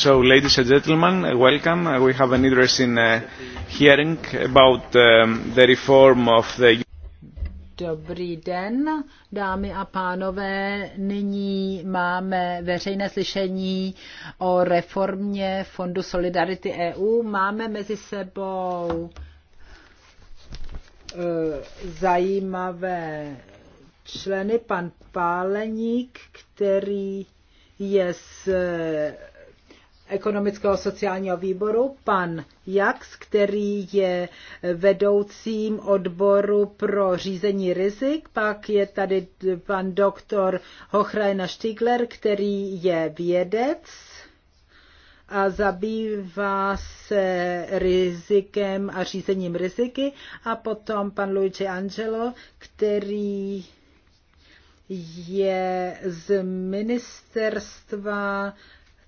So, ladies and gentlemen, uh, welcome. Uh, We have an interesting uh, hearing about um, the reform of the. Dobrý den, dámy a pánové. Nyní máme veřejné slyšení o reformě Fondu Solidarity EU. Máme mezi sebou uh, zajímavé členy, pan Páleník, který je z ekonomického sociálního výboru, pan Jax, který je vedoucím odboru pro řízení rizik, pak je tady pan doktor Hochrajna Stigler, který je vědec a zabývá se rizikem a řízením riziky a potom pan Luigi Angelo, který je z ministerstva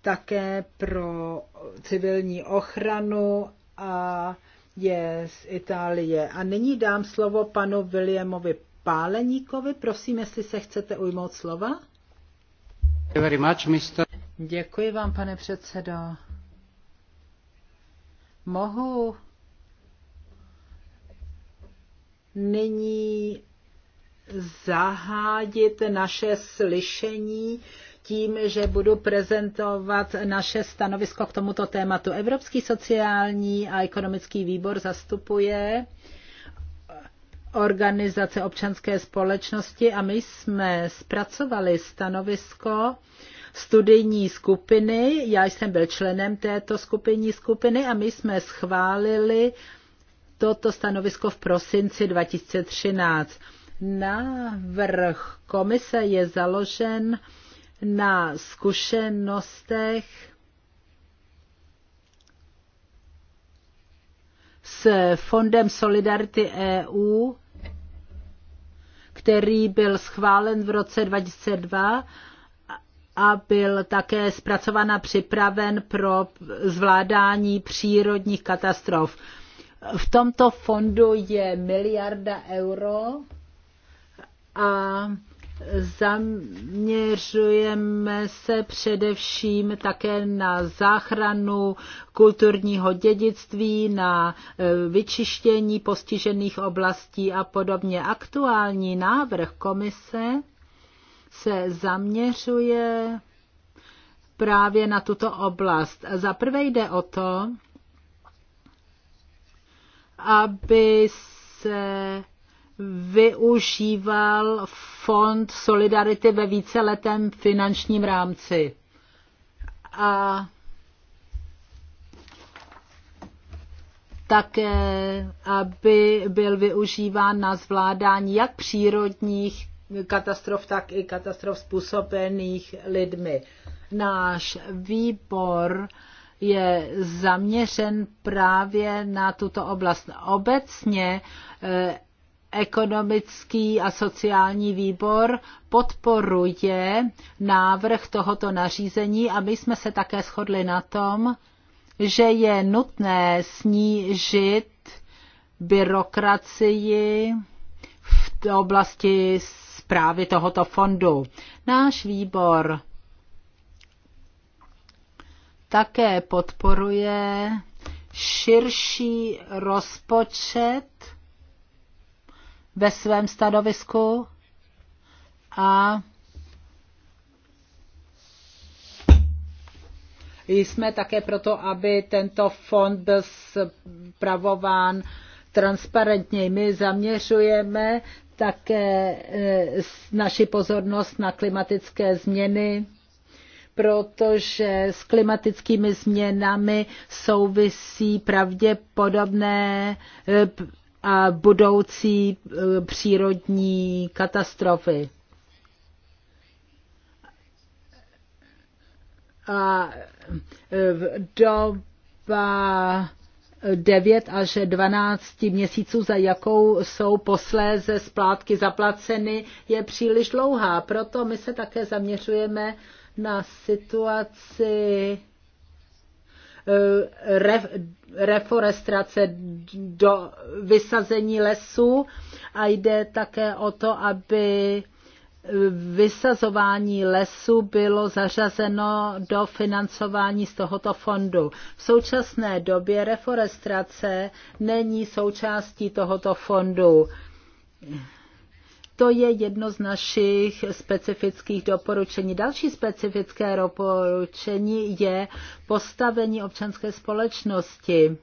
také pro civilní ochranu a je z Itálie. A nyní dám slovo panu Williamovi Páleníkovi. Prosím, jestli se chcete ujmout slova. Děkuji vám, pane předsedo. Mohu nyní zahádit naše slyšení tím, že budu prezentovat naše stanovisko k tomuto tématu. Evropský sociální a ekonomický výbor zastupuje organizace občanské společnosti a my jsme zpracovali stanovisko studijní skupiny. Já jsem byl členem této skupinní skupiny a my jsme schválili toto stanovisko v prosinci 2013. Návrh komise je založen na zkušenostech s Fondem Solidarity EU, který byl schválen v roce 2002 a byl také zpracován a připraven pro zvládání přírodních katastrof. V tomto fondu je miliarda euro a Zaměřujeme se především také na záchranu kulturního dědictví, na e, vyčištění postižených oblastí a podobně. Aktuální návrh komise se zaměřuje právě na tuto oblast. Za prvé jde o to, aby se využíval fond Solidarity ve víceletém finančním rámci. A také, aby byl využíván na zvládání jak přírodních katastrof, tak i katastrof způsobených lidmi. Náš výbor je zaměřen právě na tuto oblast. Obecně eh, ekonomický a sociální výbor podporuje návrh tohoto nařízení a my jsme se také shodli na tom, že je nutné snížit byrokracii v oblasti zprávy tohoto fondu. Náš výbor také podporuje širší rozpočet ve svém stanovisku a jsme také proto, aby tento fond byl spravován transparentně. My zaměřujeme také eh, naši pozornost na klimatické změny, protože s klimatickými změnami souvisí pravděpodobné eh, a budoucí eh, přírodní katastrofy. A eh, doba 9 až 12 měsíců, za jakou jsou posléze splátky zaplaceny, je příliš dlouhá. Proto my se také zaměřujeme na situaci Eh, re, reforestace do vysazení lesů a jde také o to, aby vysazování lesů bylo zařazeno do financování z tohoto fondu. V současné době reforestace není součástí tohoto fondu. To je jedno z našich specifických doporučení. Další specifické doporučení je postavení občanské společnosti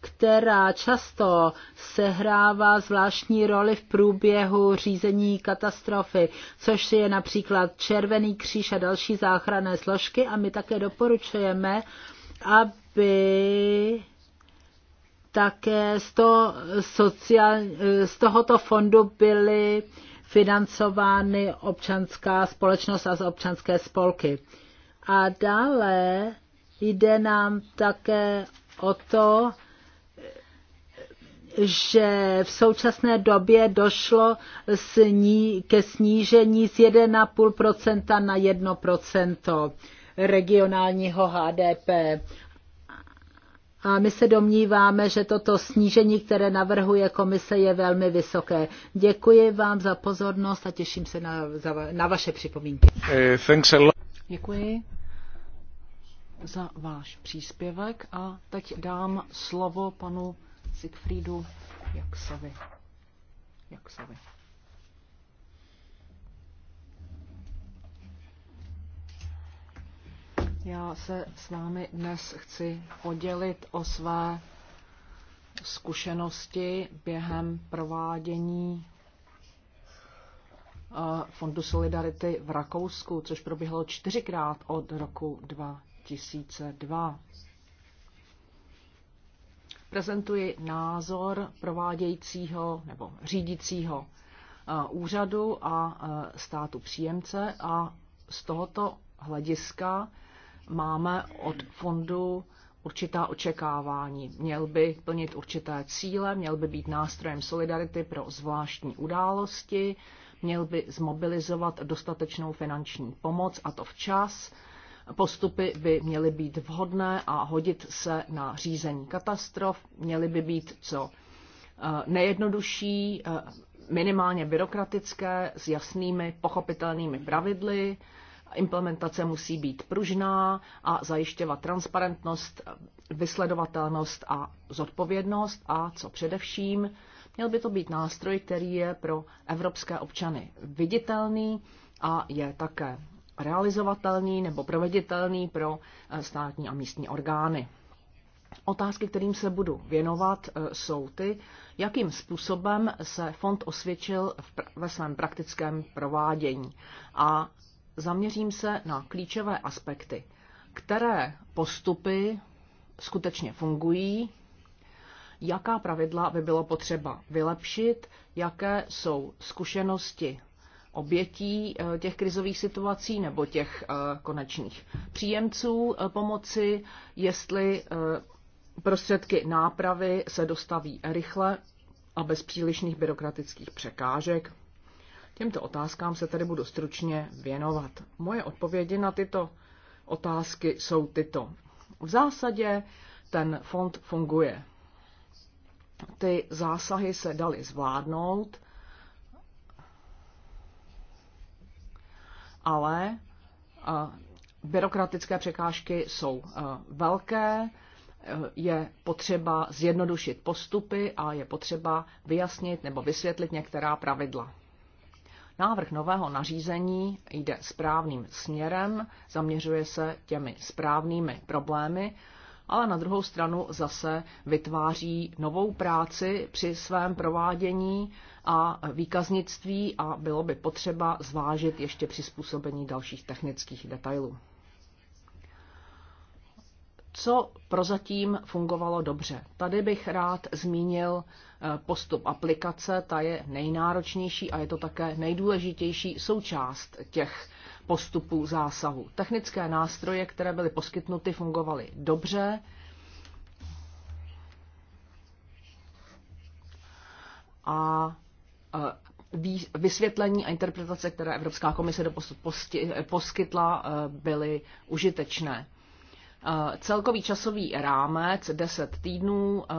která často sehrává zvláštní roli v průběhu řízení katastrofy, což je například Červený kříž a další záchranné složky. A my také doporučujeme, aby také z, to, sociál, z tohoto fondu byly financovány občanská společnost a z občanské spolky. A dále jde nám také o to, že v současné době došlo sní, ke snížení z 1,5% na 1% regionálního HDP. A my se domníváme, že toto snížení, které navrhuje komise, je velmi vysoké. Děkuji vám za pozornost a těším se na, na vaše připomínky. Eh, Děkuji za váš příspěvek a teď dám slovo panu Siegfriedu Jaksovi. Jaksovi. Já se s vámi dnes chci podělit o své zkušenosti během provádění eh, Fondu Solidarity v Rakousku, což proběhlo čtyřikrát od roku 2002. Prezentuji názor provádějícího nebo řídícího eh, úřadu a eh, státu příjemce a z tohoto hlediska máme od fondu určitá očekávání. Měl by plnit určité cíle, měl by být nástrojem solidarity pro zvláštní události, měl by zmobilizovat dostatečnou finanční pomoc a to včas. Postupy by měly být vhodné a hodit se na řízení katastrof, měly by být co eh, nejjednodušší, eh, minimálně byrokratické, s jasnými, pochopitelnými pravidly, Implementace musí být pružná a zajišťovat transparentnost, vysledovatelnost a zodpovědnost a co především, měl by to být nástroj, který je pro evropské občany viditelný a je také realizovatelný nebo proveditelný pro eh, státní a místní orgány. Otázky, kterým se budu věnovat, eh, jsou ty, jakým způsobem se fond osvědčil ve svém praktickém provádění a zaměřím se na klíčové aspekty, které postupy skutečně fungují, jaká pravidla by bylo potřeba vylepšit, jaké jsou zkušenosti obětí eh, těch krizových situací nebo těch eh, konečných příjemců eh, pomoci, jestli prostředky nápravy se dostaví rychle a bez přílišných byrokratických překážek Těmto otázkám se tedy budu stručně věnovat. Moje odpovědi na tyto otázky jsou tyto. V zásadě ten fond funguje. Ty zásahy se daly zvládnout, ale byrokratické překážky jsou velké, je potřeba zjednodušit postupy a je potřeba vyjasnit nebo vysvětlit některá pravidla. Návrh nového nařízení jde správným směrem, zaměřuje se těmi správnými problémy, ale na druhou stranu zase vytváří novou práci při svém provádění a výkaznictví a bylo by potřeba zvážit ještě přizpůsobení dalších technických detailů co prozatím fungovalo dobře. Tady bych rád zmínil eh, postup aplikace, ta je nejnáročnější a je to také nejdůležitější součást těch postupů zásahu. Technické nástroje, které byly poskytnuty, fungovaly dobře. A eh, vysvětlení a interpretace, které Evropská komise doposud eh, poskytla, byly užitečné. Eh, celkový časový rámec 10 týdnů, eh,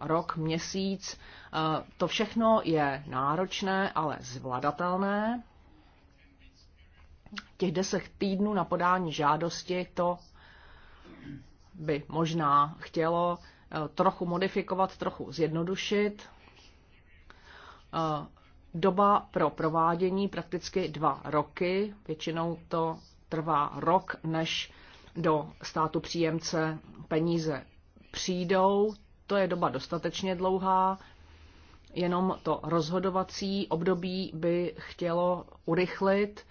rok, měsíc, eh, to všechno je náročné, ale zvladatelné. Těch 10 týdnů na podání žádosti to by možná chtělo trochu modifikovat, trochu zjednodušit. Doba pro provádění prakticky dva roky, většinou to trvá rok, než do státu příjemce peníze přijdou. To je doba dostatečně dlouhá, jenom to rozhodovací období by chtělo urychlit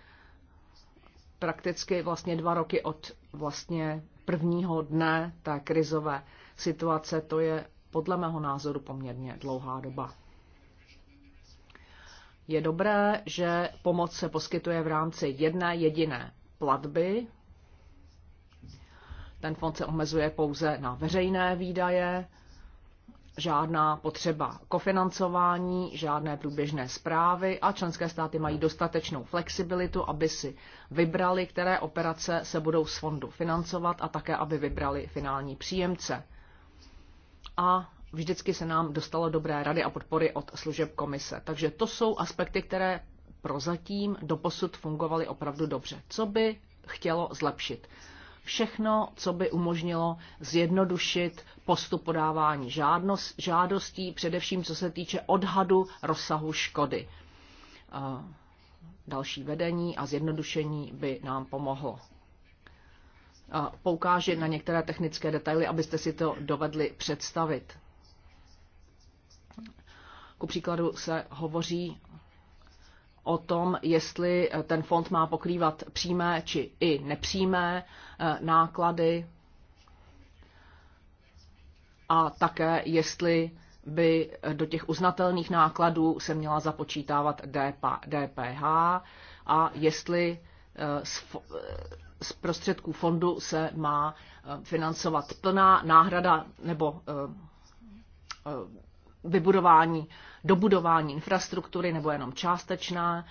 prakticky vlastně dva roky od vlastně prvního dne té krizové situace. To je podle mého názoru poměrně dlouhá doba. Je dobré, že pomoc se poskytuje v rámci jedné jediné platby ten fond se omezuje pouze na veřejné výdaje, žádná potřeba kofinancování, žádné průběžné zprávy a členské státy mají dostatečnou flexibilitu, aby si vybrali, které operace se budou z fondu financovat a také, aby vybrali finální příjemce. A vždycky se nám dostalo dobré rady a podpory od služeb komise. Takže to jsou aspekty, které prozatím doposud fungovaly opravdu dobře. Co by chtělo zlepšit? všechno, co by umožnilo zjednodušit postup podávání žádostí, především co se týče odhadu rozsahu škody. Další vedení a zjednodušení by nám pomohlo. Poukáže na některé technické detaily, abyste si to dovedli představit. Ku příkladu se hovoří o tom, jestli eh, ten fond má pokrývat přímé či i nepřímé eh, náklady a také jestli by do těch uznatelných nákladů se měla započítávat DPH a jestli eh, z prostředků fondu se má financovat plná náhrada nebo vybudování, dobudování infrastruktury nebo jenom částečná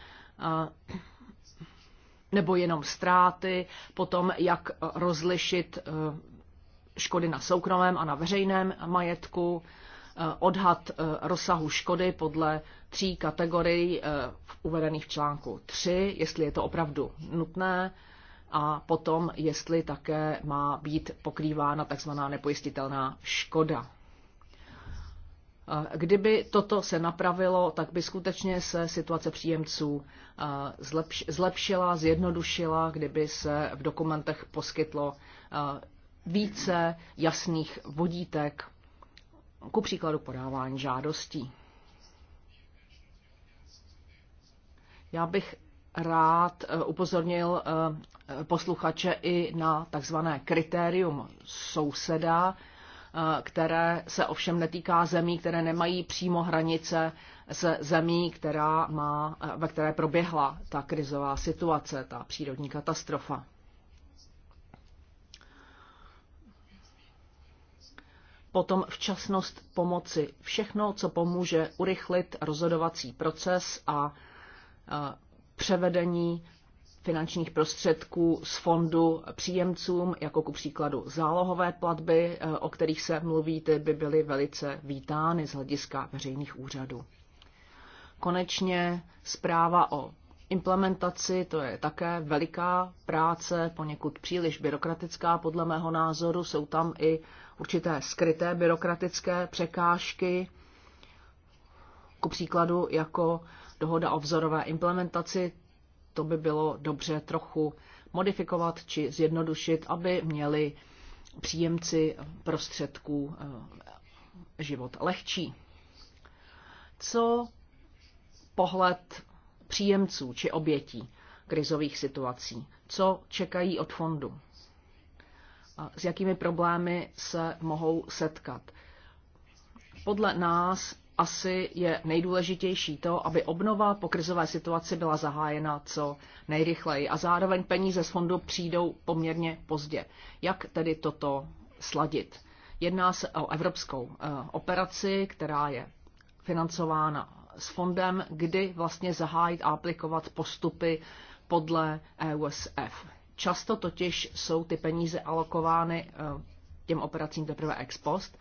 nebo jenom ztráty, potom jak rozlišit e, škody na soukromém a na veřejném majetku, e, odhad e, rozsahu škody podle tří kategorií uvedených v článku 3, jestli je to opravdu nutné, a potom, jestli také má být pokrývána tzv. nepojistitelná škoda. Kdyby toto se napravilo, tak by skutečně se situace příjemců zlepšila, zjednodušila, kdyby se v dokumentech poskytlo více jasných vodítek, ku příkladu podávání žádostí. Já bych rád e, upozornil e, posluchače i na takzvané kritérium souseda, Eh, které se ovšem netýká zemí, které nemají přímo hranice se zemí, která má, eh, ve které proběhla ta krizová situace, ta přírodní katastrofa. potom včasnost pomoci, všechno, co pomůže urychlit rozhodovací proces a eh, převedení finančních prostředků z fondu příjemcům, jako ku příkladu zálohové platby, eh, o kterých se mluví, ty by byly velice vítány z hlediska veřejných úřadů. Konečně zpráva o implementaci, to je také veliká práce, poněkud příliš byrokratická podle mého názoru. Jsou tam i určité skryté byrokratické překážky, ku příkladu jako dohoda o vzorové implementaci, to by bylo dobře trochu modifikovat či zjednodušit, aby měli příjemci prostředků eh, život lehčí. Co pohled příjemců či obětí krizových situací? Co čekají od fondu? S jakými problémy se mohou setkat? Podle nás asi je nejdůležitější to, aby obnova po krizové situaci byla zahájena co nejrychleji a zároveň peníze z fondu přijdou poměrně pozdě. Jak tedy toto sladit? Jedná se o evropskou eh, operaci, která je financována s fondem, kdy vlastně zahájit a aplikovat postupy podle EUSF. Často totiž jsou ty peníze alokovány eh, těm operacím teprve ex post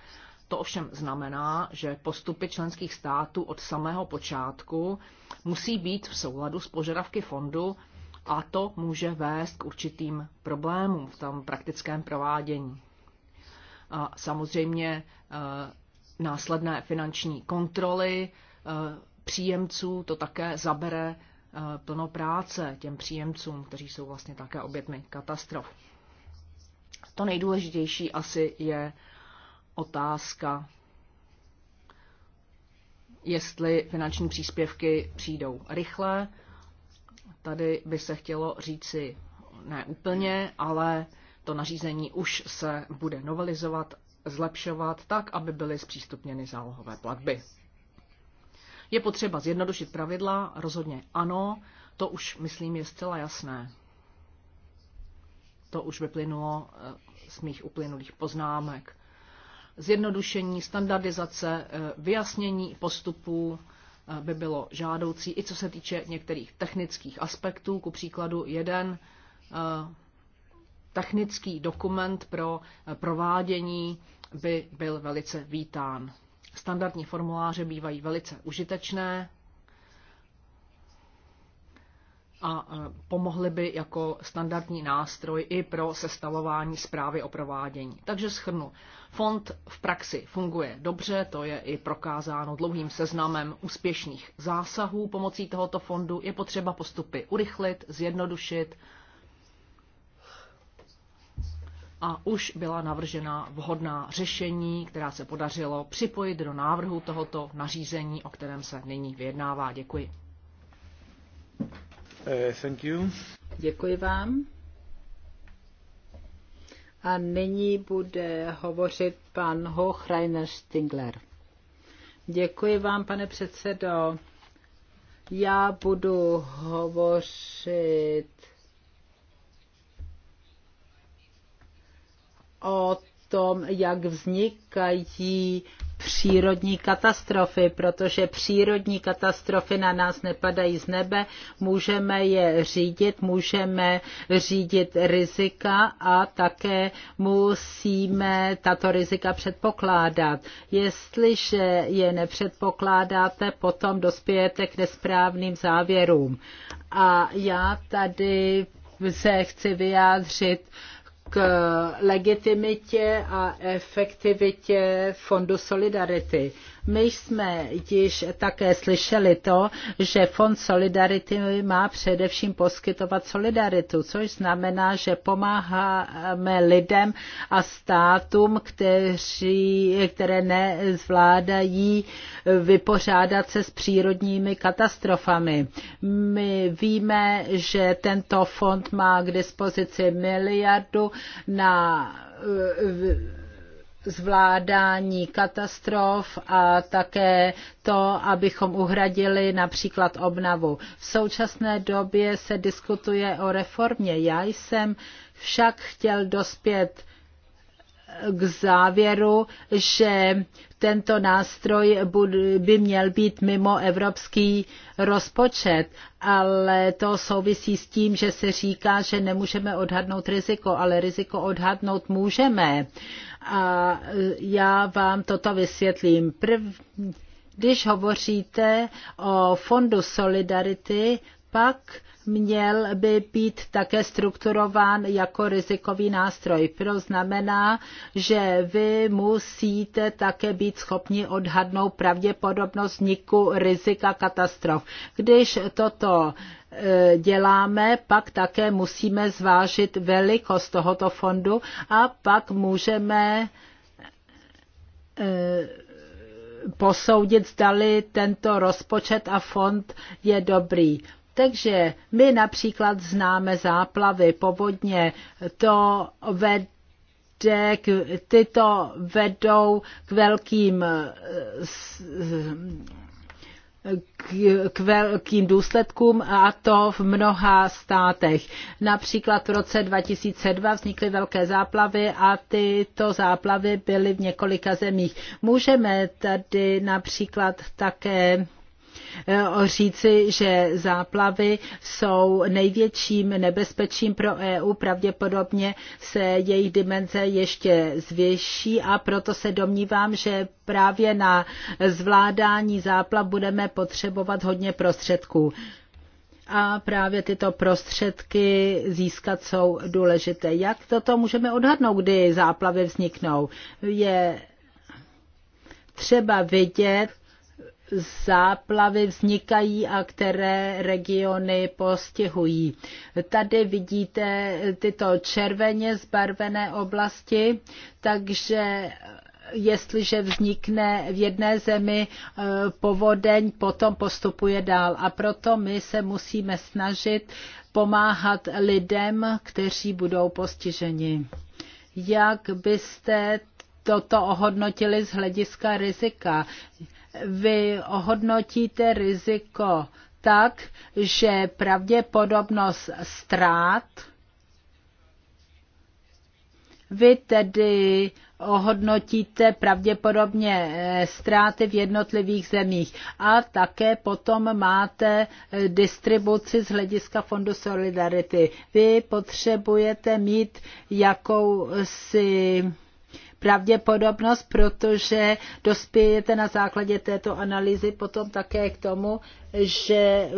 to ovšem znamená, že postupy členských států od samého počátku musí být v souladu s požadavky fondu a to může vést k určitým problémům v tom praktickém provádění. A samozřejmě e, následné finanční kontroly e, příjemců to také zabere e, plno práce těm příjemcům, kteří jsou vlastně také obětmi katastrof. To nejdůležitější asi je otázka, jestli finanční příspěvky přijdou rychle. Tady by se chtělo říci ne úplně, ale to nařízení už se bude novelizovat, zlepšovat tak, aby byly zpřístupněny zálohové platby. Je potřeba zjednodušit pravidla, rozhodně ano, to už, myslím, je zcela jasné. To už vyplynulo eh, z mých uplynulých poznámek zjednodušení, standardizace, eh, vyjasnění postupů eh, by bylo žádoucí, i co se týče některých technických aspektů. Ku příkladu jeden eh, technický dokument pro provádění by byl velice vítán. Standardní formuláře bývají velice užitečné, a pomohly by jako standardní nástroj i pro sestavování zprávy o provádění. Takže schrnu. Fond v praxi funguje dobře, to je i prokázáno dlouhým seznamem úspěšných zásahů pomocí tohoto fondu. Je potřeba postupy urychlit, zjednodušit a už byla navržena vhodná řešení, která se podařilo připojit do návrhu tohoto nařízení, o kterém se nyní vyjednává. Děkuji. Eh, thank you. Děkuji vám. A nyní bude hovořit pan Hochreiner Stingler. Děkuji vám, pane předsedo. Já budu hovořit o tom, jak vznikají přírodní katastrofy, protože přírodní katastrofy na nás nepadají z nebe, můžeme je řídit, můžeme řídit rizika a také musíme tato rizika předpokládat. Jestliže je nepředpokládáte, potom dospějete k nesprávným závěrům. A já tady se chci vyjádřit k legitimitě a efektivitě Fondu Solidarity. My jsme již také slyšeli to, že Fond Solidarity má především poskytovat solidaritu, což znamená, že pomáháme lidem a státům, kteří, které nezvládají vypořádat se s přírodními katastrofami. My víme, že tento fond má k dispozici miliardu na zvládání katastrof a také to, abychom uhradili například obnavu. V současné době se diskutuje o reformě. Já jsem však chtěl dospět k závěru, že tento nástroj by měl být mimo evropský rozpočet, ale to souvisí s tím, že se říká, že nemůžeme odhadnout riziko, ale riziko odhadnout můžeme. Uh, a e, já vám toto vysvětlím. Prv, když hovoříte o fondu Solidarity, pak měl by být také strukturován jako rizikový nástroj. To znamená, že vy musíte také být schopni odhadnout pravděpodobnost vzniku rizika katastrof. Když toto e, děláme, pak také musíme zvážit velikost tohoto fondu a pak můžeme e, posoudit, zdali tento rozpočet a fond je dobrý. Takže my například známe záplavy, povodně, to vede k, tyto vedou k velkým k velkým důsledkům a to v mnoha státech. Například v roce 2002 vznikly velké záplavy a tyto záplavy byly v několika zemích. Můžeme tady například také Eh, říci, že záplavy jsou největším nebezpečím pro EU. Pravděpodobně se jejich dimenze ještě zvětší a proto se domnívám, že právě na zvládání záplav budeme potřebovat hodně prostředků a právě tyto prostředky získat jsou důležité. Jak toto můžeme odhadnout, kdy záplavy vzniknou? Je třeba vidět, záplavy vznikají a které regiony postihují. Tady vidíte tyto červeně zbarvené oblasti, takže jestliže vznikne v jedné zemi eh, povodeň, potom postupuje dál. A proto my se musíme snažit pomáhat lidem, kteří budou postiženi. Jak byste toto ohodnotili z hlediska rizika? vy ohodnotíte riziko tak, že pravděpodobnost ztrát vy tedy ohodnotíte pravděpodobně eh, ztráty v jednotlivých zemích a také potom máte eh, distribuci z hlediska Fondu Solidarity. Vy potřebujete mít jakousi pravděpodobnost, protože dospějete na základě této analýzy potom také k tomu, že eh,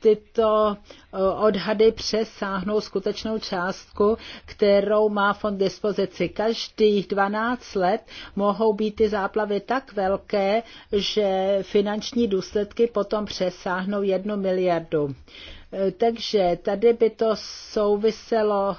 tyto eh, odhady přesáhnou skutečnou částku, kterou má fond dispozici. Každých 12 let mohou být ty záplavy tak velké, že finanční důsledky potom přesáhnou jednu miliardu. Eh, takže tady by to souviselo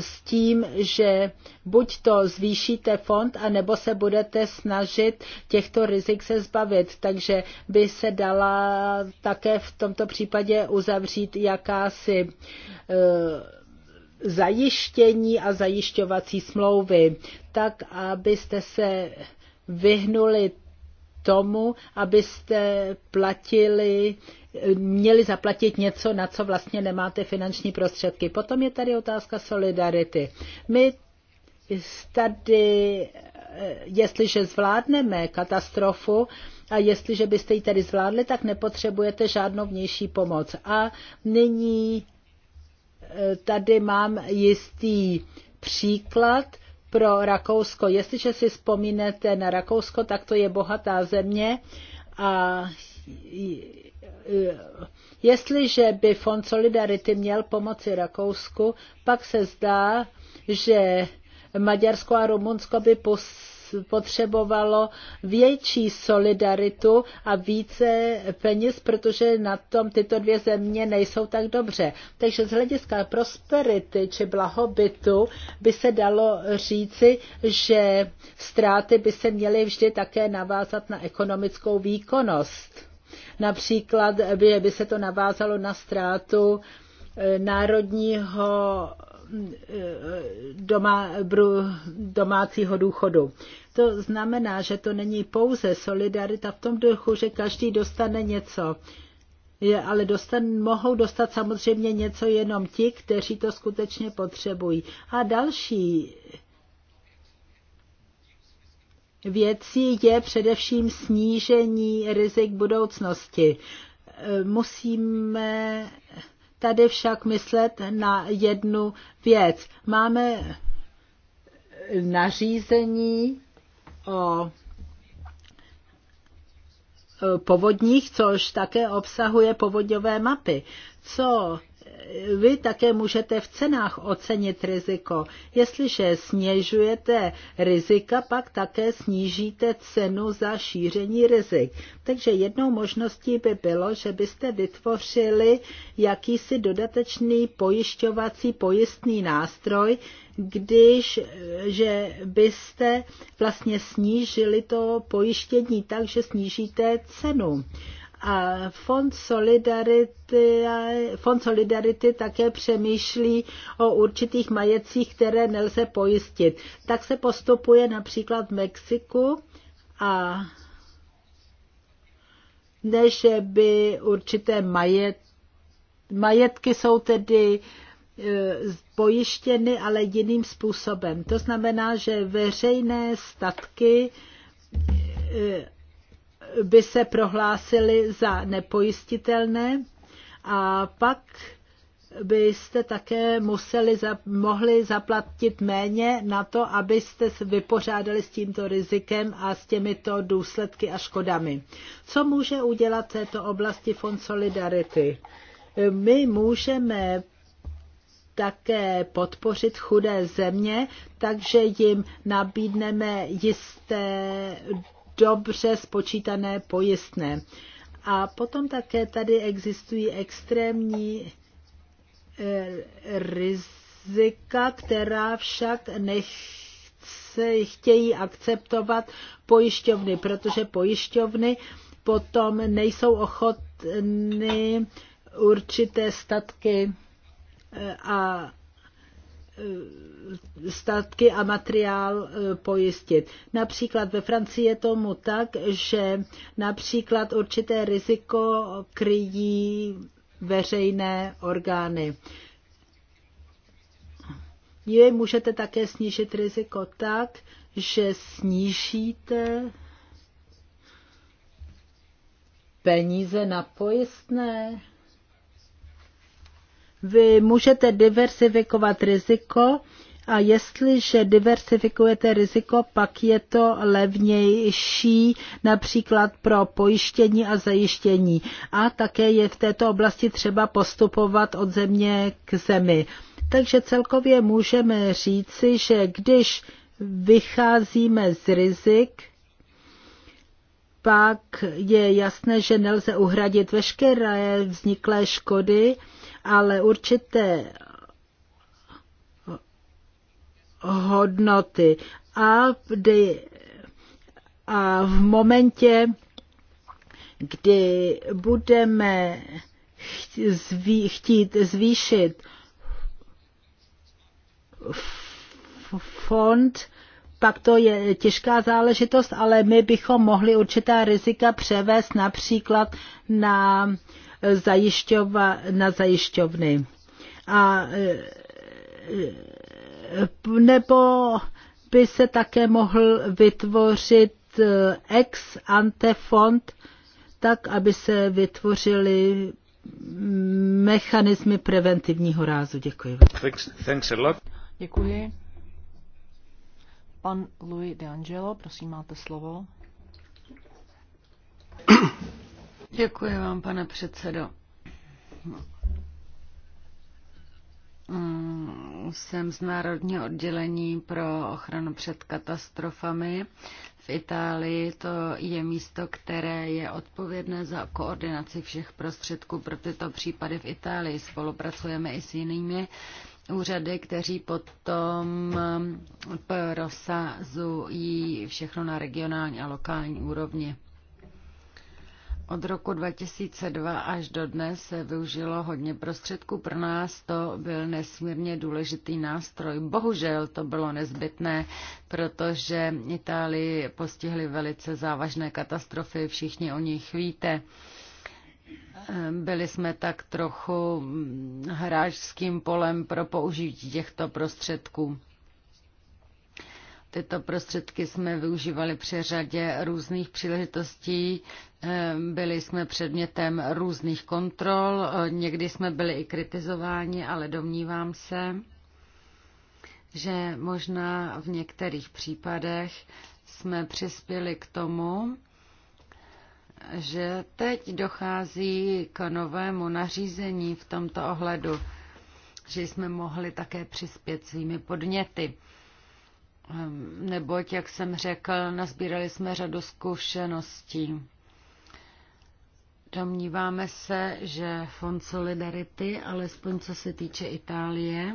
s tím, že buď to zvýšíte fond, anebo se budete snažit těchto rizik se zbavit. Takže by se dala také v tomto případě uzavřít jakási eh, zajištění a zajišťovací smlouvy, tak abyste se vyhnuli tomu, abyste platili, měli zaplatit něco, na co vlastně nemáte finanční prostředky. Potom je tady otázka solidarity. My tady, jestliže zvládneme katastrofu, a jestliže byste ji tady zvládli, tak nepotřebujete žádnou vnější pomoc. A nyní eh, tady mám jistý příklad, pro Rakousko. Jestliže si vzpomínete na Rakousko, tak to je bohatá země a jestliže by Fond Solidarity měl pomoci Rakousku, pak se zdá, že Maďarsko a Rumunsko by pos potřebovalo větší solidaritu a více peněz, protože na tom tyto dvě země nejsou tak dobře. Takže z hlediska prosperity či blahobytu by se dalo říci, že ztráty by se měly vždy také navázat na ekonomickou výkonnost. Například by, by se to navázalo na ztrátu eh, národního doma, domácího důchodu. To znamená, že to není pouze solidarita v tom duchu, že každý dostane něco. Je, ale dostan, mohou dostat samozřejmě něco jenom ti, kteří to skutečně potřebují. A další věcí je především snížení rizik budoucnosti. Musíme tady však myslet na jednu věc. Máme nařízení o povodních, což také obsahuje povodňové mapy. Co vy také můžete v cenách ocenit riziko. Jestliže snižujete rizika, pak také snížíte cenu za šíření rizik. Takže jednou možností by bylo, že byste vytvořili jakýsi dodatečný pojišťovací pojistný nástroj, když že byste vlastně snížili to pojištění tak, že snížíte cenu. A Fond Solidarity, Fond Solidarity také přemýšlí o určitých majecích, které nelze pojistit. Tak se postupuje například v Mexiku a než by určité majet, majetky jsou tedy e, pojištěny, ale jiným způsobem. To znamená, že veřejné statky e, by se prohlásily za nepojistitelné a pak byste také museli, za, mohli zaplatit méně na to, abyste se vypořádali s tímto rizikem a s těmito důsledky a škodami. Co může udělat této oblasti Fond Solidarity? My můžeme také podpořit chudé země, takže jim nabídneme jisté dobře spočítané pojistné. A potom také tady existují extrémní eh, rizika, která však nechce, chtějí akceptovat pojišťovny, protože pojišťovny potom nejsou ochotny určité statky eh, a Eh, statky a materiál eh, pojistit. Například ve Francii je tomu tak, že například určité riziko kryjí veřejné orgány. Je můžete také snížit riziko tak, že snížíte peníze na pojistné. Vy můžete diversifikovat riziko a jestliže diversifikujete riziko, pak je to levnější například pro pojištění a zajištění. A také je v této oblasti třeba postupovat od země k zemi. Takže celkově můžeme říci, že když vycházíme z rizik, pak je jasné, že nelze uhradit veškeré vzniklé škody, ale určité hodnoty a, a v momentě, kdy budeme chtít zvýšit fond, pak to je těžká záležitost, ale my bychom mohli určitá rizika převést například na zajišťova, na zajišťovny. A e, e, nebo by se také mohl vytvořit e, ex ante fond, tak, aby se vytvořily mechanismy preventivního rázu. Děkuji. Thanks, thanks a lot. Děkuji. Pan Louis De Angelo, prosím, máte slovo. Děkuji vám, pane předsedo. Mm, jsem z Národního oddělení pro ochranu před katastrofami. V Itálii to je místo, které je odpovědné za koordinaci všech prostředků pro tyto případy v Itálii. Spolupracujeme i s jinými úřady, kteří potom prosazují všechno na regionální a lokální úrovni. Od roku 2002 až do dnes se využilo hodně prostředků. Pro nás to byl nesmírně důležitý nástroj. Bohužel to bylo nezbytné, protože Itálii postihly velice závažné katastrofy, všichni o nich víte. Byli jsme tak trochu hráčským polem pro použití těchto prostředků. Tyto prostředky jsme využívali při řadě různých příležitostí. Eh, byli jsme předmětem různých kontrol, eh, někdy jsme byli i kritizováni, ale domnívám se, že možná v některých případech jsme přispěli k tomu, že teď dochází k novému nařízení v tomto ohledu, že jsme mohli také přispět svými podněty. Ehm, neboť, jak jsem řekl, nazbírali jsme řadu zkušeností. Domníváme se, že Fond Solidarity, alespoň co se týče Itálie,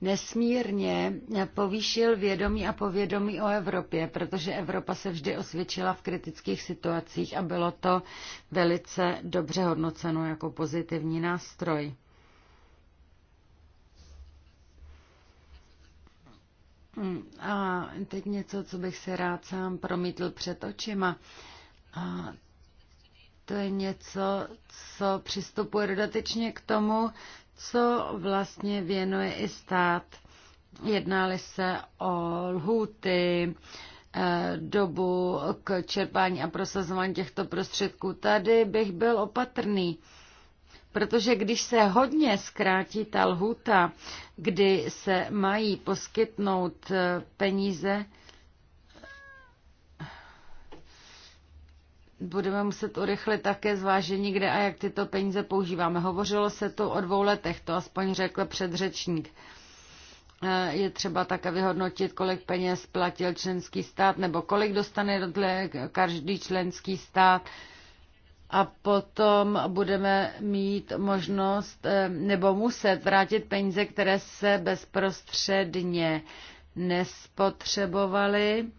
nesmírně povýšil vědomí a povědomí o Evropě, protože Evropa se vždy osvědčila v kritických situacích a bylo to velice dobře hodnoceno jako pozitivní nástroj. Hmm, a teď něco, co bych se rád sám promítl před očima. A to je něco, co přistupuje dodatečně k tomu, co vlastně věnuje i stát. Jednáli se o lhůty, eh, dobu k čerpání a prosazování těchto prostředků. Tady bych byl opatrný. Protože když se hodně zkrátí ta lhuta, kdy se mají poskytnout eh, peníze, budeme muset urychlit také zvážení, kde a jak tyto peníze používáme. Hovořilo se tu o dvou letech, to aspoň řekl předřečník. Eh, je třeba také vyhodnotit, kolik peněz platil členský stát, nebo kolik dostane každý členský stát a potom budeme mít možnost eh, nebo muset vrátit peníze, které se bezprostředně nespotřebovaly.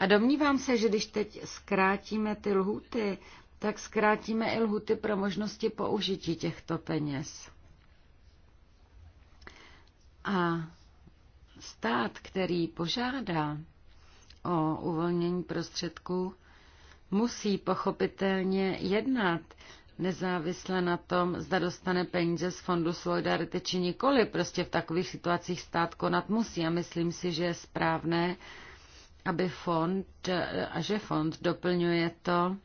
A domnívám se, že když teď zkrátíme ty lhuty, tak zkrátíme i lhuty pro možnosti použití těchto peněz. A stát, který požádá o uvolnění prostředků, musí pochopitelně jednat nezávisle na tom, zda dostane peníze z Fondu Solidarity či nikoli. Prostě v takových situacích stát konat musí a myslím si, že je správné, aby fond a že fond doplňuje to,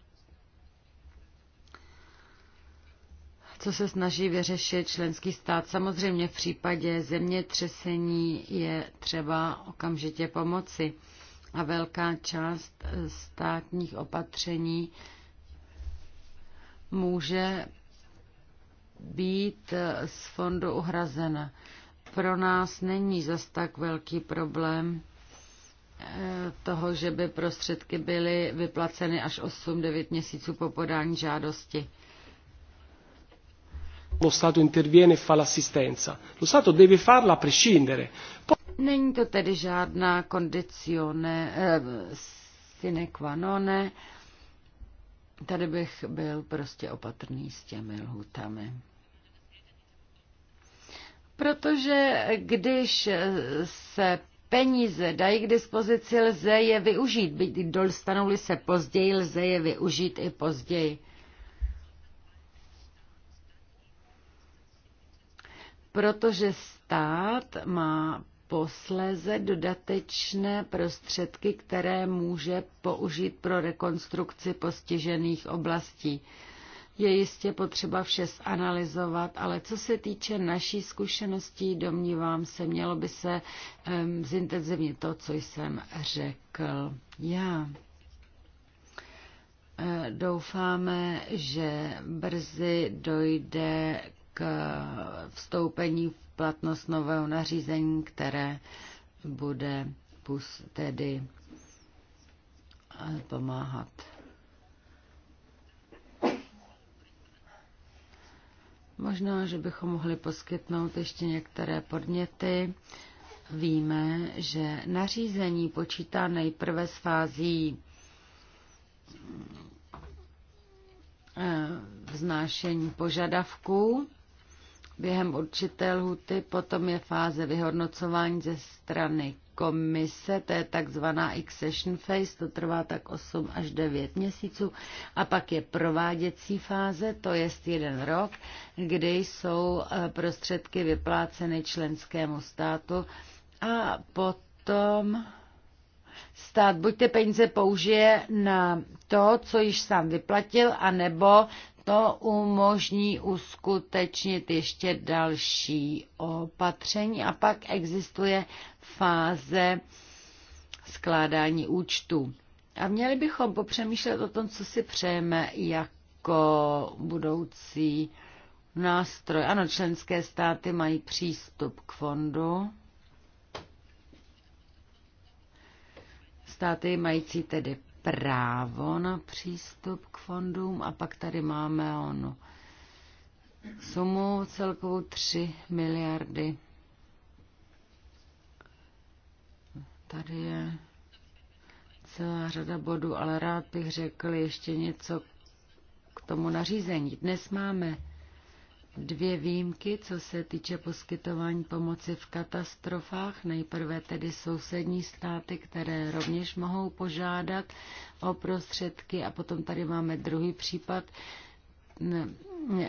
co se snaží vyřešit členský stát. Samozřejmě v případě zemětřesení je třeba okamžitě pomoci a velká část eh, státních opatření může být eh, z fondu uhrazena. Pro nás není zas tak velký problém eh, toho, že by prostředky byly vyplaceny až 8-9 měsíců po podání žádosti. Lo Stato interviene e fa l'assistenza. Lo Stato deve farla a prescindere. Není to tedy žádná kondicione eh, sine qua none. Tady bych byl prostě opatrný s těmi lhutami. Protože když se peníze dají k dispozici, lze je využít. Byť dostanou-li se později, lze je využít i později. Protože stát má posléze dodatečné prostředky, které může použít pro rekonstrukci postižených oblastí. Je jistě potřeba vše zanalizovat, ale co se týče naší zkušeností, domnívám se, mělo by se um, zintenzivnit to, co jsem řekl já. E, doufáme, že brzy dojde k vstoupení v platnost nového nařízení, které bude tedy eh, pomáhat. Možná, že bychom mohli poskytnout ještě některé podněty. Víme, že nařízení počítá nejprve s fází eh, vznášení požadavků během určité lhuty, potom je fáze vyhodnocování ze strany komise, to je takzvaná accession phase, to trvá tak 8 až 9 měsíců, a pak je prováděcí fáze, to je jeden rok, kdy jsou eh, prostředky vypláceny členskému státu a potom stát buď ty peníze použije na to, co již sám vyplatil, anebo to umožní uskutečnit ještě další opatření a pak existuje fáze skládání účtu. A měli bychom popřemýšlet o tom, co si přejeme jako budoucí nástroj. Ano, členské státy mají přístup k fondu. Státy mající tedy právo na přístup k fondům a pak tady máme onu sumu celkovou 3 miliardy. Tady je celá řada bodů, ale rád bych řekl ještě něco k tomu nařízení. Dnes máme dvě výjimky, co se týče poskytování pomoci v katastrofách. Nejprve tedy sousední státy, které rovněž mohou požádat o prostředky a potom tady máme druhý případ,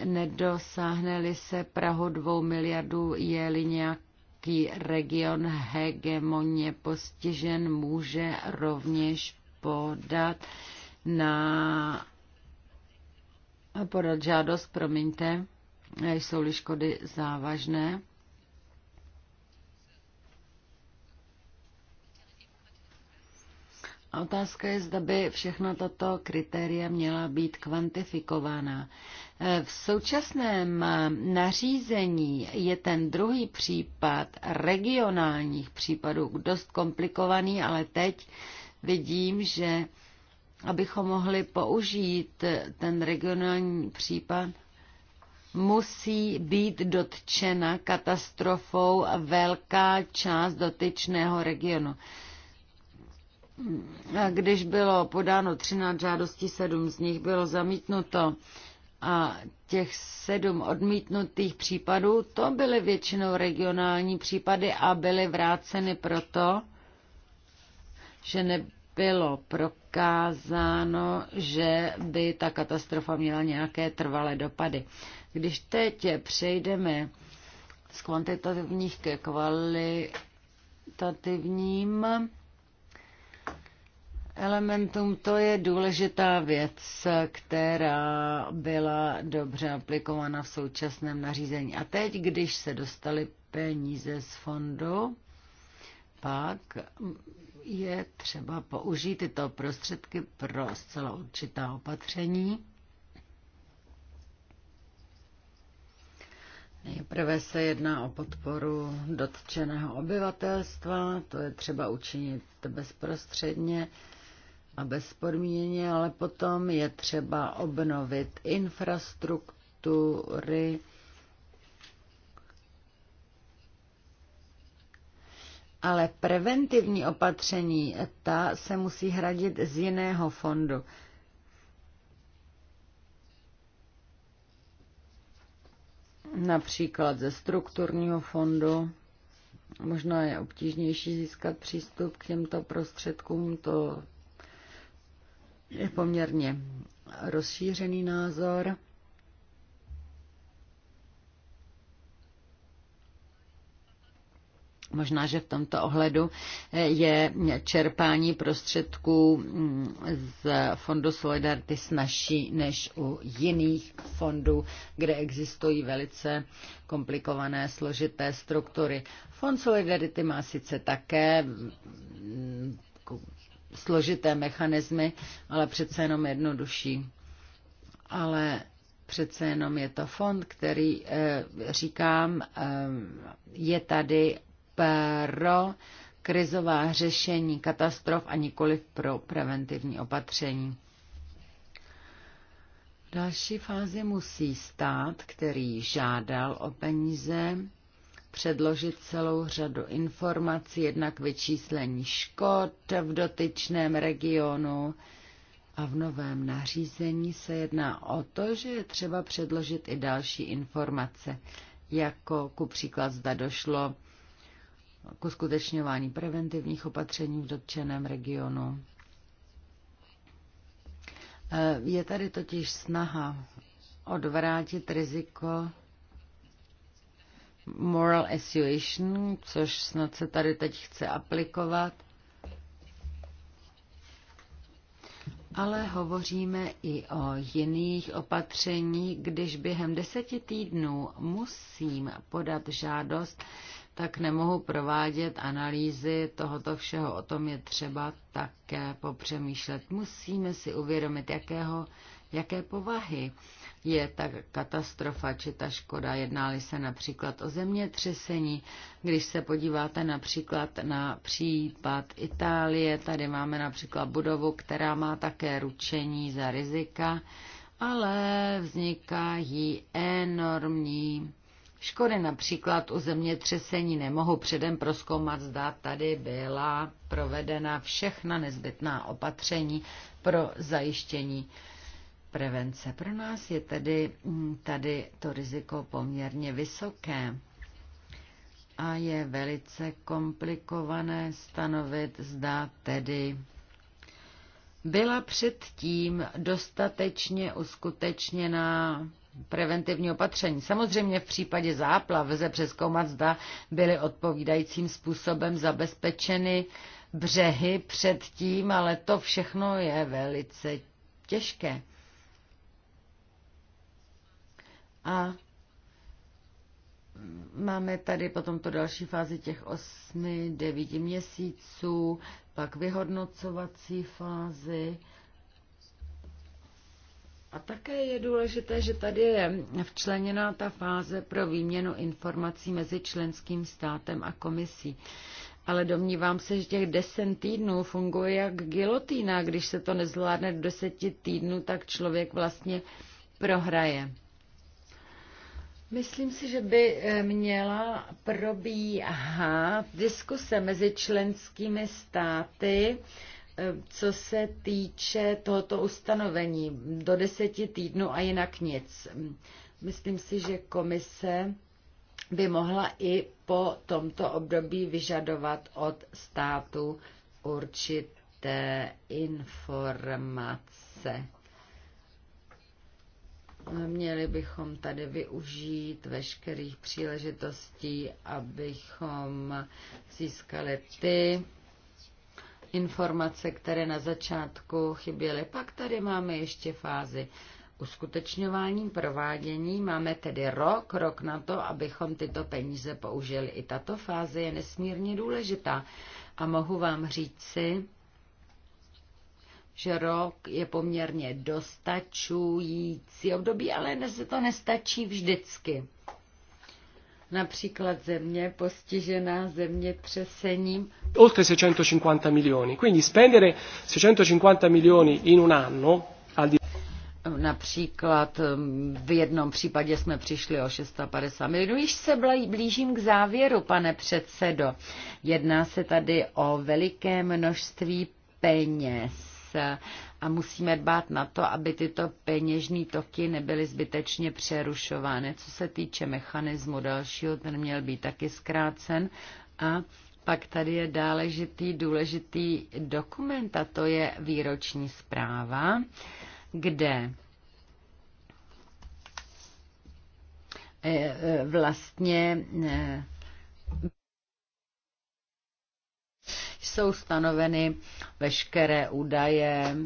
nedosáhne-li se Prahu dvou miliardů, je-li nějaký region hegemonně postižen, může rovněž podat na podat žádost, promiňte, jsou-li škody závažné. A otázka je, zda by všechna toto kritéria měla být kvantifikována. E, v současném e, nařízení je ten druhý případ regionálních případů dost komplikovaný, ale teď vidím, že abychom mohli použít ten regionální případ, musí být dotčena katastrofou velká část dotyčného regionu. Když bylo podáno 13 žádostí, 7 z nich bylo zamítnuto a těch sedm odmítnutých případů, to byly většinou regionální případy a byly vráceny proto, že ne, bylo prokázáno, že by ta katastrofa měla nějaké trvalé dopady. Když teď přejdeme z kvantitativních ke kvalitativním elementům, to je důležitá věc, která byla dobře aplikována v současném nařízení. A teď, když se dostali peníze z fondu, pak je třeba použít tyto prostředky pro zcela určitá opatření. Nejprve se jedná o podporu dotčeného obyvatelstva, to je třeba učinit bezprostředně a bezpodmíněně, ale potom je třeba obnovit infrastruktury, Ale preventivní opatření, ta se musí hradit z jiného fondu. Například ze strukturního fondu. Možná je obtížnější získat přístup k těmto prostředkům, to je poměrně rozšířený názor. Možná, že v tomto ohledu eh, je čerpání prostředků mm, z Fondu Solidarity snažší než u jiných fondů, kde existují velice komplikované, složité struktury. Fond Solidarity má sice také mm, mm, složité mechanismy, ale přece jenom jednodušší. Ale přece jenom je to fond, který, eh, říkám, eh, je tady pro krizová řešení katastrof a nikoli pro preventivní opatření. V další fázi musí stát, který žádal o peníze, předložit celou řadu informací, jednak vyčíslení škod v dotyčném regionu, a v novém nařízení se jedná o to, že je třeba předložit i další informace, jako ku příklad zda došlo k uskutečňování preventivních opatření v dotčeném regionu. E, je tady totiž snaha odvrátit riziko moral assuation, což snad se tady teď chce aplikovat. Ale hovoříme i o jiných opatřeních, když během deseti týdnů musím podat žádost tak nemohu provádět analýzy tohoto všeho. O tom je třeba také popřemýšlet. Musíme si uvědomit, jakého, jaké povahy je ta katastrofa či ta škoda. Jednáli se například o zemětřesení. Když se podíváte například na případ Itálie, tady máme například budovu, která má také ručení za rizika, ale vznikají enormní Škody například o zemětřesení nemohu předem proskoumat, zda tady byla provedena všechna nezbytná opatření pro zajištění prevence. Pro nás je tedy mm, tady to riziko poměrně vysoké a je velice komplikované stanovit, zda tedy byla předtím dostatečně uskutečněná preventivní opatření. Samozřejmě v případě záplav lze přeskoumat, zda byly odpovídajícím způsobem zabezpečeny břehy před tím, ale to všechno je velice těžké. A máme tady potom to další fázi těch 8-9 měsíců, pak vyhodnocovací fázi a také je důležité, že tady je včleněná ta fáze pro výměnu informací mezi členským státem a komisí. Ale domnívám se, že těch deset týdnů funguje jak gilotýna. Když se to nezvládne do deseti týdnů, tak člověk vlastně prohraje. Myslím si, že by eh, měla probíhat diskuse mezi členskými státy, co se týče tohoto ustanovení, do deseti týdnů a jinak nic. Myslím si, že komise by mohla i po tomto období vyžadovat od státu určité informace. Měli bychom tady využít veškerých příležitostí, abychom získali ty informace, které na začátku chyběly. Pak tady máme ještě fázi uskutečňování, provádění. Máme tedy rok, rok na to, abychom tyto peníze použili. I tato fáze je nesmírně důležitá. A mohu vám říci, že rok je poměrně dostačující období, ale se to nestačí vždycky například země postižená země třesením. Oltre 650 milioni, quindi spendere 650 milioni in un anno al di Například um, v jednom případě jsme přišli o 650 milionů. Již se blížím k závěru, pane předsedo. Jedná se tady o veliké množství peněz E, a musíme dbát na to, aby tyto peněžní toky nebyly zbytečně přerušovány. Co se týče mechanismu dalšího, ten měl být taky zkrácen a pak tady je dáležitý důležitý dokument a to je výroční zpráva, kde e, e, vlastně jsou stanoveny veškeré údaje,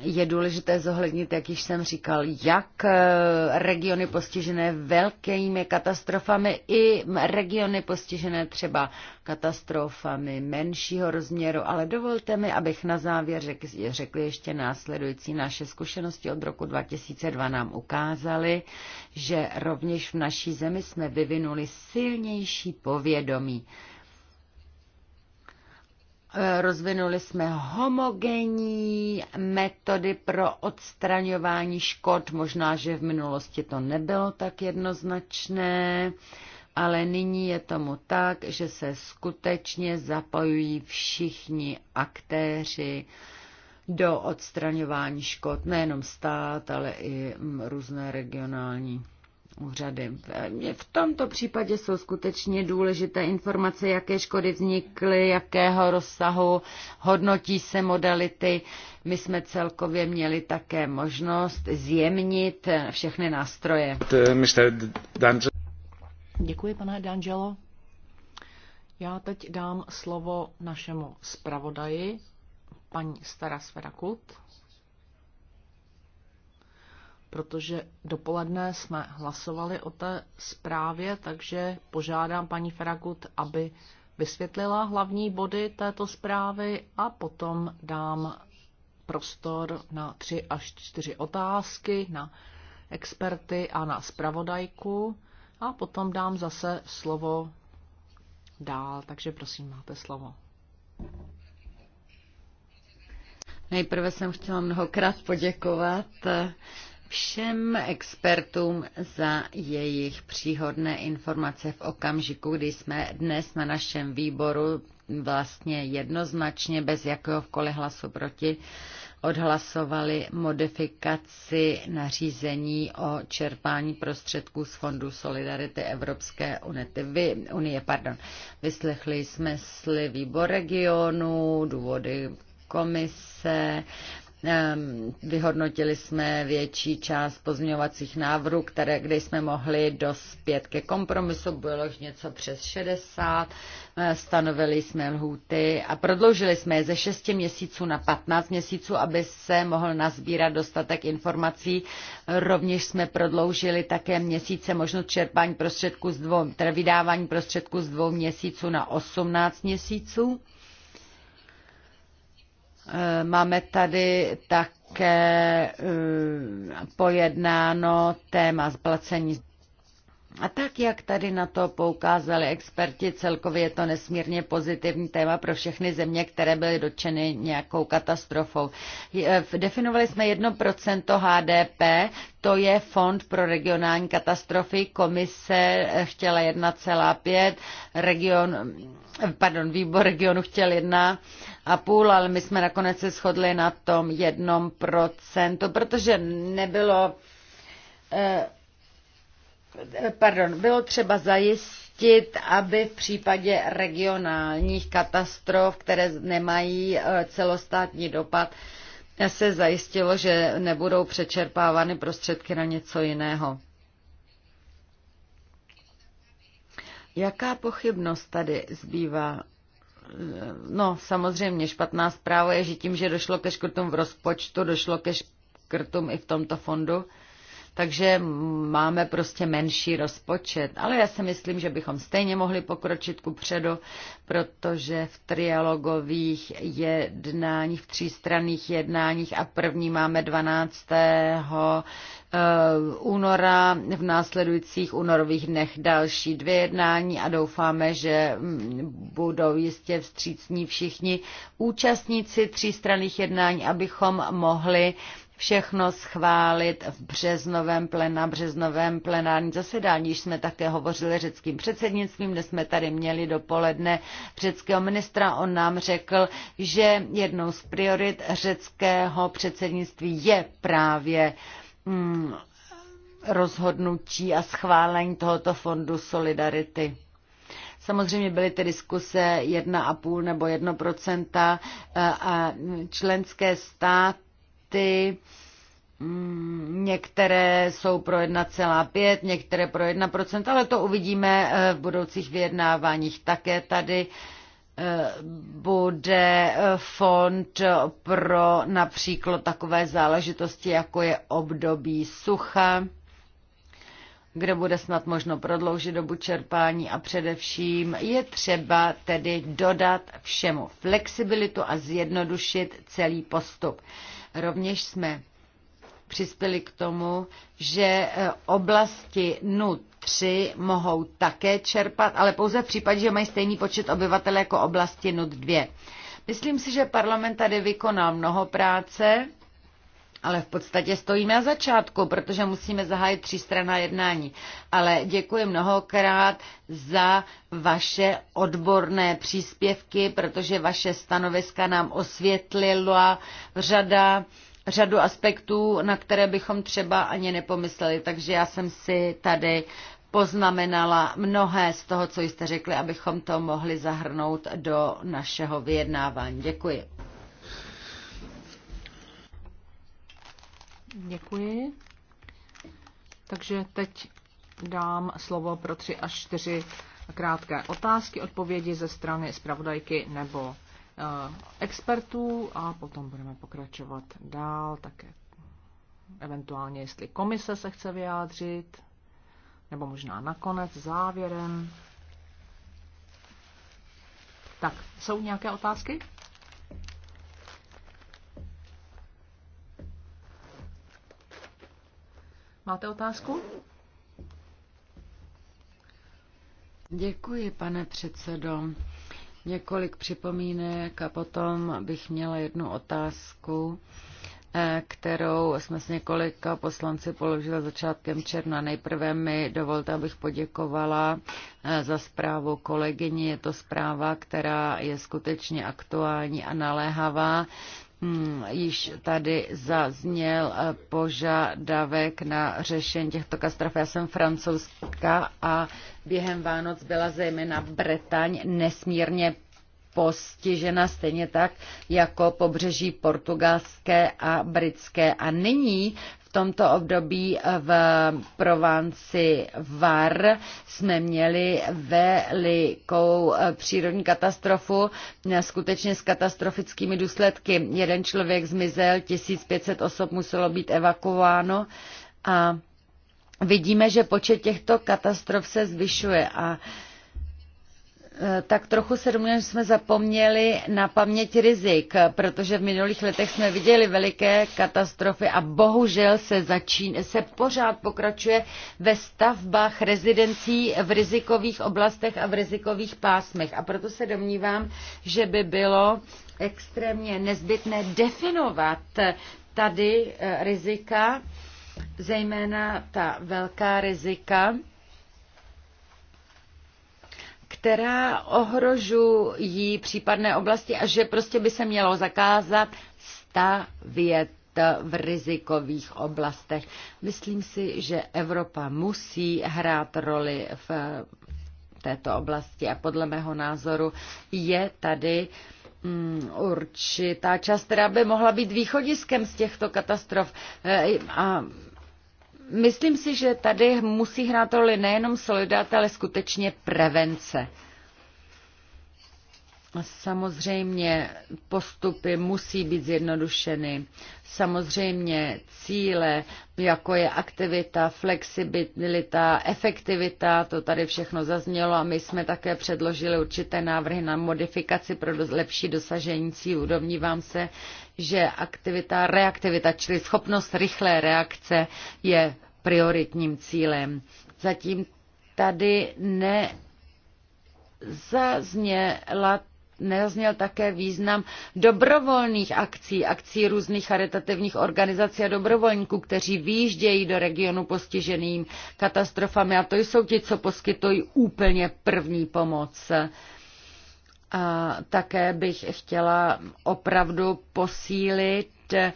je důležité zohlednit, jak již jsem říkal, jak eh, regiony postižené velkými katastrofami i regiony postižené třeba katastrofami menšího rozměru, ale dovolte mi, abych na závěr řekl, řekl ještě následující. Naše zkušenosti od roku 2002 nám ukázaly, že rovněž v naší zemi jsme vyvinuli silnější povědomí Rozvinuli jsme homogenní metody pro odstraňování škod. Možná, že v minulosti to nebylo tak jednoznačné, ale nyní je tomu tak, že se skutečně zapojují všichni aktéři do odstraňování škod, nejenom stát, ale i mm, různé regionální úřady. V tomto případě jsou skutečně důležité informace, jaké škody vznikly, jakého rozsahu, hodnotí se modality. My jsme celkově měli také možnost zjemnit všechny nástroje. Děkuji, pane D'Angelo. Já teď dám slovo našemu zpravodaji, paní Stara Sverakut protože dopoledne jsme hlasovali o té zprávě, takže požádám paní Feragut, aby vysvětlila hlavní body této zprávy a potom dám prostor na tři až čtyři otázky na experty a na zpravodajku a potom dám zase slovo dál, takže prosím, máte slovo. Nejprve jsem chtěla mnohokrát poděkovat všem expertům za jejich příhodné informace v okamžiku, kdy jsme dnes na našem výboru vlastně jednoznačně bez jakéhokoliv hlasu proti odhlasovali modifikaci nařízení o čerpání prostředků z Fondu Solidarity Evropské unity, unie. Pardon. Vyslechli jsme sly výbor regionu, důvody komise, Ehm, vyhodnotili jsme větší část pozměňovacích návrhů, které, kde jsme mohli dospět ke kompromisu, bylo už něco přes 60, ehm, stanovili jsme lhůty a prodloužili jsme je ze 6 měsíců na 15 měsíců, aby se mohl nazbírat dostatek informací. Rovněž jsme prodloužili také měsíce možnost čerpání prostředků z dvou, vydávání prostředků z dvou měsíců na 18 měsíců. Eh, máme tady také eh, pojednáno téma zplacení a tak, jak tady na to poukázali experti, celkově je to nesmírně pozitivní téma pro všechny země, které byly dotčeny nějakou katastrofou. Eh, definovali jsme 1% HDP, to je Fond pro regionální katastrofy, komise eh, chtěla 1,5, region, eh, pardon, výbor regionu chtěl 1 a půl, ale my jsme nakonec se shodli na tom jednom procentu, protože nebylo eh, pardon, bylo třeba zajistit, aby v případě regionálních katastrof, které nemají e, celostátní dopad, se zajistilo, že nebudou přečerpávány prostředky na něco jiného. Jaká pochybnost tady zbývá? E, no, samozřejmě špatná zpráva je, že tím, že došlo ke škrtům v rozpočtu, došlo ke škrtům i v tomto fondu takže máme prostě menší rozpočet. Ale já si myslím, že bychom stejně mohli pokročit ku předu, protože v trialogových jednáních, v třístranných jednáních a první máme 12. Eh, února, v následujících únorových dnech další dvě jednání a doufáme, že mm, budou jistě vstřícní všichni účastníci třístranných jednání, abychom mohli uh, všechno schválit v březnovém plena, březnovém plenární zasedání. Již jsme také hovořili řeckým předsednictvím, kde jsme tady měli dopoledne řeckého ministra. On nám řekl, že jednou z priorit řeckého předsednictví je právě hmm, rozhodnutí a schválení tohoto fondu Solidarity. Samozřejmě byly ty diskuse 1,5 nebo 1 eh, a členské státy projekty, mm, Některé jsou pro 1,5, některé pro 1%, ale to uvidíme eh, v budoucích vyjednáváních. Také tady eh, bude eh, fond pro například takové záležitosti, jako je období sucha, kde bude snad možno prodloužit dobu čerpání a především je třeba tedy dodat všemu flexibilitu a zjednodušit celý postup. Rovněž jsme přispěli k tomu, že eh, oblasti NUT 3 mohou také čerpat, ale pouze v případě, že mají stejný počet obyvatel jako oblasti NUT 2. Myslím si, že parlament tady vykonal mnoho práce ale v podstatě stojíme na začátku, protože musíme zahájit třístranná jednání. Ale děkuji mnohokrát za vaše odborné příspěvky, protože vaše stanoviska nám osvětlila řada řadu aspektů, na které bychom třeba ani nepomysleli. Takže já jsem si tady poznamenala mnohé z toho, co jste řekli, abychom to mohli zahrnout do našeho vyjednávání. Děkuji. Děkuji. Takže teď dám slovo pro tři až čtyři krátké otázky, odpovědi ze strany zpravodajky nebo eh, expertů a potom budeme pokračovat dál, také eventuálně, jestli komise se chce vyjádřit, nebo možná nakonec závěrem. Tak, jsou nějaké otázky? Máte otázku? Děkuji, pane předsedo. Několik připomínek a potom bych měla jednu otázku, eh, kterou jsme s několika poslanci položili začátkem června. Nejprve mi dovolte, abych poděkovala eh, za zprávu kolegyni. Je to zpráva, která je skutečně aktuální a naléhavá Hmm, již tady zazněl eh, požadavek na řešení těchto katastrof. Já jsem francouzská a během Vánoc byla zejména Bretaň nesmírně postižena stejně tak jako pobřeží portugalské a britské. A nyní tomto období v Provanci Var jsme měli velikou eh, přírodní katastrofu, eh, skutečně s katastrofickými důsledky. Jeden člověk zmizel, 1500 osob muselo být evakuováno a vidíme, že počet těchto katastrof se zvyšuje a Eh, tak trochu se domnívám, že jsme zapomněli na paměť rizik, protože v minulých letech jsme viděli veliké katastrofy a bohužel se, začín, se pořád pokračuje ve stavbách rezidencí v rizikových oblastech a v rizikových pásmech. A proto se domnívám, že by bylo extrémně nezbytné definovat tady eh, rizika, zejména ta velká rizika, která ohrožují případné oblasti a že prostě by se mělo zakázat stavět v rizikových oblastech. Myslím si, že Evropa musí hrát roli v této oblasti a podle mého názoru je tady mm, určitá část, která by mohla být východiskem z těchto katastrof. E, a Myslím si, že tady musí hrát roli nejenom solidarita, ale skutečně prevence. Samozřejmě postupy musí být zjednodušeny. Samozřejmě cíle, jako je aktivita, flexibilita, efektivita, to tady všechno zaznělo a my jsme také předložili určité návrhy na modifikaci pro lepší dosažení cílů. Domnívám se, že aktivita, reaktivita, čili schopnost rychlé reakce je prioritním cílem. Zatím tady ne zazněla nezazněl také význam dobrovolných akcí, akcí různých charitativních organizací a dobrovolníků, kteří výjíždějí do regionu postiženým katastrofami. A to jsou ti, co poskytují úplně první pomoc. A také bych chtěla opravdu posílit Eh,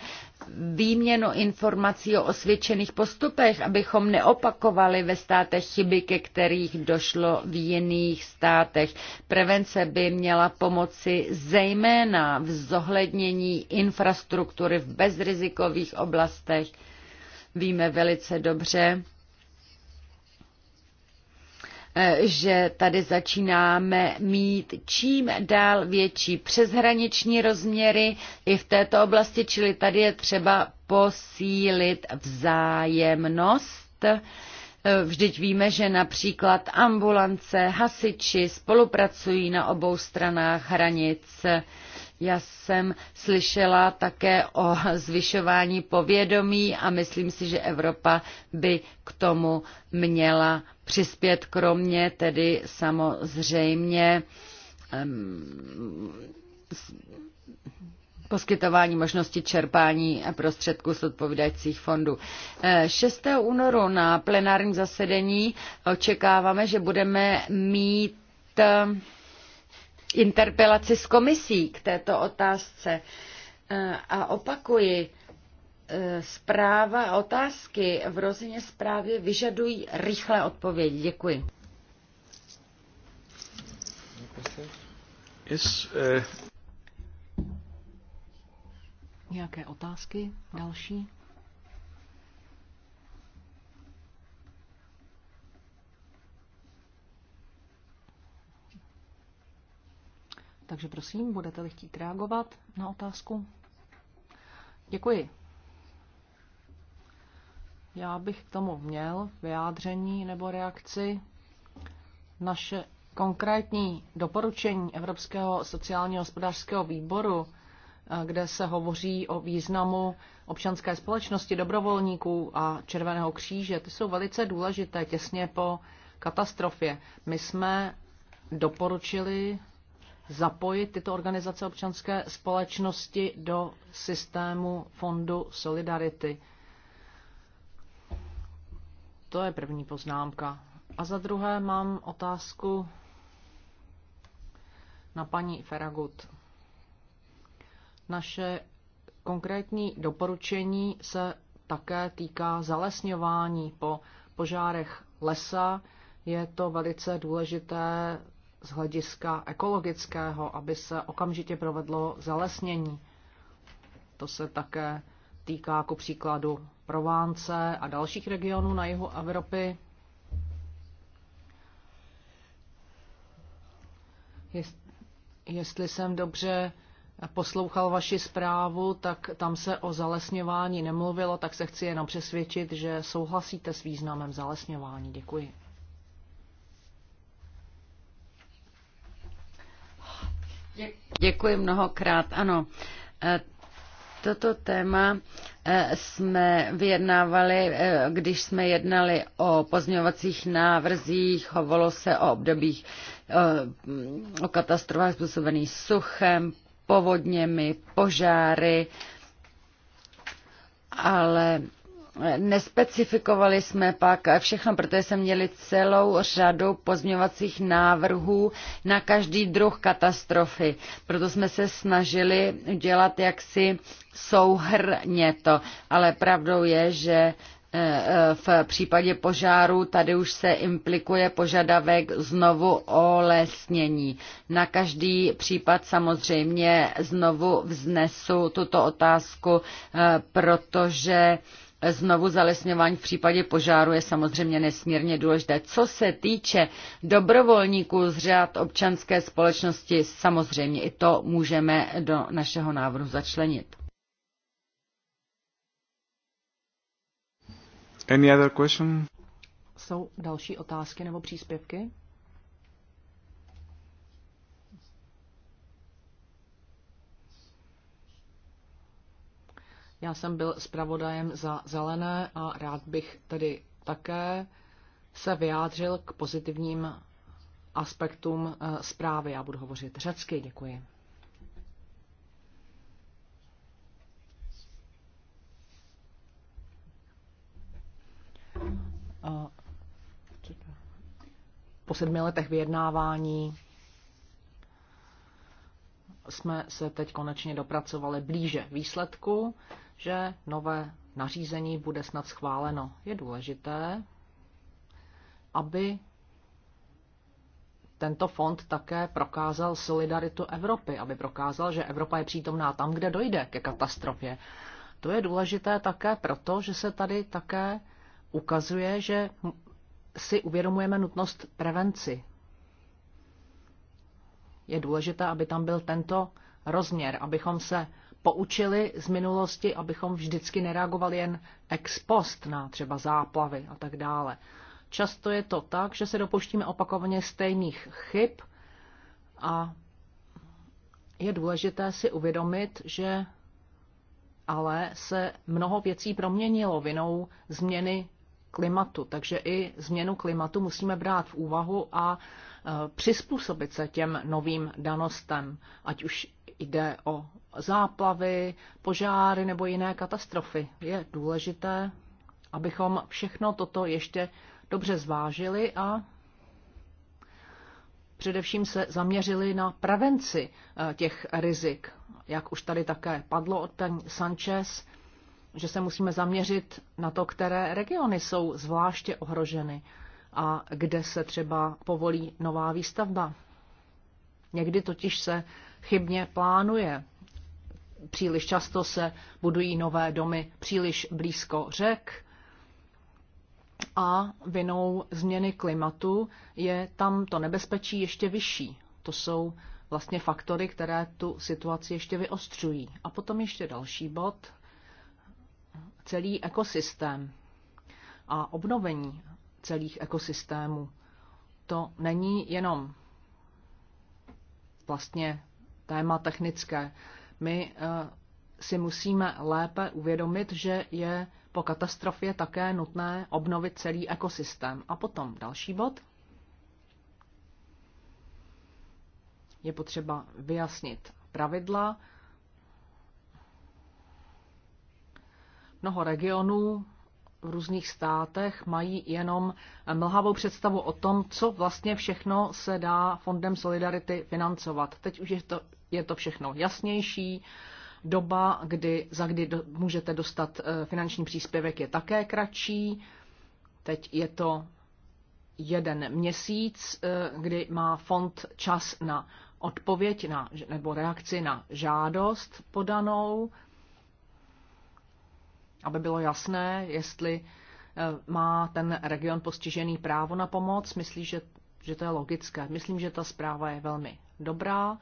výměnu informací o osvědčených postupech, abychom neopakovali ve státech chyby, ke kterých došlo v jiných státech. Prevence by měla pomoci zejména v zohlednění infrastruktury v bezrizikových oblastech. Víme velice dobře, že tady začínáme mít čím dál větší přeshraniční rozměry i v této oblasti, čili tady je třeba posílit vzájemnost. Vždyť víme, že například ambulance, hasiči spolupracují na obou stranách hranic. Já jsem slyšela také o zvyšování povědomí a myslím si, že Evropa by k tomu měla přispět, kromě tedy samozřejmě poskytování možnosti čerpání prostředků z odpovídajících fondů. 6. Eh, únoru na plenárním zasedení očekáváme, že budeme mít eh, interpelaci s komisí k této otázce. Eh, a opakuji, E, zpráva a otázky v rozině zprávy vyžadují rychlé odpovědi. Děkuji. Yes, uh... Nějaké otázky další? Takže prosím, budete-li chtít reagovat na otázku? Děkuji. Já bych k tomu měl vyjádření nebo reakci. Naše konkrétní doporučení Evropského sociálního hospodářského výboru, eh, kde se hovoří o významu občanské společnosti, dobrovolníků a Červeného kříže, ty jsou velice důležité těsně po katastrofě. My jsme doporučili zapojit tyto organizace občanské společnosti do systému Fondu Solidarity to je první poznámka. A za druhé mám otázku na paní Feragut. Naše konkrétní doporučení se také týká zalesňování po požárech lesa. Je to velice důležité z hlediska ekologického, aby se okamžitě provedlo zalesnění. To se také týká jako příkladu Provánce a dalších regionů na jihu Evropy. Jestli jsem dobře poslouchal vaši zprávu, tak tam se o zalesňování nemluvilo, tak se chci jenom přesvědčit, že souhlasíte s významem zalesňování. Děkuji. Děkuji mnohokrát. Ano, eh, Toto téma eh, jsme vyjednávali, eh, když jsme jednali o pozměňovacích návrzích, hovorilo se o obdobích, eh, o katastrofách způsobených suchem, povodněmi, požáry, ale Nespecifikovali jsme pak všechno, protože jsme měli celou řadu pozměňovacích návrhů na každý druh katastrofy. Proto jsme se snažili dělat jaksi souhrně to. Ale pravdou je, že e, e, v případě požáru tady už se implikuje požadavek znovu olesnění. Na každý případ samozřejmě znovu vznesu tuto otázku, e, protože znovu zalesňování v případě požáru je samozřejmě nesmírně důležité. Co se týče dobrovolníků z řád občanské společnosti, samozřejmě i to můžeme do našeho návrhu začlenit. Any other question? Jsou další otázky nebo příspěvky? Já jsem byl zpravodajem za zelené a rád bych tedy také se vyjádřil k pozitivním aspektům eh, zprávy. Já budu hovořit řecky, děkuji. Po sedmi letech vyjednávání jsme se teď konečně dopracovali blíže výsledku že nové nařízení bude snad schváleno. Je důležité, aby tento fond také prokázal solidaritu Evropy, aby prokázal, že Evropa je přítomná tam, kde dojde ke katastrofě. To je důležité také proto, že se tady také ukazuje, že si uvědomujeme nutnost prevenci. Je důležité, aby tam byl tento rozměr, abychom se poučili z minulosti, abychom vždycky nereagovali jen ex post na třeba záplavy a tak dále. Často je to tak, že se dopuštíme opakovaně stejných chyb a je důležité si uvědomit, že ale se mnoho věcí proměnilo vinou změny klimatu. Takže i změnu klimatu musíme brát v úvahu a e, přizpůsobit se těm novým danostem, ať už jde o záplavy, požáry nebo jiné katastrofy. Je důležité, abychom všechno toto ještě dobře zvážili a především se zaměřili na prevenci eh, těch rizik. Jak už tady také padlo od paní Sanchez, že se musíme zaměřit na to, které regiony jsou zvláště ohroženy a kde se třeba povolí nová výstavba. Někdy totiž se chybně plánuje. Příliš často se budují nové domy příliš blízko řek a vinou změny klimatu je tam to nebezpečí ještě vyšší. To jsou vlastně faktory, které tu situaci ještě vyostřují. A potom ještě další bod, celý ekosystém a obnovení celých ekosystémů. To není jenom vlastně téma technické. My eh, si musíme lépe uvědomit, že je po katastrofě také nutné obnovit celý ekosystém. A potom další bod. Je potřeba vyjasnit pravidla. Mnoho regionů v různých státech mají jenom mlhavou představu o tom, co vlastně všechno se dá Fondem Solidarity financovat. Teď už je to je to všechno jasnější. Doba, kdy, za kdy do, můžete dostat eh, finanční příspěvek, je také kratší. Teď je to jeden měsíc, eh, kdy má fond čas na odpověď na, nebo reakci na žádost podanou, aby bylo jasné, jestli eh, má ten region postižený právo na pomoc. Myslím, že, že to je logické. Myslím, že ta zpráva je velmi dobrá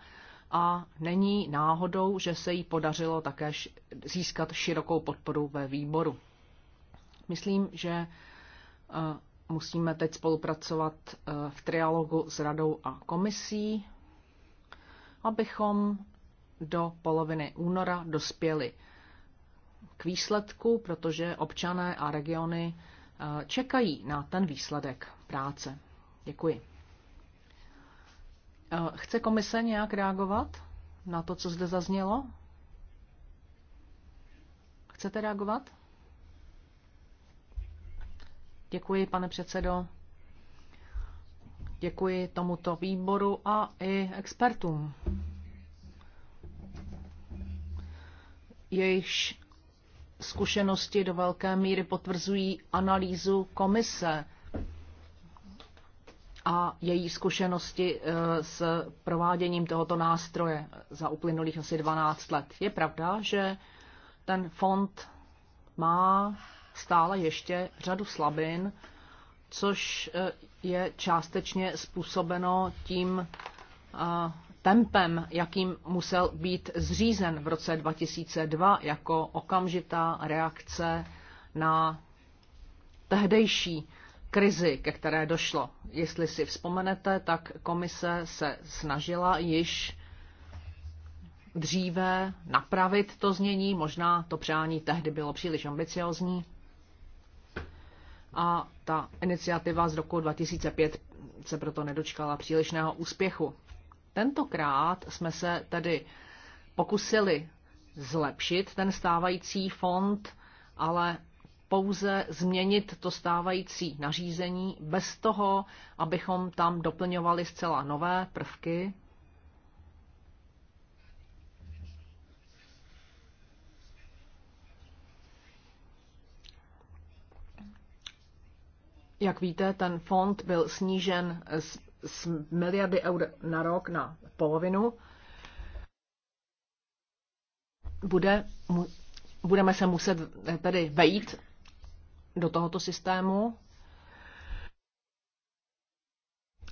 a není náhodou, že se jí podařilo také získat širokou podporu ve výboru. Myslím, že eh, musíme teď spolupracovat eh, v trialogu s radou a komisí, abychom do poloviny února dospěli k výsledku, protože občané a regiony eh, čekají na ten výsledek práce. Děkuji. Eh, chce komise nějak reagovat na to, co zde zaznělo? Chcete reagovat? Děkuji, pane předsedo. Děkuji tomuto výboru a i expertům. Jejichž zkušenosti do velké míry potvrzují analýzu komise a její zkušenosti eh, s prováděním tohoto nástroje za uplynulých asi 12 let. Je pravda, že ten fond má stále ještě řadu slabin, což eh, je částečně způsobeno tím eh, tempem, jakým musel být zřízen v roce 2002 jako okamžitá reakce na tehdejší krizi, ke které došlo. Jestli si vzpomenete, tak komise se snažila již dříve napravit to znění, možná to přání tehdy bylo příliš ambiciozní. A ta iniciativa z roku 2005 se proto nedočkala přílišného úspěchu. Tentokrát jsme se tedy pokusili zlepšit ten stávající fond, ale pouze změnit to stávající nařízení bez toho, abychom tam doplňovali zcela nové prvky. Jak víte, ten fond byl snížen z, z miliardy eur na rok na polovinu. Bude, mu, budeme se muset tedy vejít do tohoto systému.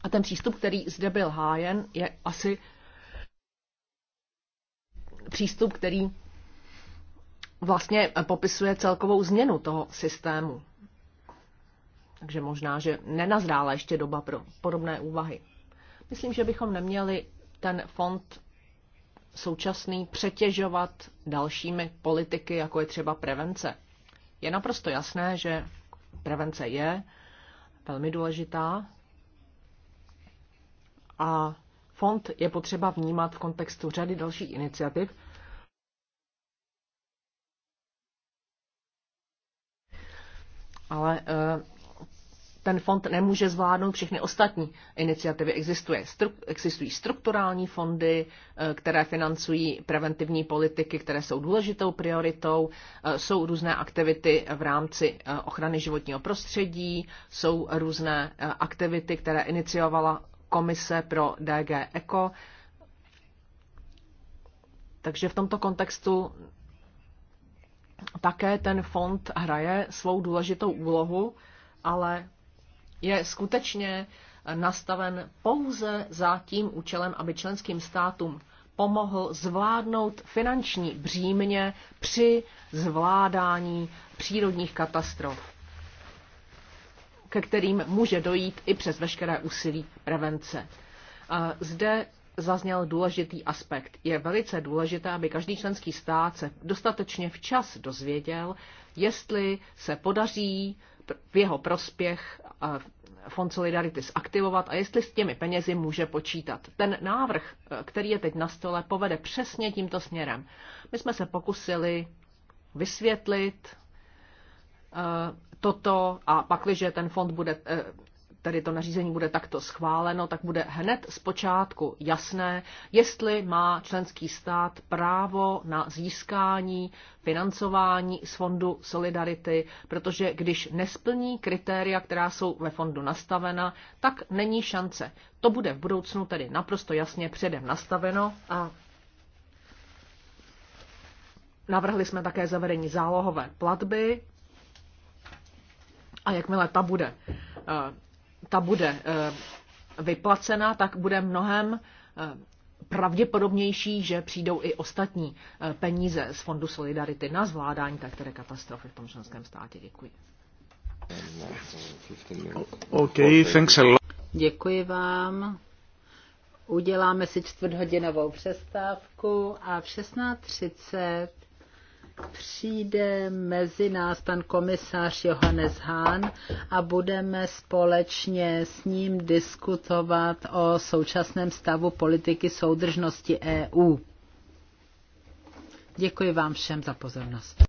A ten přístup, který zde byl hájen, je asi přístup, který vlastně popisuje celkovou změnu toho systému. Takže možná, že nenazrála ještě doba pro podobné úvahy. Myslím, že bychom neměli ten fond současný přetěžovat dalšími politiky, jako je třeba prevence. Je naprosto jasné, že prevence je velmi důležitá a fond je potřeba vnímat v kontextu řady dalších iniciativ, ale eh, ten fond nemůže zvládnout všechny ostatní iniciativy. Existuje, stru, existují strukturální fondy, eh, které financují preventivní politiky, které jsou důležitou prioritou. Eh, jsou různé aktivity v rámci eh, ochrany životního prostředí, jsou různé aktivity, které iniciovala komise pro DG Eco. Takže v tomto kontextu také ten fond hraje svou důležitou úlohu, ale je skutečně nastaven pouze za tím účelem, aby členským státům pomohl zvládnout finanční břímně při zvládání přírodních katastrof, ke kterým může dojít i přes veškeré úsilí prevence. Zde zazněl důležitý aspekt. Je velice důležité, aby každý členský stát se dostatečně včas dozvěděl, jestli se podaří v jeho prospěch Fond Solidarity zaktivovat a jestli s těmi penězi může počítat. Ten návrh, eh, který je teď na stole, povede přesně tímto směrem. My jsme se pokusili vysvětlit eh, toto a pakliže ten fond bude eh, tedy to nařízení bude takto schváleno, tak bude hned z počátku jasné, jestli má členský stát právo na získání financování z Fondu Solidarity, protože když nesplní kritéria, která jsou ve fondu nastavena, tak není šance. To bude v budoucnu tedy naprosto jasně předem nastaveno a navrhli jsme také zavedení zálohové platby a jakmile ta bude eh, ta bude eh, vyplacena, tak bude mnohem eh, pravděpodobnější, že přijdou i ostatní eh, peníze z Fondu Solidarity na zvládání které katastrofy v tom členském státě. Děkuji. Okay, thanks a lot. Děkuji vám. Uděláme si čtvrthodinovou přestávku a v 16.30 přijde mezi nás pan komisář Johannes Hahn a budeme společně s ním diskutovat o současném stavu politiky soudržnosti EU. Děkuji vám všem za pozornost.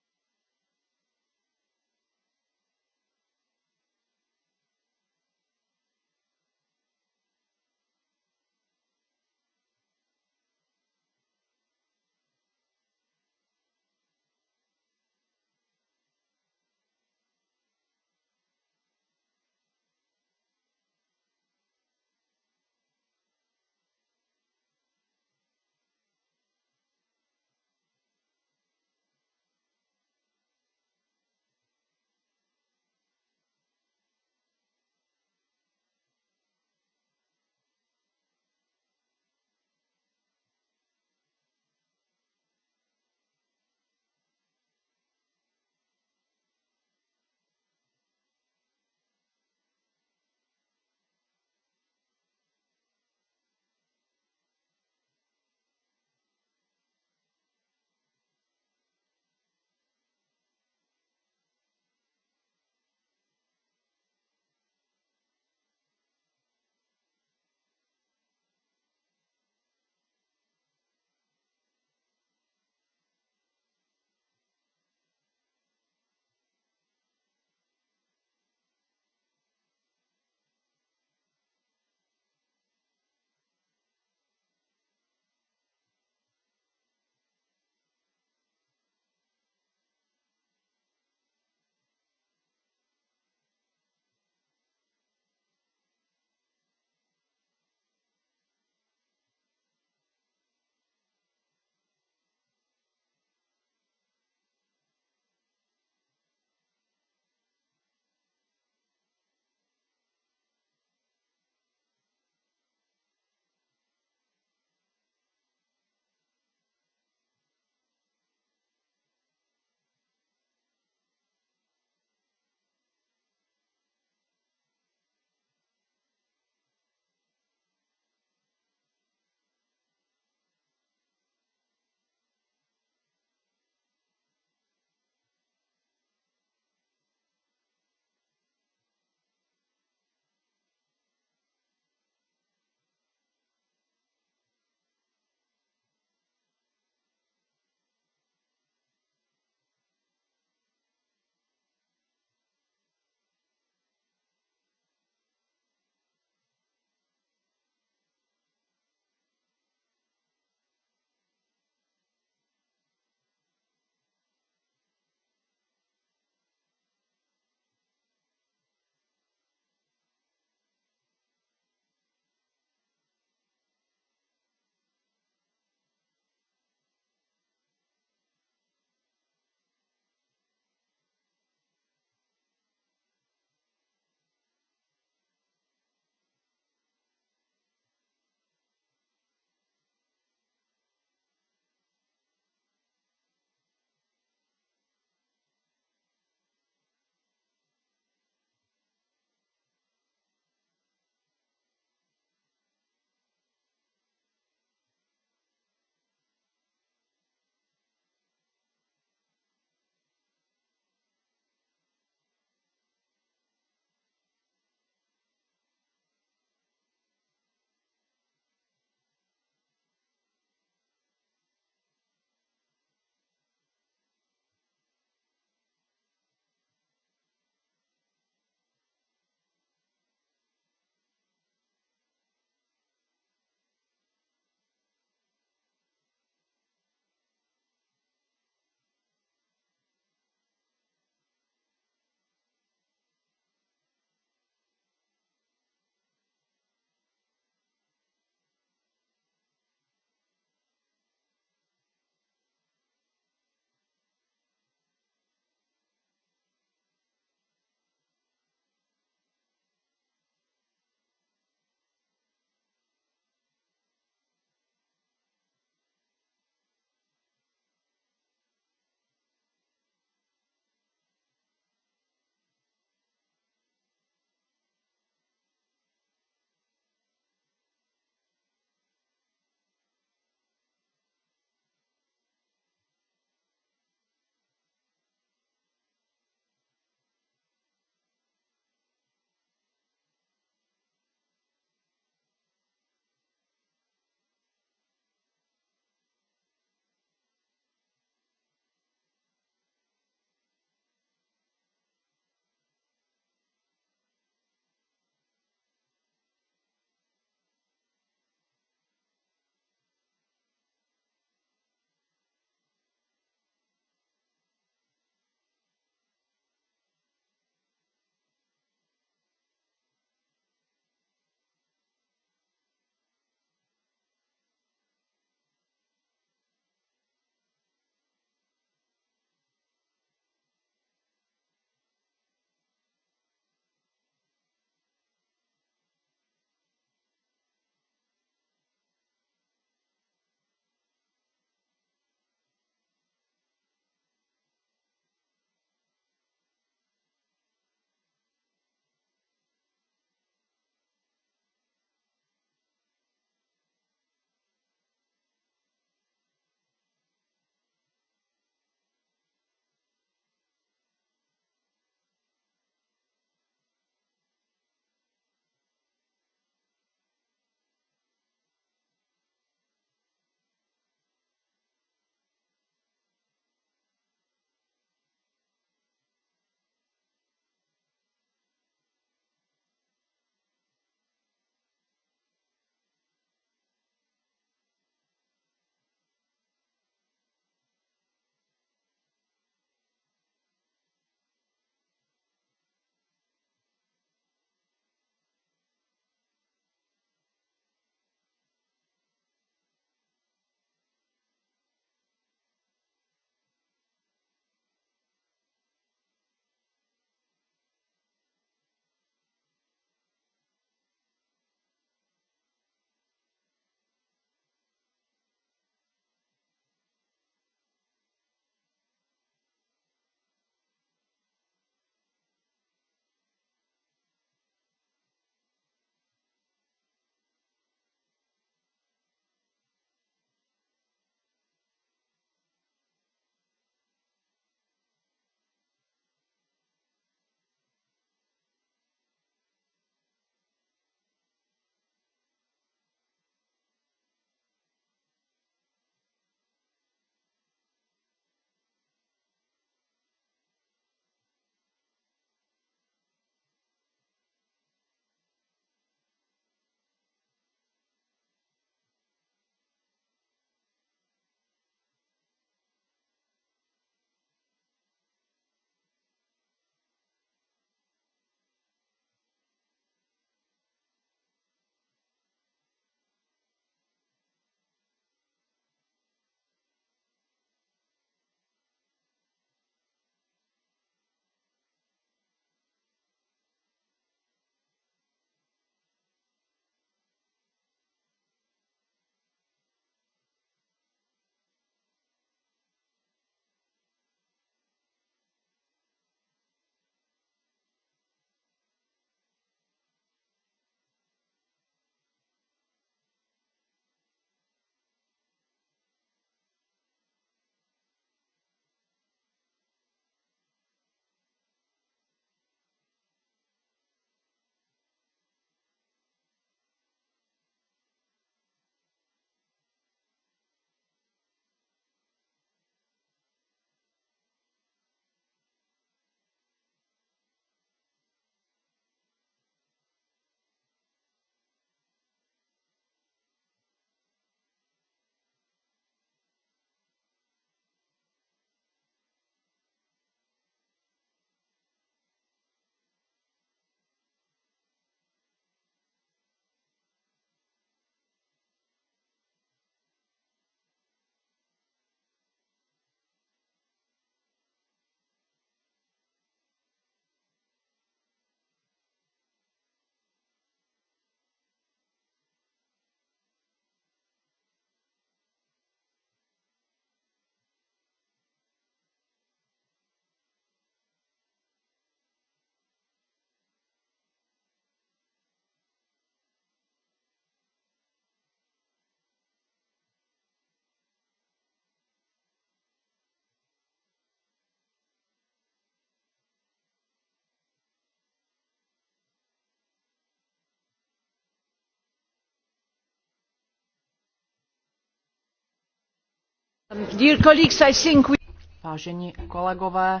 Um, Vážení kolegové,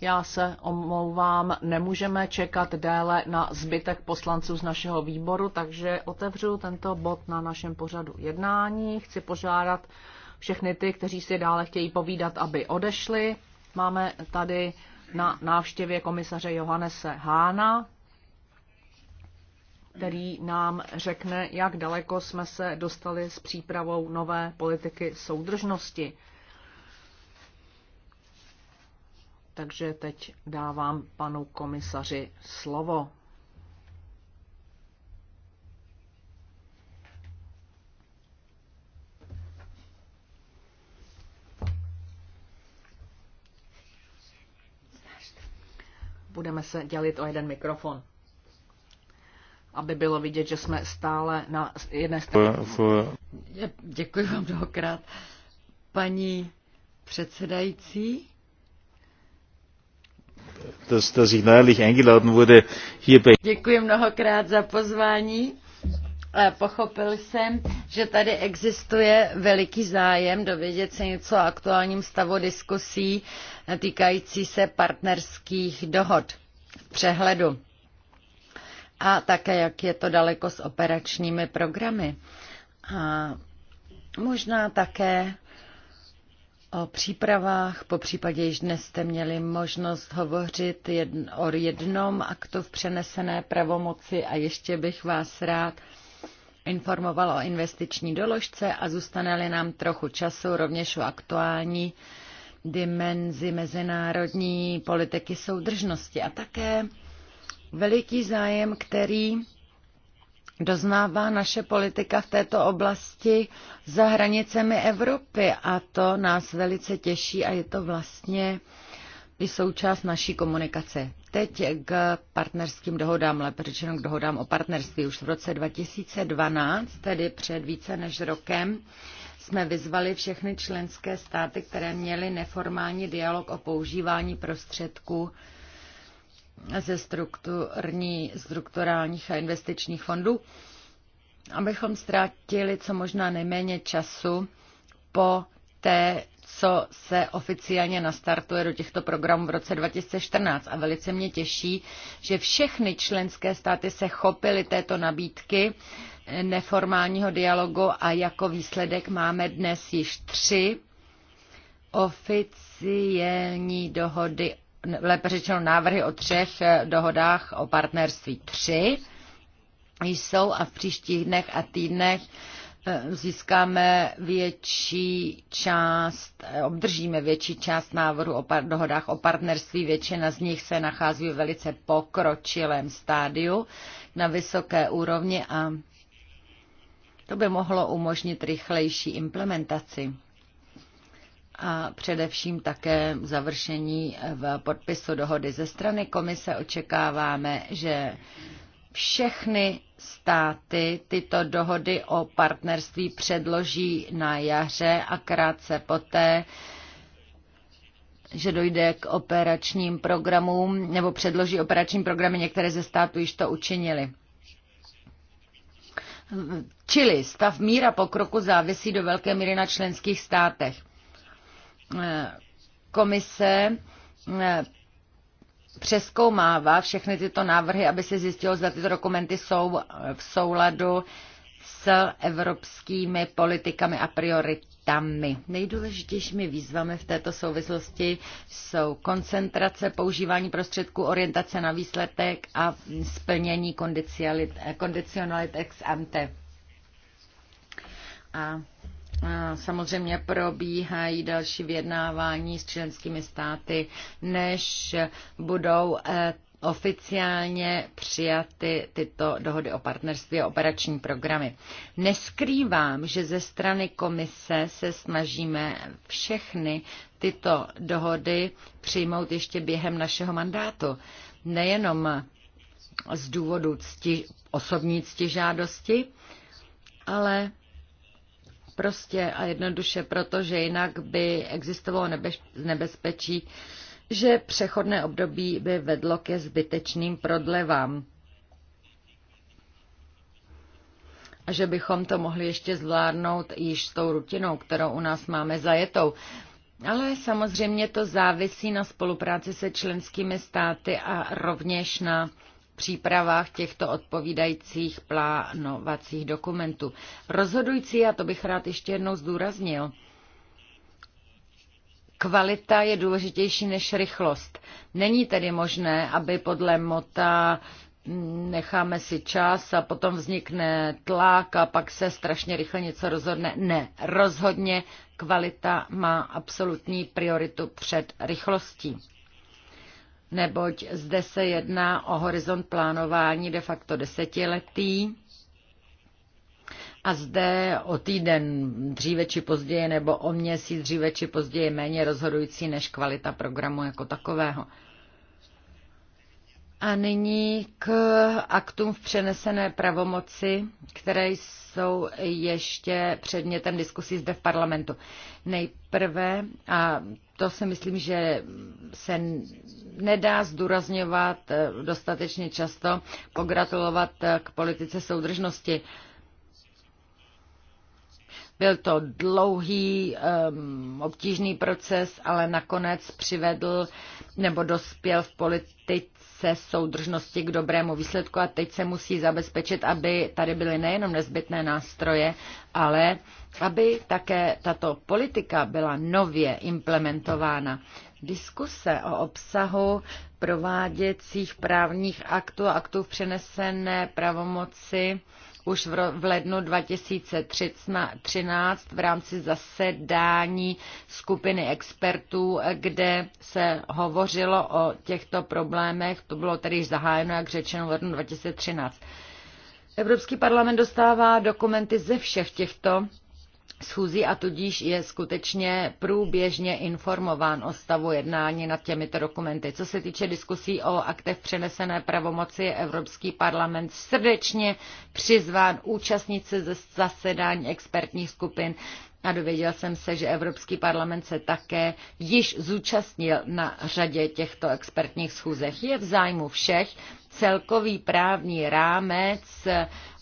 já se omlouvám, nemůžeme čekat déle na zbytek poslanců z našeho výboru, takže otevřu tento bod na našem pořadu jednání. Chci požádat všechny ty, kteří si dále chtějí povídat, aby odešli. Máme tady na návštěvě komisaře Johannese Hána, který nám řekne, jak daleko jsme se dostali s přípravou nové politiky soudržnosti. Takže teď dávám panu komisaři slovo. Budeme se dělit o jeden mikrofon aby bylo vidět, že jsme stále na jedné straně. Děkuji vám mnohokrát. Paní předsedající, dass, dass ich neuerlich eingeladen wurde, hier bei Děkuji mnohokrát za pozvání. Pochopil jsem, že tady existuje veliký zájem dovědět se něco o aktuálním stavu diskusí týkající se partnerských dohod v přehledu a také, jak je to daleko s operačními programy. A možná také o přípravách, po případě již dnes jste měli možnost hovořit jedn, o jednom aktu v přenesené pravomoci a ještě bych vás rád informoval o investiční doložce a zůstane-li nám trochu času rovněž o aktuální dimenzi mezinárodní politiky soudržnosti a také veliký zájem, který doznává naše politika v této oblasti za hranicemi Evropy a to nás velice těší a je to vlastně i součást naší komunikace. Teď k partnerským dohodám, ale řečeno k dohodám o partnerství. Už v roce 2012, tedy před více než rokem, jsme vyzvali všechny členské státy, které měly neformální dialog o používání prostředků ze strukturní, strukturálních a investičních fondů, abychom ztratili co možná nejméně času po té, co se oficiálně nastartuje do těchto programů v roce 2014. A velice mě těší, že všechny členské státy se chopily této nabídky neformálního dialogu a jako výsledek máme dnes již tři oficiální dohody lépe řečeno návrhy o třech eh, dohodách o partnerství. Tři jsou a v příštích dnech a týdnech eh, získáme větší část, eh, obdržíme větší část návrhu o par, dohodách o partnerství. Většina z nich se nachází v velice pokročilém stádiu na vysoké úrovni a to by mohlo umožnit rychlejší implementaci a především také završení v podpisu dohody. Ze strany komise očekáváme, že všechny státy tyto dohody o partnerství předloží na jaře a krátce poté že dojde k operačním programům nebo předloží operační programy, některé ze států již to učinili. Čili stav míra pokroku závisí do velké míry na členských státech komise eh, přeskoumává všechny tyto návrhy, aby se zjistilo, zda tyto dokumenty jsou v souladu s evropskými politikami a prioritami. Nejdůležitějšími výzvami v této souvislosti jsou koncentrace, používání prostředků, orientace na výsledek a splnění kondicionalit ex ante. A Samozřejmě probíhají další vyjednávání s členskými státy, než budou eh, oficiálně přijaty tyto dohody o partnerství a operační programy. Neskrývám, že ze strany komise se snažíme všechny tyto dohody přijmout ještě během našeho mandátu. Nejenom z důvodu cti, osobní ctižádosti, ale Prostě a jednoduše proto, že jinak by existovalo nebezpečí, že přechodné období by vedlo ke zbytečným prodlevám. A že bychom to mohli ještě zvládnout již s tou rutinou, kterou u nás máme zajetou. Ale samozřejmě to závisí na spolupráci se členskými státy a rovněž na přípravách těchto odpovídajících plánovacích dokumentů. Rozhodující, a to bych rád ještě jednou zdůraznil, kvalita je důležitější než rychlost. Není tedy možné, aby podle mota mm, necháme si čas a potom vznikne tlak a pak se strašně rychle něco rozhodne. Ne, rozhodně kvalita má absolutní prioritu před rychlostí neboť zde se jedná o horizont plánování de facto desetiletý. A zde o týden dříve či později nebo o měsíc dříve či později méně rozhodující než kvalita programu jako takového. A nyní k aktům v přenesené pravomoci, které jsou ještě předmětem diskusí zde v parlamentu. Nejprve, a to si myslím, že se nedá zdůrazňovat eh, dostatečně často, pogratulovat eh, k politice soudržnosti. Byl to dlouhý, um, obtížný proces, ale nakonec přivedl nebo dospěl v politice soudržnosti k dobrému výsledku a teď se musí zabezpečit, aby tady byly nejenom nezbytné nástroje, ale aby také tato politika byla nově implementována. Diskuse o obsahu prováděcích právních aktů a aktů přenesené pravomoci už v lednu 2013 v rámci zasedání skupiny expertů, kde se hovořilo o těchto problémech. To bylo tedy již zahájeno, jak řečeno, v lednu 2013. Evropský parlament dostává dokumenty ze všech těchto schůzí a tudíž je skutečně průběžně informován o stavu jednání nad těmito dokumenty. Co se týče diskusí o aktech přenesené pravomoci, je Evropský parlament srdečně přizván účastnit se zasedání expertních skupin a dověděl jsem se, že Evropský parlament se také již zúčastnil na řadě těchto expertních schůzech. Je v zájmu všech celkový právní rámec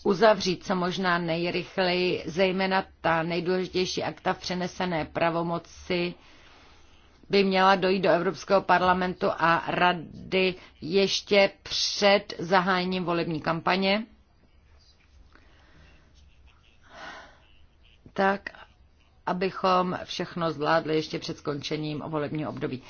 uzavřít co možná nejrychleji, zejména ta nejdůležitější akta v přenesené pravomoci by měla dojít do Evropského parlamentu a rady ještě před zahájením volební kampaně, tak abychom všechno zvládli ještě před skončením volebního období.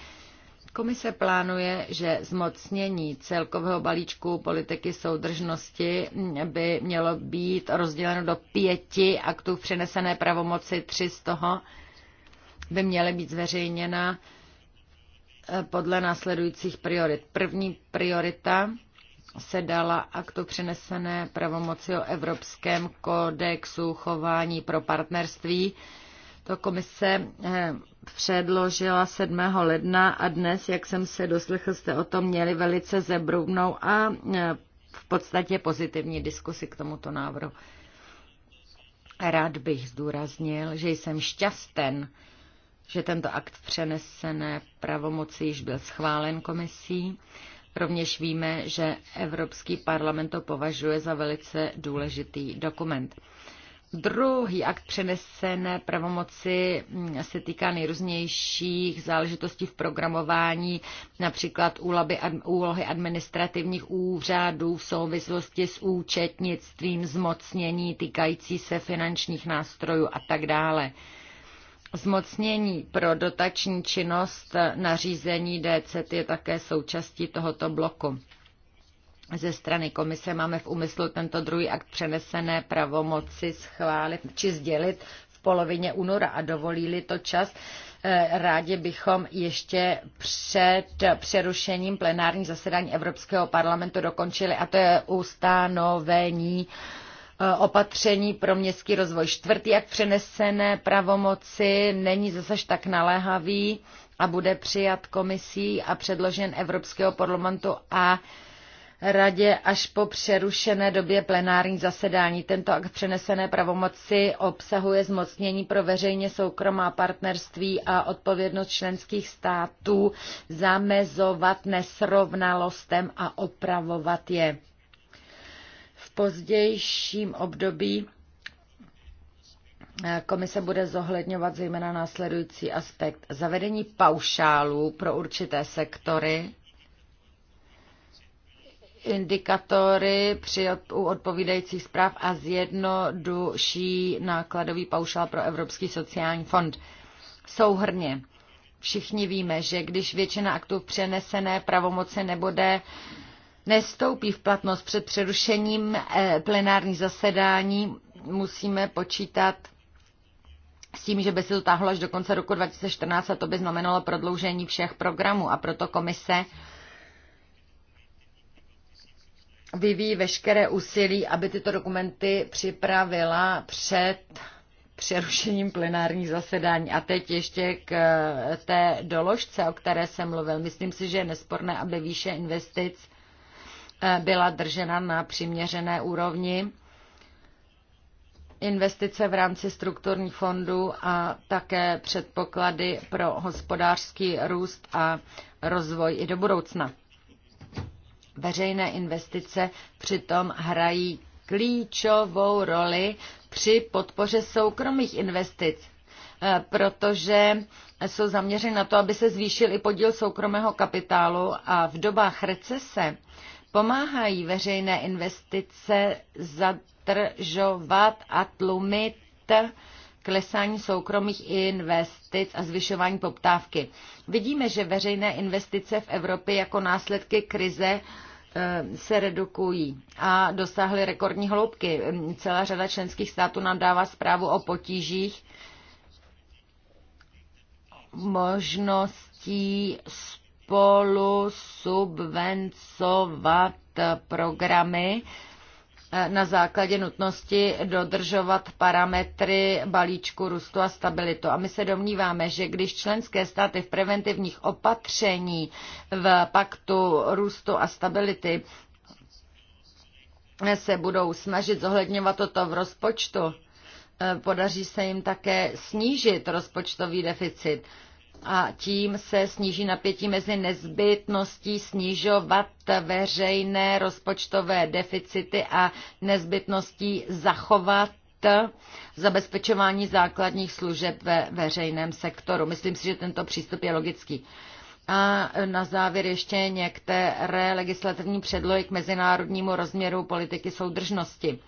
Komise plánuje, že zmocnění celkového balíčku politiky soudržnosti by mělo být rozděleno do pěti aktů v přenesené pravomoci, tři z toho by měly být zveřejněna eh, podle následujících priorit. První priorita se dala aktu přenesené pravomoci o Evropském kodexu chování pro partnerství, to komise eh, předložila 7. ledna a dnes, jak jsem se doslechl, jste o tom měli velice zebrubnou a eh, v podstatě pozitivní diskusi k tomuto návrhu. Rád bych zdůraznil, že jsem šťasten, že tento akt přenesené pravomoci již byl schválen komisí. Rovněž víme, že Evropský parlament to považuje za velice důležitý dokument. Druhý akt přenesené pravomoci mm, se týká nejrůznějších záležitostí v programování, například úlohy administrativních úřadů v souvislosti s účetnictvím, zmocnění týkající se finančních nástrojů a tak dále. Zmocnění pro dotační činnost nařízení DCT je také součástí tohoto bloku ze strany komise máme v úmyslu tento druhý akt přenesené pravomoci schválit či sdělit v polovině února a dovolí-li to čas, eh, rádi bychom ještě před přerušením plenární zasedání Evropského parlamentu dokončili, a to je ustanovení eh, opatření pro městský rozvoj. Čtvrtý, jak přenesené pravomoci, není zase tak naléhavý a bude přijat komisí a předložen Evropského parlamentu a radě až po přerušené době plenární zasedání. Tento akt přenesené pravomoci obsahuje zmocnění pro veřejně soukromá partnerství a odpovědnost členských států zamezovat nesrovnalostem a opravovat je. V pozdějším období eh, Komise bude zohledňovat zejména následující aspekt zavedení paušálů pro určité sektory indikátory při u odpovídajících zpráv a zjednoduší nákladový paušál pro Evropský sociální fond. Souhrně. Všichni víme, že když většina aktů přenesené pravomoci nebude nestoupí v platnost před přerušením eh, plenární zasedání, musíme počítat s tím, že by se to táhlo až do konce roku 2014 a to by znamenalo prodloužení všech programů a proto komise vyvíjí veškeré úsilí, aby tyto dokumenty připravila před přerušením plenární zasedání. A teď ještě k eh, té doložce, o které jsem mluvil. Myslím si, že je nesporné, aby výše investic eh, byla držena na přiměřené úrovni. Investice v rámci strukturních fondů a také předpoklady pro hospodářský růst a rozvoj i do budoucna. Veřejné investice přitom hrají klíčovou roli při podpoře soukromých investic, eh, protože jsou zaměřeny na to, aby se zvýšil i podíl soukromého kapitálu a v dobách recese pomáhají veřejné investice zadržovat a tlumit klesání soukromých investic a zvyšování poptávky. Vidíme, že veřejné investice v Evropě jako následky krize eh, se redukují a dosáhly rekordní hloubky. Celá řada členských států nám dává zprávu o potížích, možností spolu subvencovat programy, na základě nutnosti dodržovat parametry balíčku růstu a stabilitu. A my se domníváme, že když členské státy v preventivních opatření v paktu růstu a stability se budou snažit zohledňovat toto v rozpočtu, eh, podaří se jim také snížit rozpočtový deficit a tím se sníží napětí mezi nezbytností snižovat veřejné rozpočtové deficity a nezbytností zachovat zabezpečování základních služeb ve veřejném sektoru. Myslím si, že tento přístup je logický. A na závěr ještě některé legislativní předlohy k mezinárodnímu rozměru politiky soudržnosti.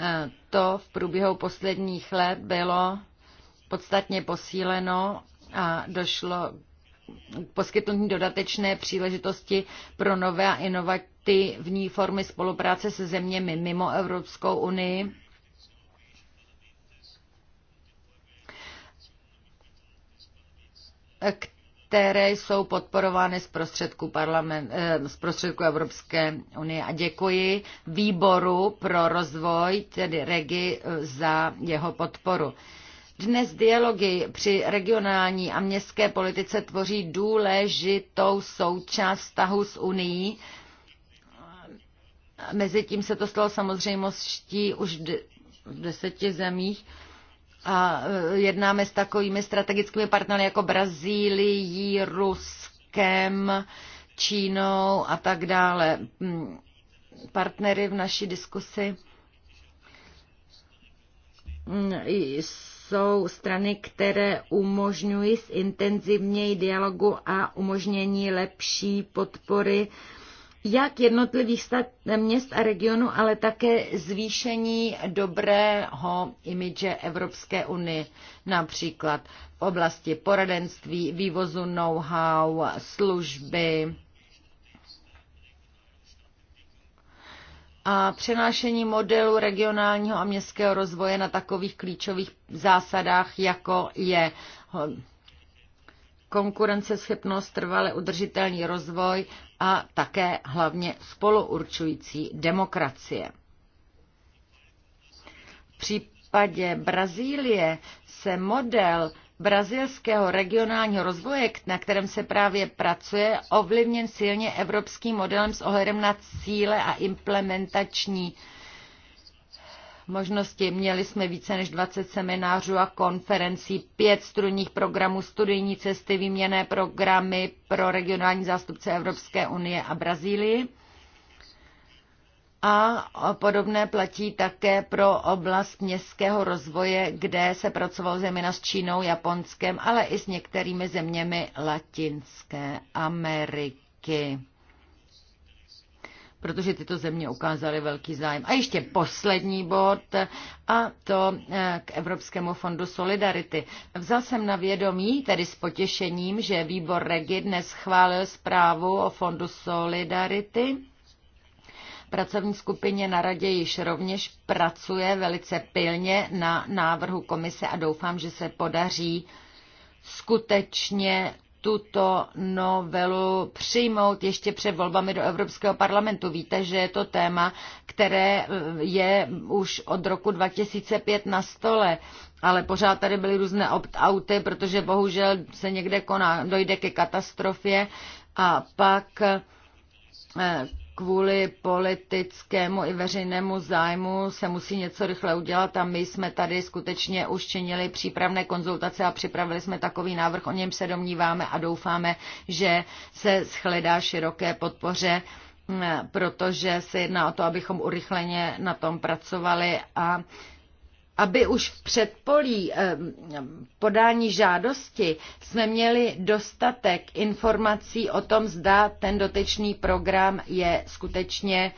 E, to v průběhu posledních let bylo podstatně posíleno a došlo k poskytnutí dodatečné příležitosti pro nové a inovativní formy spolupráce se zeměmi mimo Evropskou unii. které jsou podporovány z prostředku, parlament, eh, z prostředku Evropské unie. A děkuji výboru pro rozvoj, tedy REGI, eh, za jeho podporu. Dnes dialogy při regionální a městské politice tvoří důležitou součást vztahu s Unii. Mezitím se to stalo samozřejmostí už v deseti zemích a e, jednáme s takovými strategickými partnery jako Brazílií, Ruskem, Čínou a tak dále. Mm, partnery v naší diskusi mm, jsou strany, které umožňují zintenzivněji dialogu a umožnění lepší podpory jak jednotlivých stát, měst a regionů, ale také zvýšení dobrého imidže Evropské unie, například v oblasti poradenství, vývozu know-how, služby, a přenášení modelu regionálního a městského rozvoje na takových klíčových zásadách, jako je konkurenceschopnost, trvale udržitelný rozvoj a také hlavně spoluurčující demokracie. V případě Brazílie se model brazilského regionálního rozvoje, na kterém se právě pracuje, ovlivněn silně evropským modelem s ohledem na cíle a implementační možnosti. Měli jsme více než 20 seminářů a konferencí, pět studijních programů, studijní cesty, výměné programy pro regionální zástupce Evropské unie a Brazílii a podobné platí také pro oblast městského rozvoje, kde se pracoval zejména s Čínou, Japonskem, ale i s některými zeměmi Latinské Ameriky. Protože tyto země ukázaly velký zájem. A ještě poslední bod, a to eh, k Evropskému fondu Solidarity. Vzal jsem na vědomí, tedy s potěšením, že výbor Regi dnes schválil zprávu o fondu Solidarity pracovní skupině na radě již rovněž pracuje velice pilně na návrhu komise a doufám, že se podaří skutečně tuto novelu přijmout ještě před volbami do Evropského parlamentu. Víte, že je to téma, které je už od roku 2005 na stole, ale pořád tady byly různé opt-outy, protože bohužel se někde koná, dojde ke katastrofě a pak eh, kvůli politickému i veřejnému zájmu se musí něco rychle udělat a my jsme tady skutečně už činili přípravné konzultace a připravili jsme takový návrh, o něm se domníváme a doufáme, že se shledá široké podpoře protože se jedná o to, abychom urychleně na tom pracovali a aby už v předpolí podání žádosti jsme měli dostatek informací o tom, zda ten dotyčný program je skutečně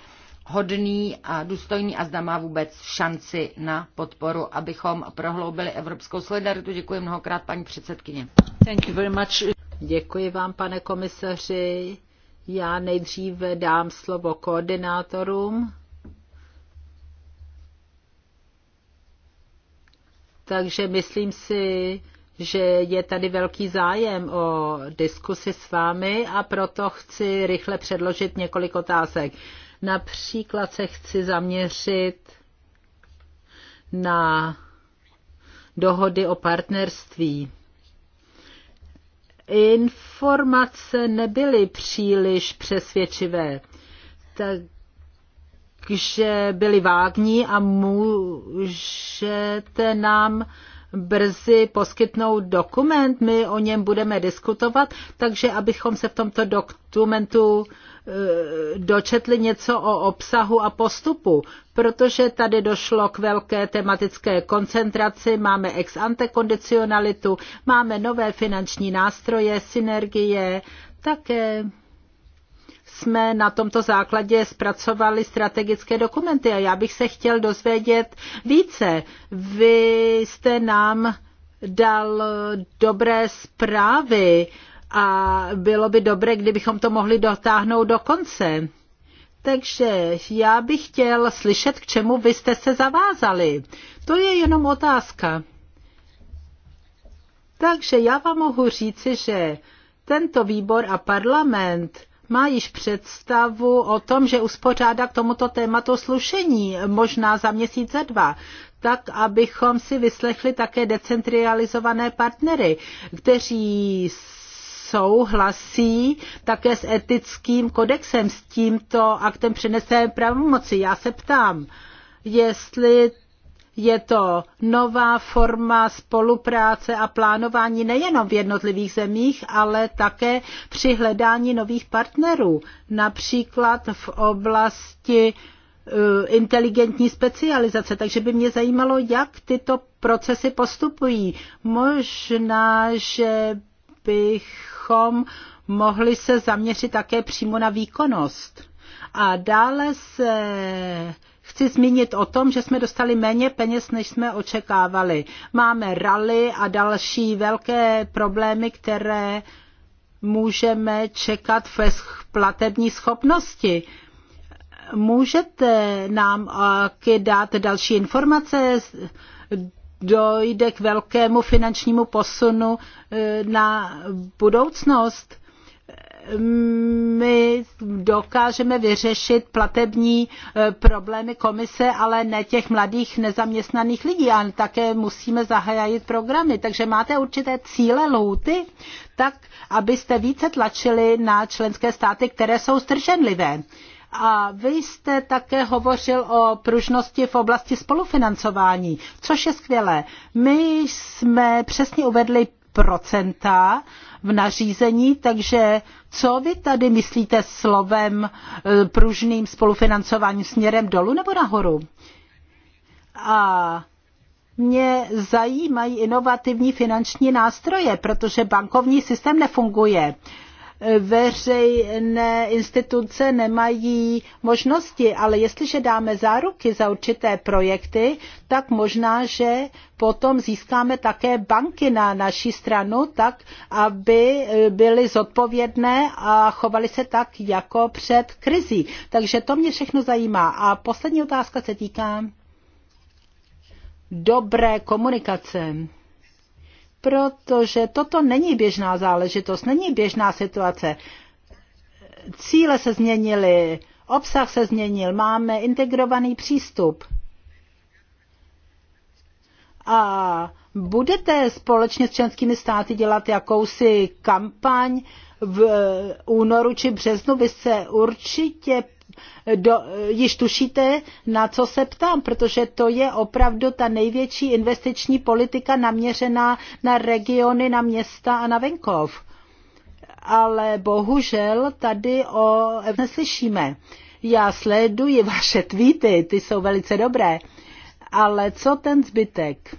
hodný a důstojný a zda má vůbec šanci na podporu, abychom prohloubili evropskou solidaritu. Děkuji mnohokrát, paní předsedkyně. Thank you very much. Děkuji vám, pane komisaři. Já nejdříve dám slovo koordinátorům Takže myslím si, že je tady velký zájem o diskusi s vámi a proto chci rychle předložit několik otázek. Například se chci zaměřit na dohody o partnerství. Informace nebyly příliš přesvědčivé, tak že byli vágní a můžete nám brzy poskytnout dokument, my o něm budeme diskutovat, takže abychom se v tomto dokumentu eh, dočetli něco o obsahu a postupu, protože tady došlo k velké tematické koncentraci, máme ex ante kondicionalitu, máme nové finanční nástroje, synergie, také jsme na tomto základě zpracovali strategické dokumenty a já bych se chtěl dozvědět více. Vy jste nám dal dobré zprávy a bylo by dobré, kdybychom to mohli dotáhnout do konce. Takže já bych chtěl slyšet, k čemu vy jste se zavázali. To je jenom otázka. Takže já vám mohu říci, že tento výbor a parlament má již představu o tom, že uspořádá k tomuto tématu slušení, možná za měsíc, za dva tak, abychom si vyslechli také decentralizované partnery, kteří souhlasí také s etickým kodexem, s tímto aktem přenesené pravomoci. Já se ptám, jestli je to nová forma spolupráce a plánování nejenom v jednotlivých zemích, ale také při hledání nových partnerů, například v oblasti eh, inteligentní specializace, takže by mě zajímalo, jak tyto procesy postupují. Možná, že bychom mohli se zaměřit také přímo na výkonnost. A dále se chci zmínit o tom, že jsme dostali méně peněz, než jsme očekávali. Máme rally a další velké problémy, které můžeme čekat ve platební schopnosti. Můžete nám eh, dát další informace? Dojde k velkému finančnímu posunu eh, na budoucnost? my dokážeme vyřešit platební e, problémy komise, ale ne těch mladých nezaměstnaných lidí, ale také musíme zahájit programy. Takže máte určité cíle, louty, tak abyste více tlačili na členské státy, které jsou strženlivé. A vy jste také hovořil o pružnosti v oblasti spolufinancování, což je skvělé. My jsme přesně uvedli procenta v nařízení, takže co vy tady myslíte slovem e, pružným spolufinancováním směrem dolů nebo nahoru? A mě zajímají inovativní finanční nástroje, protože bankovní systém nefunguje veřejné instituce nemají možnosti, ale jestliže dáme záruky za určité projekty, tak možná, že potom získáme také banky na naší stranu, tak aby e, byly zodpovědné a chovaly se tak jako před krizí. Takže to mě všechno zajímá. A poslední otázka se týká dobré komunikace protože toto není běžná záležitost, není běžná situace. Cíle se změnily, obsah se změnil, máme integrovaný přístup. A budete společně s členskými státy dělat jakousi kampaň v únoru či březnu, vy se určitě do, již tušíte, na co se ptám, protože to je opravdu ta největší investiční politika naměřená na regiony, na města a na venkov. Ale bohužel tady o neslyšíme. Já sleduji vaše tweety, ty jsou velice dobré, ale co ten zbytek?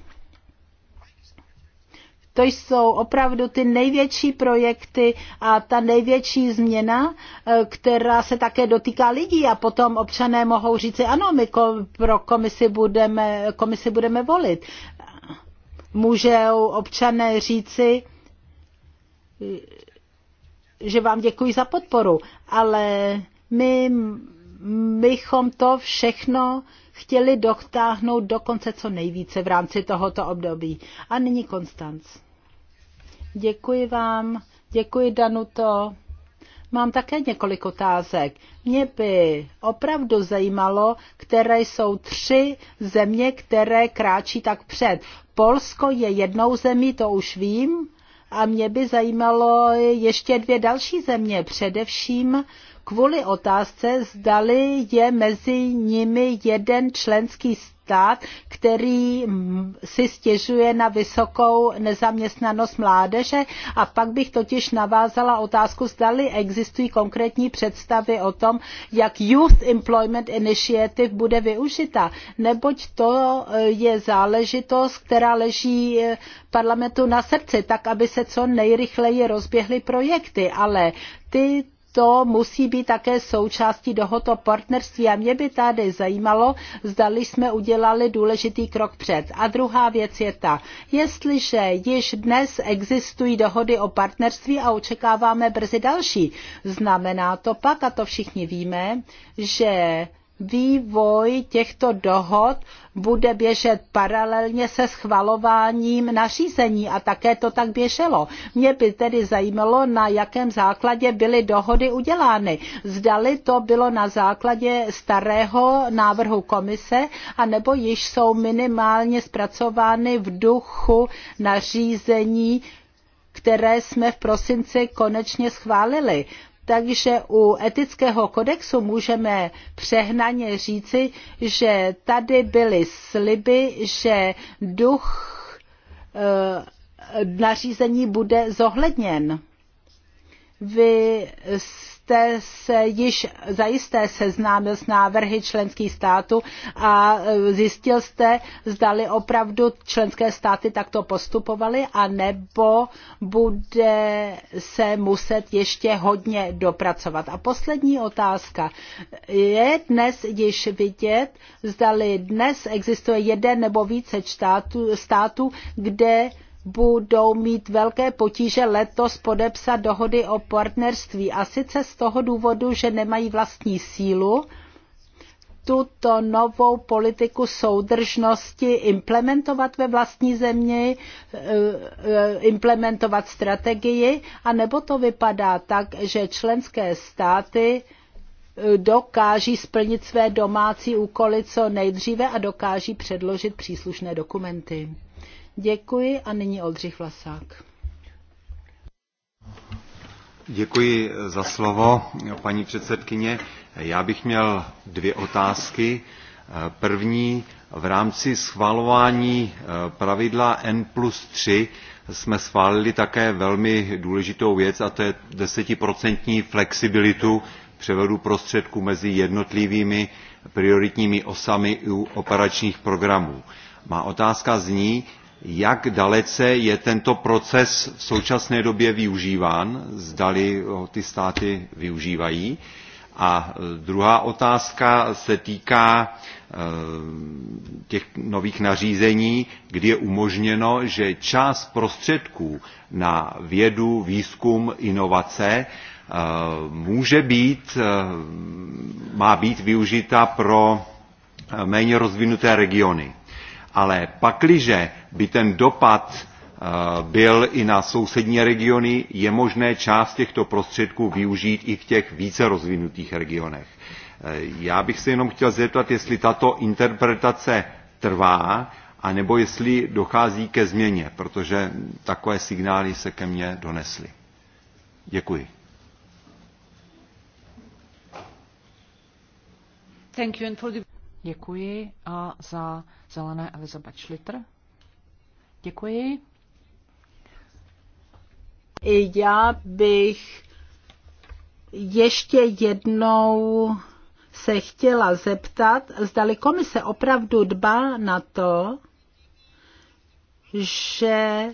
To jsou opravdu ty největší projekty a ta největší změna, eh, která se také dotýká lidí a potom občané mohou říci, ano, my pro komisi budeme, komisi budeme volit. Můžou občané říci, že vám děkuji za podporu, ale my bychom to všechno chtěli dotáhnout dokonce co nejvíce v rámci tohoto období. A nyní Konstanc. Děkuji vám, děkuji Danuto. Mám také několik otázek. Mě by opravdu zajímalo, které jsou tři země, které kráčí tak před. Polsko je jednou zemí, to už vím, a mě by zajímalo ještě dvě další země, především kvůli otázce, zdali je mezi nimi jeden členský stát, který si stěžuje na vysokou nezaměstnanost mládeže. A pak bych totiž navázala otázku, zdali existují konkrétní představy o tom, jak Youth Employment Initiative bude využita. Neboť to e, je záležitost, která leží e, parlamentu na srdci, tak aby se co nejrychleji rozběhly projekty. Ale ty to musí být také součástí tohoto partnerství a mě by tady zajímalo, zdali jsme udělali důležitý krok před. A druhá věc je ta, jestliže již dnes existují dohody o partnerství a očekáváme brzy další, znamená to pak, a to všichni víme, že vývoj těchto dohod bude běžet paralelně se schvalováním nařízení a také to tak běželo. Mě by tedy zajímalo, na jakém základě byly dohody udělány. Zdali to bylo na základě starého návrhu komise, a nebo již jsou minimálně zpracovány v duchu nařízení, které jsme v prosinci konečně schválili takže u etického kodexu můžeme přehnaně říci, že tady byly sliby, že duch eh, nařízení bude zohledněn. Vy jste se již zajisté seznámil s návrhy členských států a e, zjistil jste, zdali opravdu členské státy takto postupovaly, anebo bude se muset ještě hodně dopracovat. A poslední otázka. Je dnes již vidět, zdali dnes existuje jeden nebo více států, států kde budou mít velké potíže letos podepsat dohody o partnerství. A sice z toho důvodu, že nemají vlastní sílu, tuto novou politiku soudržnosti implementovat ve vlastní zemi, e, e, implementovat strategii, a nebo to vypadá tak, že členské státy e, dokáží splnit své domácí úkoly co nejdříve a dokáží předložit příslušné dokumenty. Děkuji a nyní Oldřich Vlasák. Děkuji za slovo, paní předsedkyně. Já bych měl dvě otázky. První, v rámci schvalování eh, pravidla N plus 3 jsme schválili také velmi důležitou věc a to je desetiprocentní flexibilitu převodu prostředků mezi jednotlivými prioritními osami u operačních programů. Má otázka zní, jak dalece je tento proces v současné době využíván, zdali ho ty státy využívají. A e, druhá otázka se týká e, těch nových nařízení, kdy je umožněno, že část prostředků na vědu, výzkum, inovace e, může být, má být využita pro méně rozvinuté regiony ale pakliže by ten dopad eh, byl i na sousední regiony, je možné část těchto prostředků využít i v těch více rozvinutých regionech. Eh, já bych se jenom chtěl zeptat, jestli tato interpretace trvá, anebo jestli dochází ke změně, protože takové signály se ke mně donesly. Děkuji. Thank you and for the... Děkuji a za zelené Elizabeth Schlitter. Děkuji. Já bych ještě jednou se chtěla zeptat, zdali komise opravdu dbá na to, že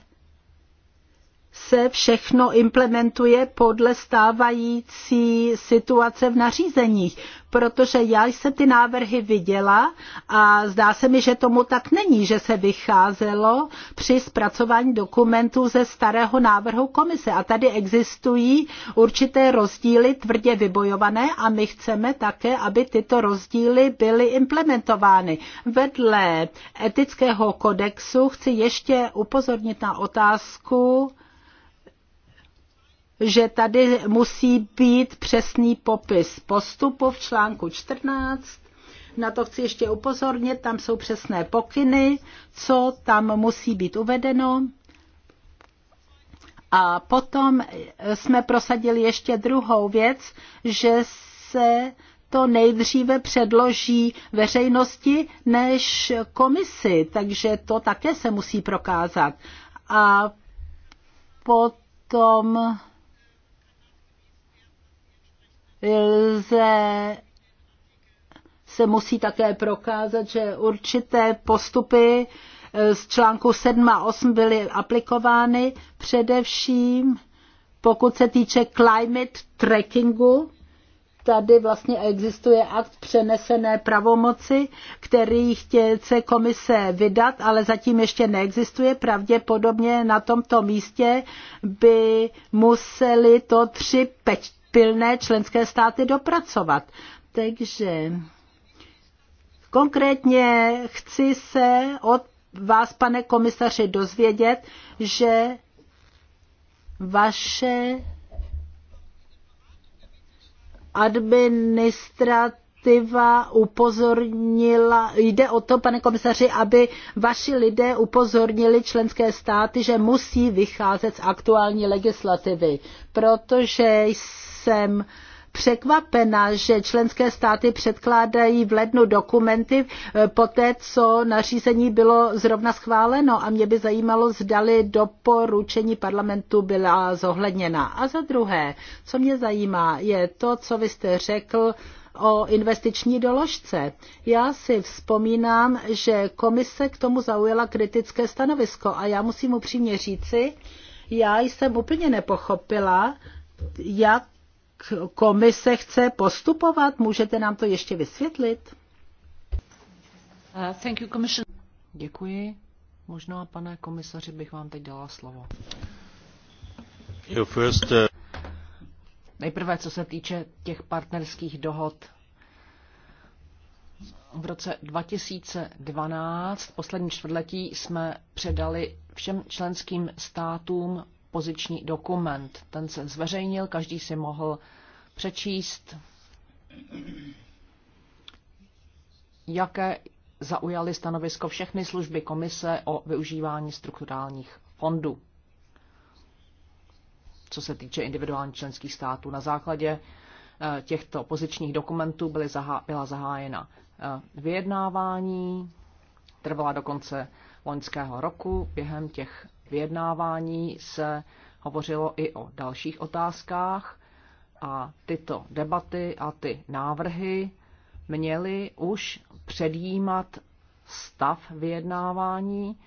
se všechno implementuje podle stávající situace v nařízeních, protože já jsem ty návrhy viděla a zdá se mi, že tomu tak není, že se vycházelo při zpracování dokumentů ze starého návrhu komise. A tady existují určité rozdíly tvrdě vybojované a my chceme také, aby tyto rozdíly byly implementovány. Vedle etického kodexu chci ještě upozornit na otázku, že tady musí být přesný popis postupu v článku 14. Na to chci ještě upozornit, tam jsou přesné pokyny, co tam musí být uvedeno. A potom jsme prosadili ještě druhou věc, že se to nejdříve předloží veřejnosti než komisi, takže to také se musí prokázat. A potom lze se musí také prokázat, že určité postupy eh, z článku 7 a 8 byly aplikovány především pokud se týče climate trackingu, tady vlastně existuje akt přenesené pravomoci, který chce komise vydat, ale zatím ještě neexistuje. Pravděpodobně na tomto místě by museli to tři pilné členské státy dopracovat. Takže konkrétně chci se od vás, pane komisaři, dozvědět, že vaše administrace legislativa upozornila, jde o to, pane komisaři, aby vaši lidé upozornili členské státy, že musí vycházet z aktuální legislativy, protože jsem překvapena, že členské státy předkládají v lednu dokumenty eh, po té, co nařízení bylo zrovna schváleno a mě by zajímalo, zdali doporučení parlamentu byla zohledněna. A za druhé, co mě zajímá, je to, co vy jste řekl o investiční doložce. Já si vzpomínám, že komise k tomu zaujala kritické stanovisko a já musím upřímně říci, já jsem úplně nepochopila, jak komise chce postupovat. Můžete nám to ještě vysvětlit? Uh, thank you, commission. Děkuji. Možná, pane komisaři, bych vám teď dala slovo. Your first, uh... Nejprve, co se týče těch partnerských dohod. V roce 2012, poslední čtvrtletí, jsme předali všem členským státům poziční dokument. Ten se zveřejnil, každý si mohl přečíst, jaké zaujaly stanovisko všechny služby komise o využívání strukturálních fondů co se týče individuálních členských států. Na základě eh, těchto pozičních dokumentů byly zahá, byla zahájena eh, vyjednávání, trvala do konce loňského roku. Během těch vyjednávání se hovořilo i o dalších otázkách a tyto debaty a ty návrhy měly už předjímat stav vyjednávání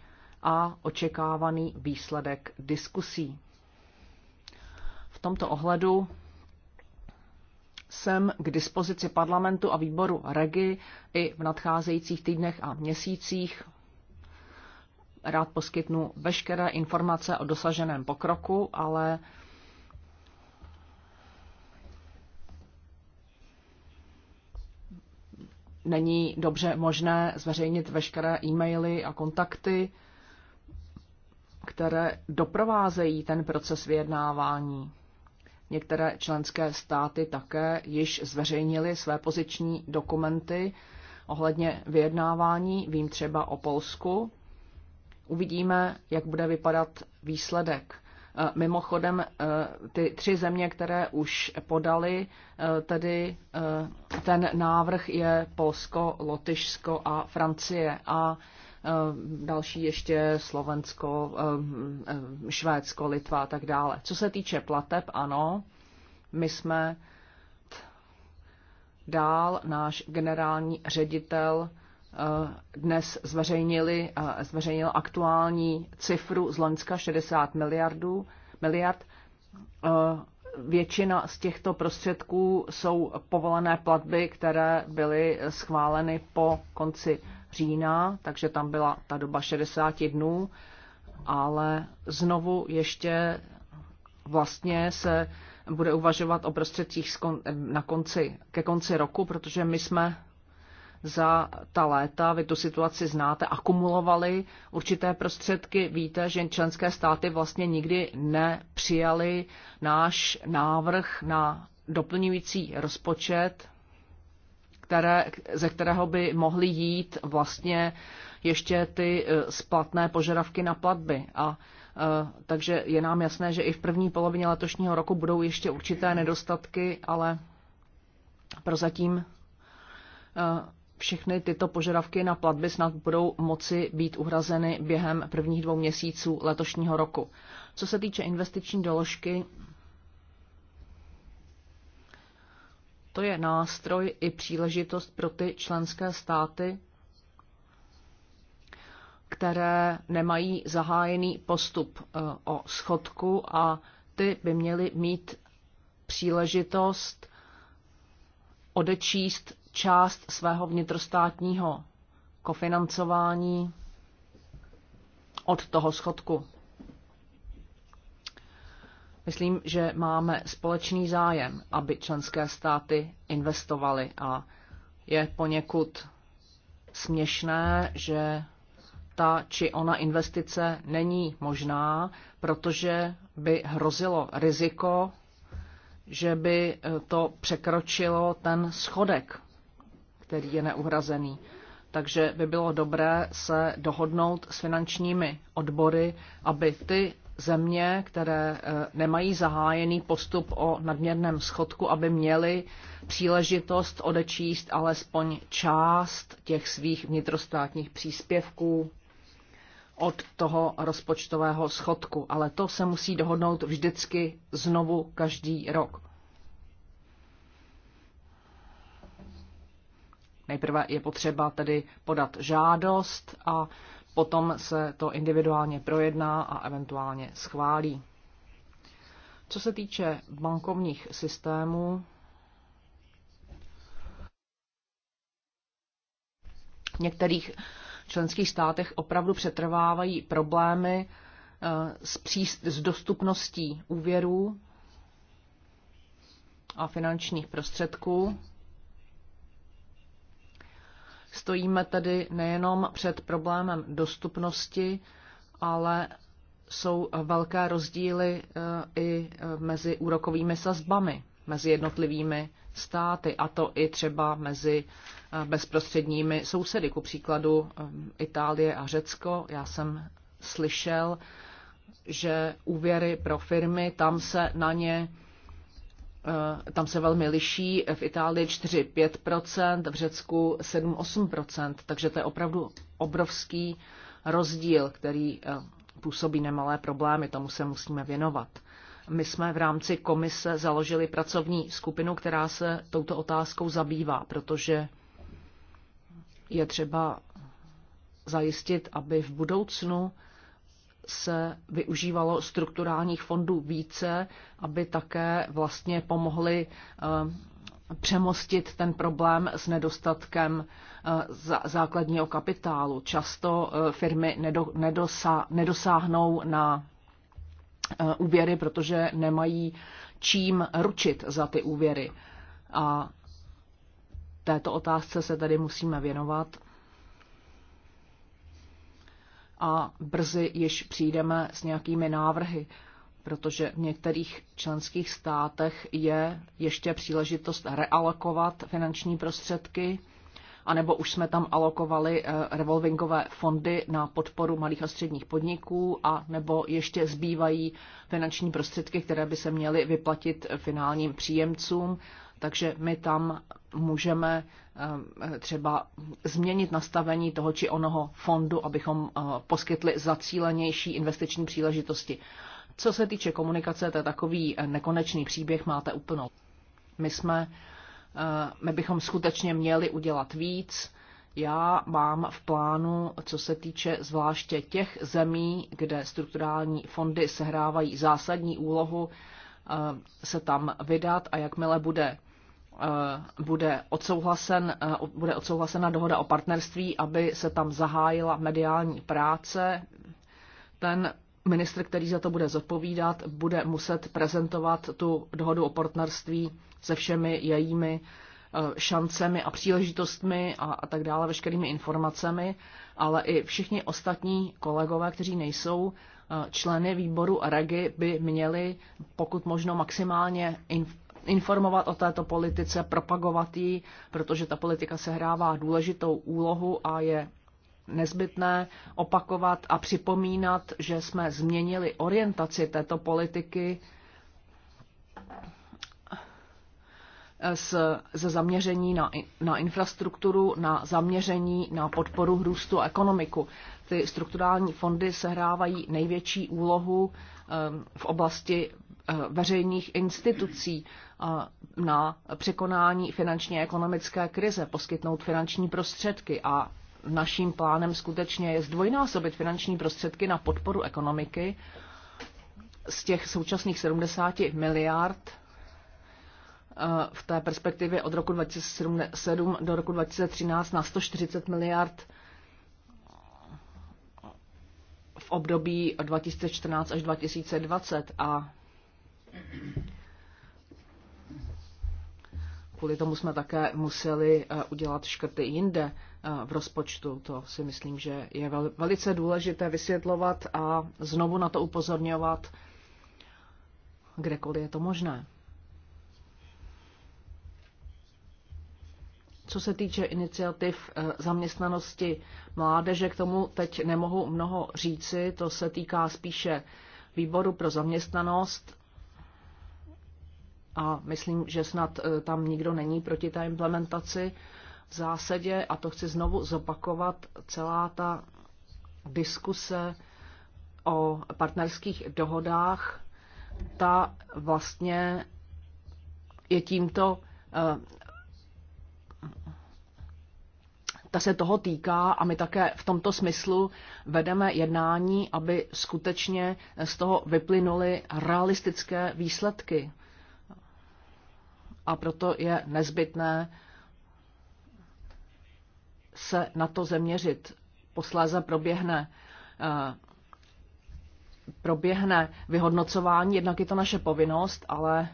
a očekávaný výsledek diskusí tomto ohledu jsem k dispozici parlamentu a výboru REGI i v nadcházejících týdnech a měsících. Rád poskytnu veškeré informace o dosaženém pokroku, ale není dobře možné zveřejnit veškeré e-maily a kontakty, které doprovázejí ten proces vyjednávání. Některé členské státy také již zveřejnily své poziční dokumenty ohledně vyjednávání, vím třeba o Polsku. Uvidíme, jak bude vypadat výsledek. Eh, mimochodem, eh, ty tři země, které už podali, eh, tedy ten návrh je Polsko, Lotyšsko a Francie. A Eh, další ještě Slovensko, eh, eh, Švédsko, Litva a tak dále. Co se týče plateb, ano, my jsme dál, náš generální ředitel dnes zveřejnili, zveřejnil aktuální cifru z Loňska 60 miliardů, miliard. Většina z těchto prostředků jsou povolené platby, které byly schváleny po konci října, takže tam byla ta doba 60 dnů, ale znovu ještě vlastně se bude uvažovat o prostředcích na konci, ke konci roku, protože my jsme za ta léta, vy tu situaci znáte, akumulovali určité prostředky. Víte, že členské státy vlastně nikdy nepřijali náš návrh na doplňující rozpočet které, ze kterého by mohly jít vlastně ještě ty eh, splatné požadavky na platby. A eh, takže je nám jasné, že i v první polovině letošního roku budou ještě určité nedostatky, ale prozatím eh, všechny tyto požadavky na platby snad budou moci být uhrazeny během prvních dvou měsíců letošního roku. Co se týče investiční doložky, To je nástroj i příležitost pro ty členské státy, které nemají zahájený postup eh, o schodku a ty by měly mít příležitost odečíst část svého vnitrostátního kofinancování od toho schodku. Myslím, že máme společný zájem, aby členské státy investovaly a je poněkud směšné, že ta či ona investice není možná, protože by hrozilo riziko, že by eh, to překročilo ten schodek, který je neuhrazený. Takže by bylo dobré se dohodnout s finančními odbory, aby ty země, které eh, nemají zahájený postup o nadměrném schodku, aby měly příležitost odečíst alespoň část těch svých vnitrostátních příspěvků od toho rozpočtového schodku. Ale to se musí dohodnout vždycky znovu každý rok. Nejprve je potřeba tedy podat žádost a Potom se to individuálně projedná a eventuálně schválí. Co se týče bankovních systémů, v některých členských státech opravdu přetrvávají problémy eh, s, příst, s dostupností úvěrů a finančních prostředků. Stojíme tedy nejenom před problémem dostupnosti, ale jsou velké rozdíly e, i e, mezi úrokovými sazbami, mezi jednotlivými státy, a to i třeba mezi e, bezprostředními sousedy, ku příkladu Itálie a Řecko. Já jsem slyšel, že úvěry pro firmy, tam se na ně Eh, tam se velmi liší, v Itálii 4-5%, v Řecku 7-8%, takže to je opravdu obrovský rozdíl, který eh, působí nemalé problémy, tomu se musíme věnovat. My jsme v rámci komise založili pracovní skupinu, která se touto otázkou zabývá, protože je třeba zajistit, aby v budoucnu se využívalo strukturálních fondů více, aby také vlastně pomohly eh, přemostit ten problém s nedostatkem eh, základního kapitálu. Často eh, firmy nedosáhnou na úvěry, protože nemají čím ručit za ty úvěry. A této otázce se tady musíme věnovat a brzy již přijdeme s nějakými návrhy, protože v některých členských státech je ještě příležitost realokovat finanční prostředky, anebo už jsme tam alokovali eh, revolvingové fondy na podporu malých a středních podniků, a nebo ještě zbývají finanční prostředky, které by se měly vyplatit finálním příjemcům takže my tam můžeme eh, třeba změnit nastavení toho či onoho fondu, abychom eh, poskytli zacílenější investiční příležitosti. Co se týče komunikace, to je takový eh, nekonečný příběh, máte úplnou. My jsme, my bychom skutečně měli udělat víc. Já mám v plánu, co se týče zvláště těch zemí, kde strukturální fondy sehrávají zásadní úlohu, se tam vydat a jakmile bude Eh, bude, odsouhlasen, eh, bude odsouhlasena dohoda o partnerství, aby se tam zahájila mediální práce. Ten ministr, který za to bude zodpovídat, bude muset prezentovat tu dohodu o partnerství se všemi jejími eh, šancemi a příležitostmi a, a tak dále, veškerými informacemi, ale i všichni ostatní kolegové, kteří nejsou členy výboru a REGI, by měli pokud možno maximálně inf- informovat o této politice, propagovat ji, protože ta politika sehrává důležitou úlohu a je nezbytné opakovat a připomínat, že jsme změnili orientaci této politiky ze zaměření na, na infrastrukturu, na zaměření na podporu růstu a ekonomiku. Ty strukturální fondy sehrávají největší úlohu ehm, v oblasti Eh, veřejných institucí eh, na překonání finanční a ekonomické krize, poskytnout finanční prostředky a naším plánem skutečně je zdvojnásobit finanční prostředky na podporu ekonomiky z těch současných 70 miliard eh, v té perspektivě od roku 2007 do roku 2013 na 140 miliard v období 2014 až 2020 a Kvůli tomu jsme také museli eh, udělat škrty jinde eh, v rozpočtu. To si myslím, že je velice důležité vysvětlovat a znovu na to upozorňovat, kdekoliv je to možné. Co se týče iniciativ eh, zaměstnanosti mládeže, k tomu teď nemohu mnoho říci, to se týká spíše výboru pro zaměstnanost a myslím, že snad e, tam nikdo není proti té implementaci. V zásadě, a to chci znovu zopakovat, celá ta diskuse o partnerských dohodách, ta vlastně je tímto, e, ta se toho týká a my také v tomto smyslu vedeme jednání, aby skutečně z toho vyplynuly realistické výsledky a proto je nezbytné se na to zeměřit. Posléze proběhne eh, proběhne vyhodnocování, jednak je to naše povinnost, ale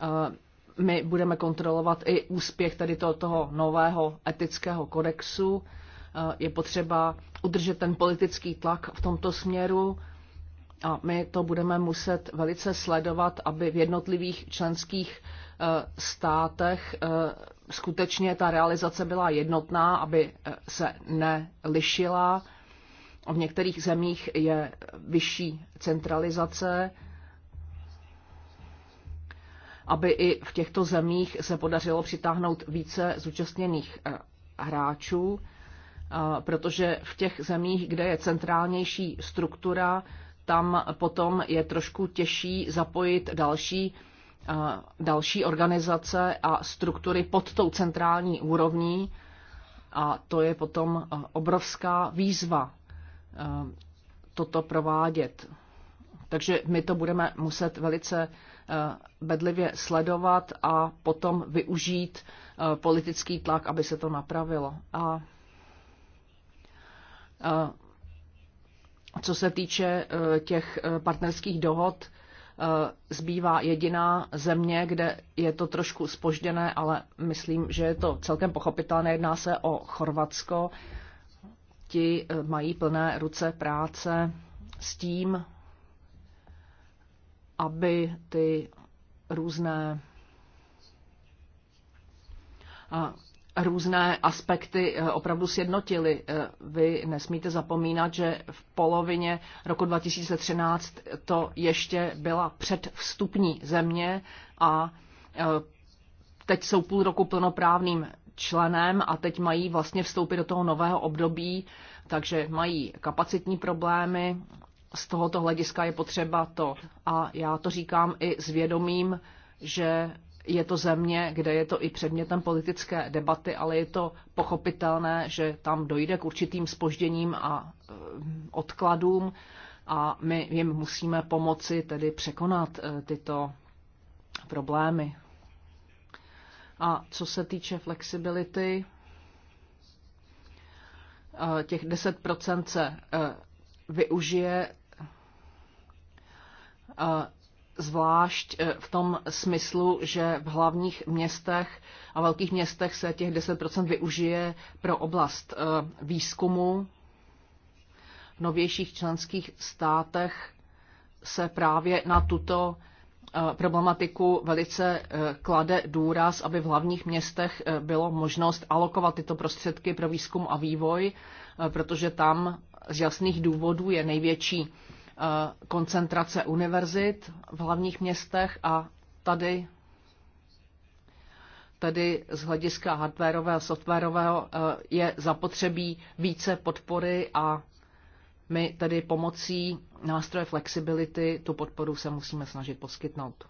eh, my budeme kontrolovat i úspěch tady to, toho nového etického kodexu. Eh, je potřeba udržet ten politický tlak v tomto směru a my to budeme muset velice sledovat, aby v jednotlivých členských eh, státech eh, skutečně ta realizace byla jednotná, aby eh, se nelišila. V některých zemích je vyšší centralizace, aby i v těchto zemích se podařilo přitáhnout více zúčastněných hráčů, protože v těch zemích, kde je centrálnější struktura, tam potom je trošku těžší zapojit další, eh, další organizace a struktury pod tou centrální úrovní. A to je potom eh, obrovská výzva eh, toto provádět. Takže my to budeme muset velice bedlivě sledovat a potom využít politický tlak, aby se to napravilo. A co se týče eh, těch eh, partnerských dohod, eh, zbývá jediná země, kde je to trošku spožděné, ale myslím, že je to celkem pochopitelné. Jedná se o Chorvatsko. Ti mají plné ruce práce s tím, aby ty různé různé aspekty eh, opravdu sjednotili. Eh, vy nesmíte zapomínat, že v polovině roku 2013 to ještě byla předvstupní země a eh, teď jsou půl roku plnoprávným členem a teď mají vlastně vstoupit do toho nového období, takže mají kapacitní problémy. Z tohoto hlediska je potřeba to. A já to říkám i s vědomím, že je to země, kde je to i předmětem politické debaty, ale je to pochopitelné, že tam dojde k určitým spožděním a eh, odkladům a my jim musíme pomoci tedy překonat eh, tyto problémy. A co se týče flexibility, eh, těch 10% se využije zvlášť eh, v tom smyslu, že v hlavních městech a velkých městech se těch 10% využije pro oblast eh, výzkumu. V novějších členských státech se právě na tuto eh, problematiku velice klade důraz, aby v hlavních městech bylo možnost alokovat tyto prostředky pro výzkum a vývoj, protože tam z jasných důvodů je největší Eh, koncentrace univerzit v hlavních městech a tady tedy z hlediska hardwareového a softwarového eh, je zapotřebí více podpory a my tedy pomocí nástroje flexibility tu podporu se musíme snažit poskytnout.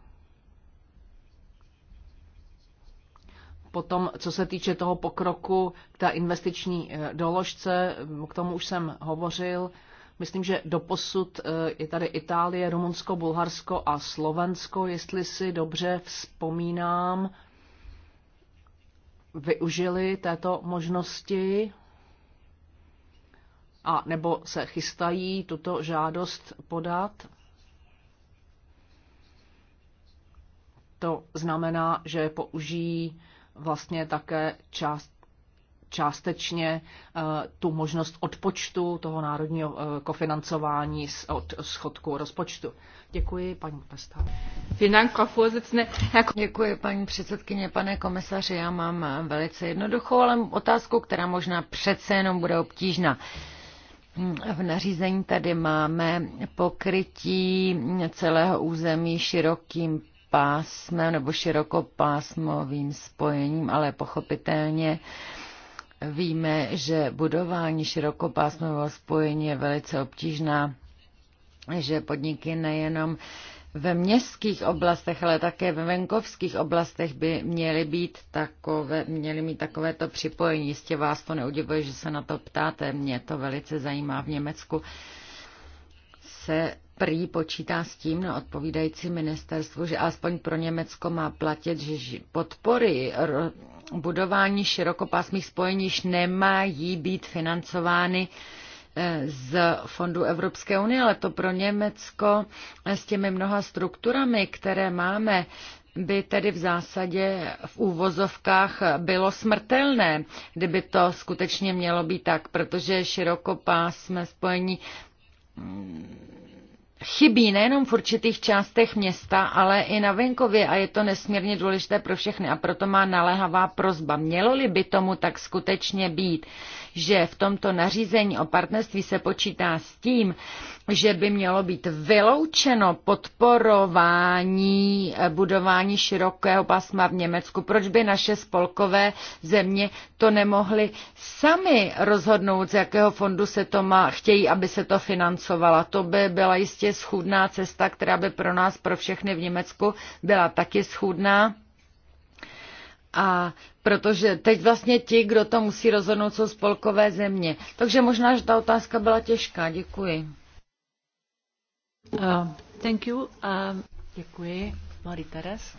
Potom, co se týče toho pokroku k té investiční eh, doložce, k tomu už jsem hovořil, Myslím, že doposud eh, je tady Itálie, Rumunsko, Bulharsko a Slovensko, jestli si dobře vzpomínám, využili této možnosti a nebo se chystají tuto žádost podat. To znamená, že použijí vlastně také část částečně eh, tu možnost odpočtu toho národního eh, kofinancování od schodku rozpočtu. Děkuji, paní Pesta. Děkuji, paní předsedkyně, pane komisaři. Já mám eh, velice jednoduchou, ale otázku, která možná přece jenom bude obtížná. V nařízení tady máme pokrytí celého území širokým pásmem nebo širokopásmovým spojením, ale pochopitelně Víme, že budování širokopásmového spojení je velice obtížná, že podniky nejenom ve městských oblastech, ale také ve venkovských oblastech by měly, být takové, měly mít takovéto připojení. Jistě vás to neudivuje, že se na to ptáte. Mě to velice zajímá. V Německu se prý počítá s tím na no, odpovídající ministerstvu, že aspoň pro Německo má platit, že podpory budování širokopásmých spojení nemají být financovány eh, z fondu Evropské unie, ale to pro Německo eh, s těmi mnoha strukturami, které máme, by tedy v zásadě v úvozovkách bylo smrtelné, kdyby to skutečně mělo být tak, protože širokopásmé spojení chybí nejenom v určitých částech města, ale i na venkově a je to nesmírně důležité pro všechny a proto má naléhavá prozba. Mělo-li by tomu tak skutečně být, že v tomto nařízení o partnerství se počítá s tím, že by mělo být vyloučeno podporování eh, budování širokého pasma v Německu. Proč by naše spolkové země to nemohly sami rozhodnout, z jakého fondu se to má, chtějí, aby se to financovalo? To by byla jistě schůdná cesta, která by pro nás, pro všechny v Německu byla taky schůdná. A protože teď vlastně ti, kdo to musí rozhodnout, jsou spolkové země. Takže možná, že ta otázka byla těžká. Děkuji. Uh, thank you. Uh, děkuji. Marie Teres.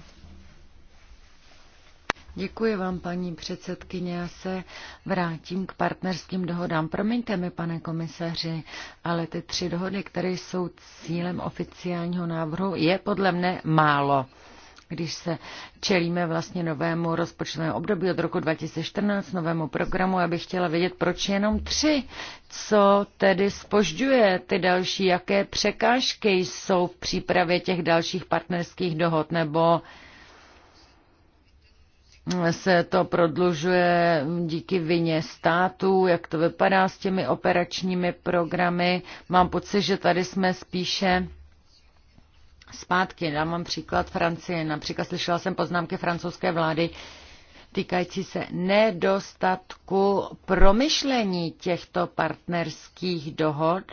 Děkuji vám, paní předsedkyně. Já se vrátím k partnerským dohodám. Promiňte mi, pane komisaři, ale ty tři dohody, které jsou cílem oficiálního návrhu, je podle mne málo když se čelíme vlastně novému rozpočtovému období od roku 2014, novému programu, abych chtěla vědět, proč jenom tři, co tedy spožďuje ty další, jaké překážky jsou v přípravě těch dalších partnerských dohod, nebo se to prodlužuje díky vině států, jak to vypadá s těmi operačními programy. Mám pocit, že tady jsme spíše zpátky. Já mám příklad Francie. Například slyšela jsem poznámky francouzské vlády týkající se nedostatku promyšlení těchto partnerských dohod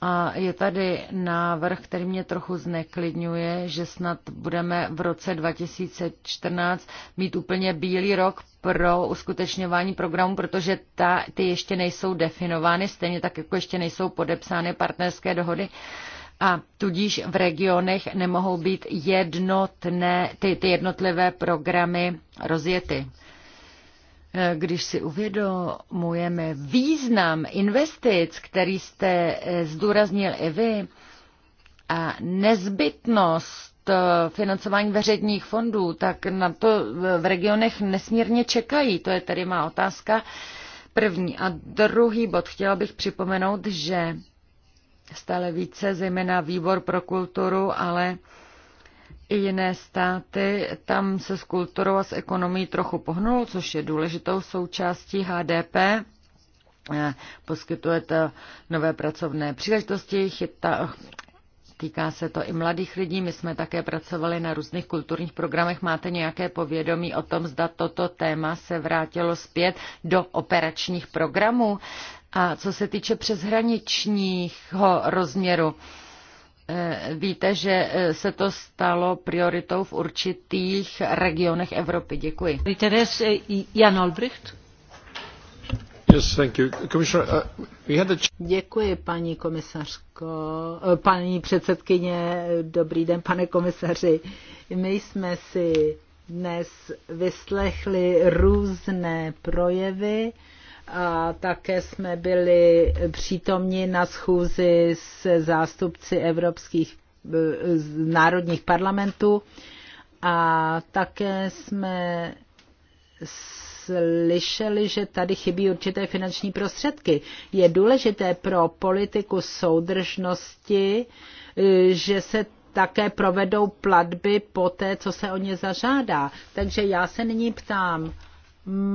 a je tady návrh, který mě trochu zneklidňuje, že snad budeme v roce 2014 mít úplně bílý rok pro uskutečňování programu, protože ta, ty ještě nejsou definovány, stejně tak jako ještě nejsou podepsány partnerské dohody a tudíž v regionech nemohou být jednotné, ty, ty jednotlivé programy rozjety. Když si uvědomujeme význam investic, který jste eh, zdůraznil i vy, a nezbytnost eh, financování veřejných fondů, tak na to eh, v regionech nesmírně čekají. To je tedy má otázka první. A druhý bod, chtěla bych připomenout, že stále více, zejména výbor pro kulturu, ale i jiné státy, tam se s kulturou a s ekonomí trochu pohnulo, což je důležitou součástí HDP. Eh, poskytuje to nové pracovné příležitosti, chyta, týká se to i mladých lidí. My jsme také pracovali na různých kulturních programech. Máte nějaké povědomí o tom, zda toto téma se vrátilo zpět do operačních programů? A co se týče přeshraničního rozměru, Eh, víte, že eh, se to stalo prioritou v určitých regionech Evropy. Děkuji. Eh, Jan Olbricht. Yes, thank you. Commissioner, uh, we had Děkuji, paní komisařko, paní předsedkyně, dobrý den, pane komisaři. My jsme si dnes vyslechli různé projevy. Uh, a také jsme byli přítomni na schůzi s zástupci evropských eh, národních parlamentů a také jsme slyšeli, že tady chybí určité finanční prostředky. Je důležité pro politiku soudržnosti, eh, že se také provedou platby po té, co se o ně zažádá. Takže já se nyní ptám,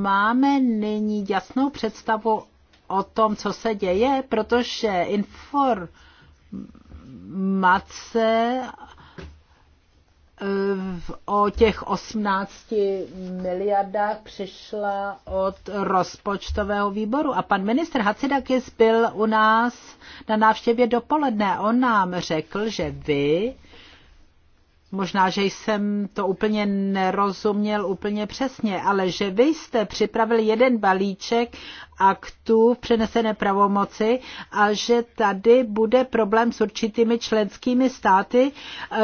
Máme nyní jasnou představu o tom, co se děje, protože informace eh, o těch 18 miliardách přišla od rozpočtového výboru. A pan ministr Hacidakis byl u nás na návštěvě dopoledne. On nám řekl, že vy Možná, že jsem to úplně nerozuměl úplně přesně, ale že vy jste připravili jeden balíček aktů v přenesené pravomoci a že tady bude problém s určitými členskými státy, eh,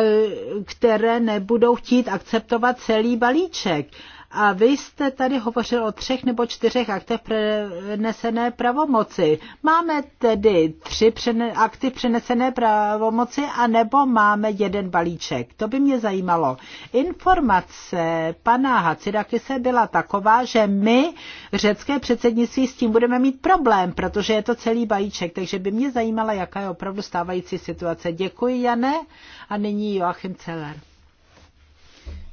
které nebudou chtít akceptovat celý balíček. A vy jste tady hovořil o třech nebo čtyřech aktech přenesené pravomoci. Máme tedy tři přene, akty přenesené pravomoci a nebo máme jeden balíček? To by mě zajímalo. Informace pana Hacidakise byla taková, že my, řecké předsednictví, s tím budeme mít problém, protože je to celý balíček, takže by mě zajímala, jaká je opravdu stávající situace. Děkuji, Jane. A nyní Joachim Celer.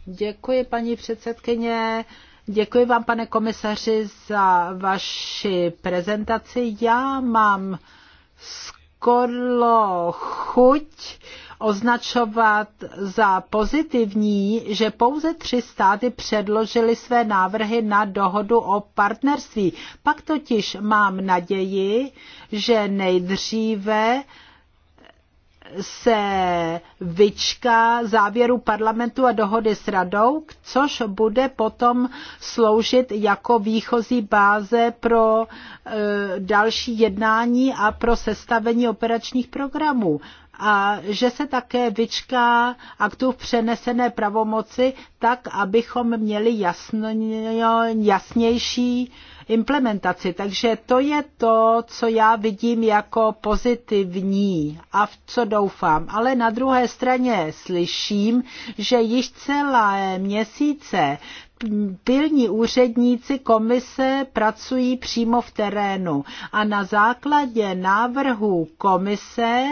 Děkuji, paní předsedkyně. Děkuji vám, pane komisaři, za vaši prezentaci. Já mám skoro chuť označovat za pozitivní, že pouze tři státy předložily své návrhy na dohodu o partnerství. Pak totiž mám naději, že nejdříve se vyčká závěru parlamentu a dohody s radou, což bude potom sloužit jako výchozí báze pro e, další jednání a pro sestavení operačních programů a že se také vyčká aktu v přenesené pravomoci, tak abychom měli jasno, jasnější implementaci. Takže to je to, co já vidím jako pozitivní a v co doufám. Ale na druhé straně slyším, že již celé měsíce pilní úředníci komise pracují přímo v terénu a na základě návrhů komise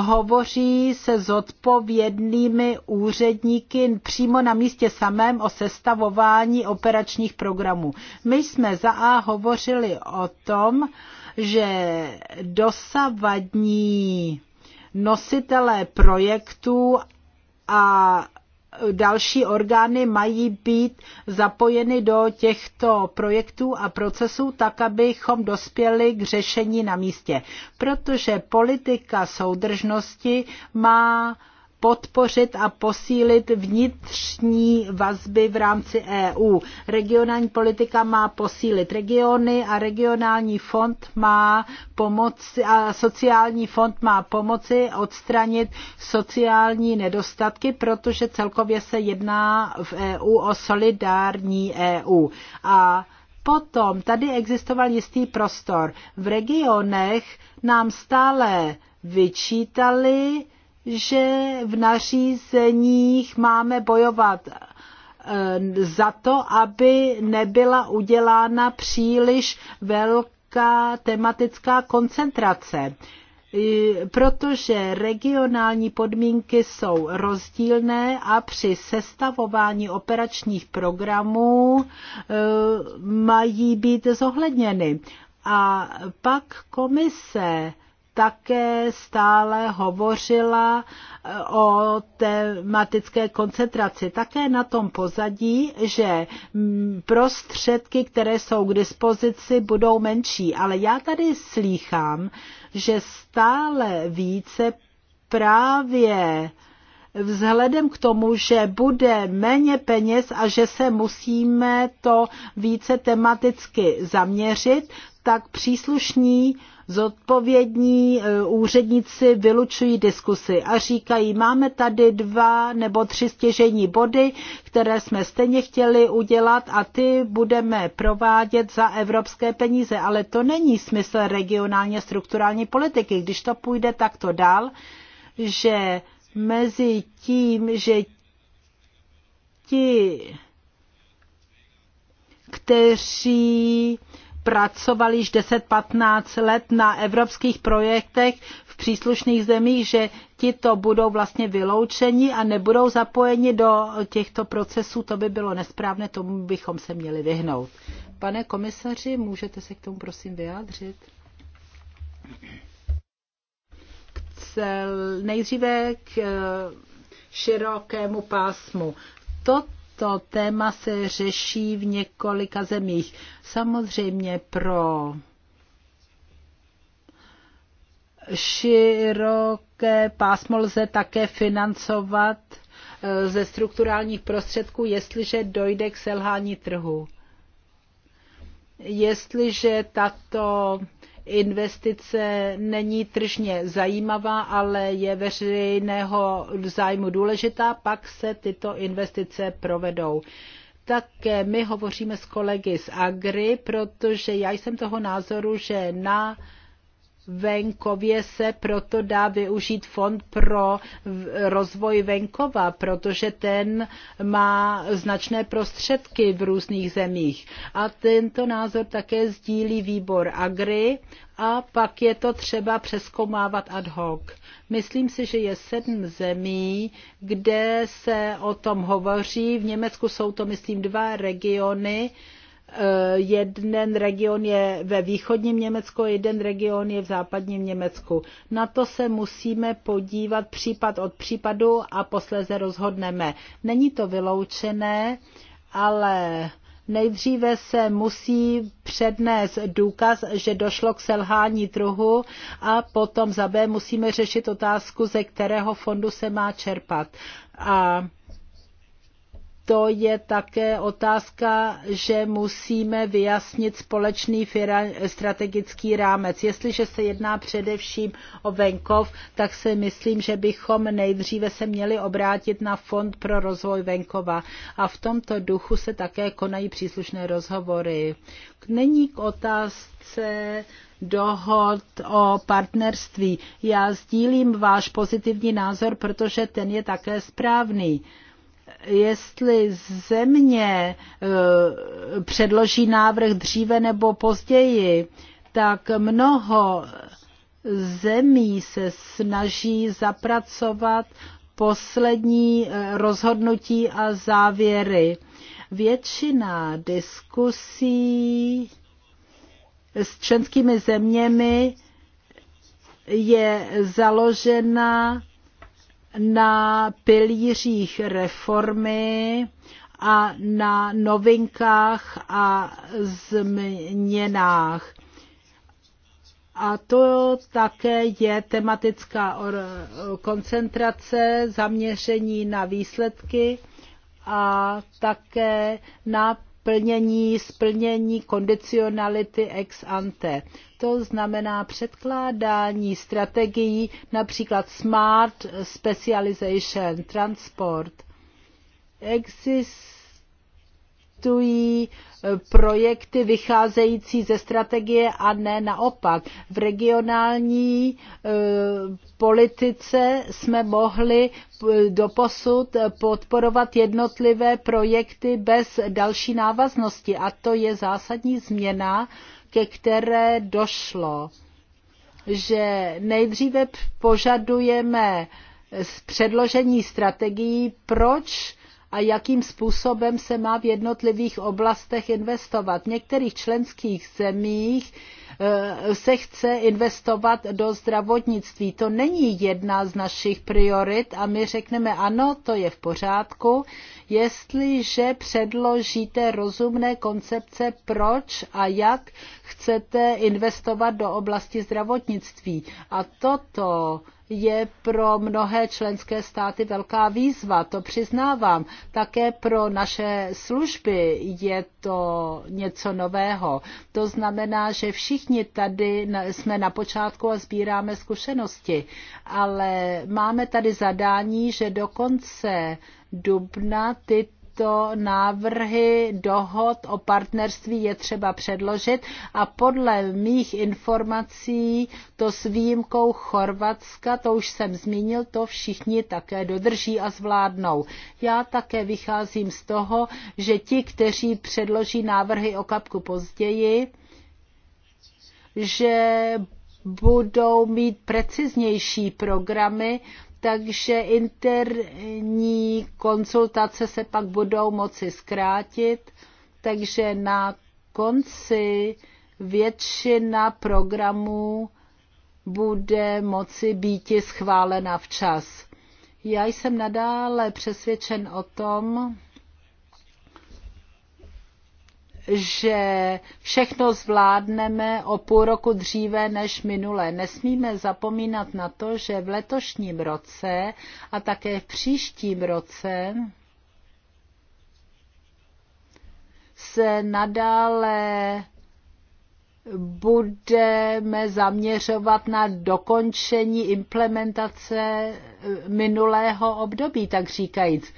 hovoří se zodpovědnými úředníky přímo na místě samém o sestavování operačních programů. My jsme za A hovořili o tom, že dosavadní nositelé projektů a další orgány mají být zapojeny do těchto projektů a procesů tak, abychom dospěli k řešení na místě. Protože politika soudržnosti má podpořit a posílit vnitřní vazby v rámci EU. Regionální politika má posílit regiony a regionální fond má pomoci a sociální fond má pomoci odstranit sociální nedostatky, protože celkově se jedná v EU o solidární EU. A potom tady existoval jistý prostor. V regionech nám stále vyčítali, že v nařízeních máme bojovat e, za to, aby nebyla udělána příliš velká tematická koncentrace protože regionální podmínky jsou rozdílné a při sestavování operačních programů e, mají být zohledněny. A pak komise také stále hovořila eh, o tematické koncentraci. Také na tom pozadí, že mm, prostředky, které jsou k dispozici, budou menší. Ale já tady slýchám, že stále více právě vzhledem k tomu, že bude méně peněz a že se musíme to více tematicky zaměřit, tak příslušní uh, zodpovědní eh, úředníci vylučují diskusy a říkají, máme tady dva nebo tři stěžení body, které jsme stejně chtěli udělat a ty budeme provádět za evropské peníze. Ale to není smysl regionálně strukturální politiky. Když to půjde takto dál, že mezi tím, že ti, kteří pracoval již 10-15 let na evropských projektech v příslušných zemích, že tito budou vlastně vyloučeni a nebudou zapojeni do těchto procesů, to by bylo nesprávné, tomu bychom se měli vyhnout. Pane komisaři, můžete se k tomu prosím vyjádřit? nejdříve k eh, širokému pásmu. To to téma se řeší v několika zemích. Samozřejmě pro široké pásmo lze také financovat eh, ze strukturálních prostředků, jestliže dojde k selhání trhu. Jestliže tato investice není tržně zajímavá, ale je veřejného zájmu důležitá, pak se tyto investice provedou. Také my hovoříme s kolegy z Agri, protože já jsem toho názoru, že na venkově se proto dá využít fond pro rozvoj venkova, protože ten má značné prostředky v různých zemích. A tento názor také sdílí výbor Agri a pak je to třeba přeskomávat ad hoc. Myslím si, že je sedm zemí, kde se o tom hovoří. V Německu jsou to, myslím, dva regiony, Eh, jeden region je ve východním Německu, jeden region je v západním Německu. Na to se musíme podívat případ od případu a posléze rozhodneme. Není to vyloučené, ale nejdříve se musí přednést důkaz, že došlo k selhání trhu a potom za B musíme řešit otázku, ze kterého fondu se má čerpat. A to je také otázka, že musíme vyjasnit společný strategický rámec. Jestliže se jedná především o venkov, tak si myslím, že bychom nejdříve se měli obrátit na Fond pro rozvoj venkova. A v tomto duchu se také konají příslušné rozhovory. Není k otázce dohod o partnerství. Já sdílím váš pozitivní názor, protože ten je také správný jestli země eh, předloží návrh dříve nebo později, tak mnoho zemí se snaží zapracovat poslední eh, rozhodnutí a závěry. Většina diskusí s členskými zeměmi je založena na pilířích reformy a na novinkách a změnách. A to také je tematická koncentrace, zaměření na výsledky a také na plnění, splnění kondicionality ex ante to znamená předkládání strategií, například Smart Specialization, Transport. Existují projekty vycházející ze strategie a ne naopak. V regionální eh, politice jsme mohli eh, doposud podporovat jednotlivé projekty bez další návaznosti a to je zásadní změna, ke které došlo, že nejdříve požadujeme předložení strategií, proč a jakým způsobem se má v jednotlivých oblastech investovat. V některých členských zemích eh, se chce investovat do zdravotnictví. To není jedna z našich priorit a my řekneme ano, to je v pořádku, jestliže předložíte rozumné koncepce, proč a jak chcete investovat do oblasti zdravotnictví. A toto je pro mnohé členské státy velká výzva, to přiznávám. Také pro naše služby je to něco nového. To znamená, že všichni tady jsme na počátku a sbíráme zkušenosti, ale máme tady zadání, že do konce dubna ty tyto návrhy dohod o partnerství je třeba předložit a podle mých informací to s výjimkou Chorvatska, to už jsem zmínil, to všichni také dodrží a zvládnou. Já také vycházím z toho, že ti, kteří předloží návrhy o kapku později, že budou mít preciznější programy, takže interní konzultace se pak budou moci zkrátit, takže na konci většina programů bude moci být schválena včas. Já jsem nadále přesvědčen o tom, že všechno zvládneme o půl roku dříve než minule. Nesmíme zapomínat na to, že v letošním roce a také v příštím roce se nadále budeme zaměřovat na dokončení implementace minulého období, tak říkajíc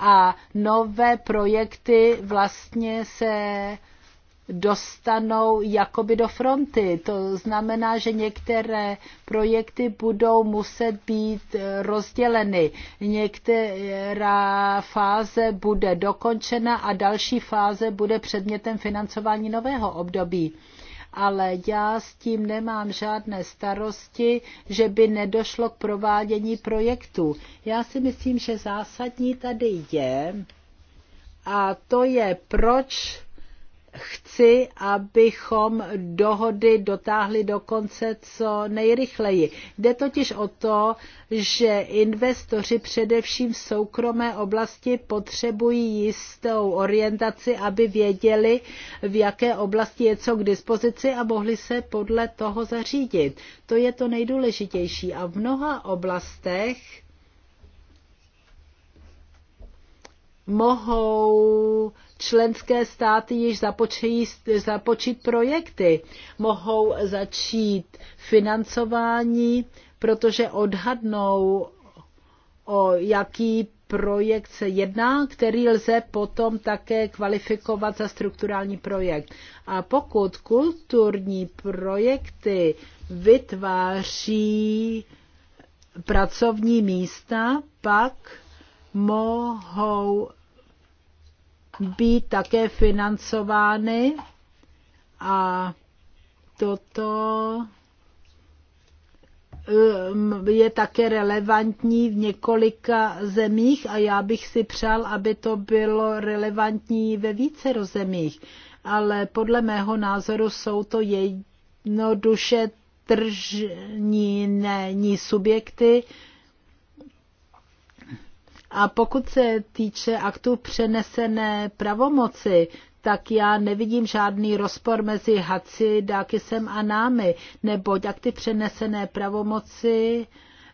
a nové projekty vlastně se dostanou jakoby do fronty. To znamená, že některé projekty budou muset být eh, rozděleny. Některá fáze bude dokončena a další fáze bude předmětem financování nového období ale já s tím nemám žádné starosti, že by nedošlo k provádění projektu. Já si myslím, že zásadní tady je, a to je proč chci, abychom dohody dotáhli do konce co nejrychleji. Jde totiž o to, že investoři především v soukromé oblasti potřebují jistou orientaci, aby věděli, v jaké oblasti je co k dispozici a mohli se podle toho zařídit. To je to nejdůležitější. A v mnoha oblastech mohou členské státy již započít, započít projekty, mohou začít financování, protože odhadnou, o jaký projekt se jedná, který lze potom také kvalifikovat za strukturální projekt. A pokud kulturní projekty vytváří pracovní místa, pak mohou být také financovány a toto um, je také relevantní v několika zemích a já bych si přál, aby to bylo relevantní ve více zemích. Ale podle mého názoru jsou to jednoduše tržní subjekty, a pokud se týče aktu přenesené pravomoci, tak já nevidím žádný rozpor mezi Haci, Dákisem a námi, neboť akty přenesené pravomoci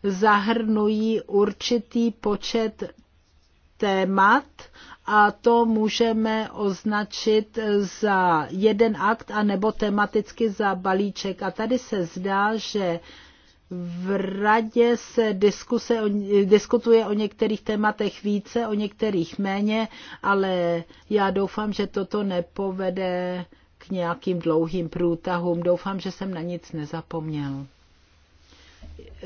zahrnují určitý počet témat a to můžeme označit za jeden akt a nebo tematicky za balíček. A tady se zdá, že v radě se diskuse, diskutuje o některých tématech více, o některých méně, ale já doufám, že toto nepovede k nějakým dlouhým průtahům. Doufám, že jsem na nic nezapomněl.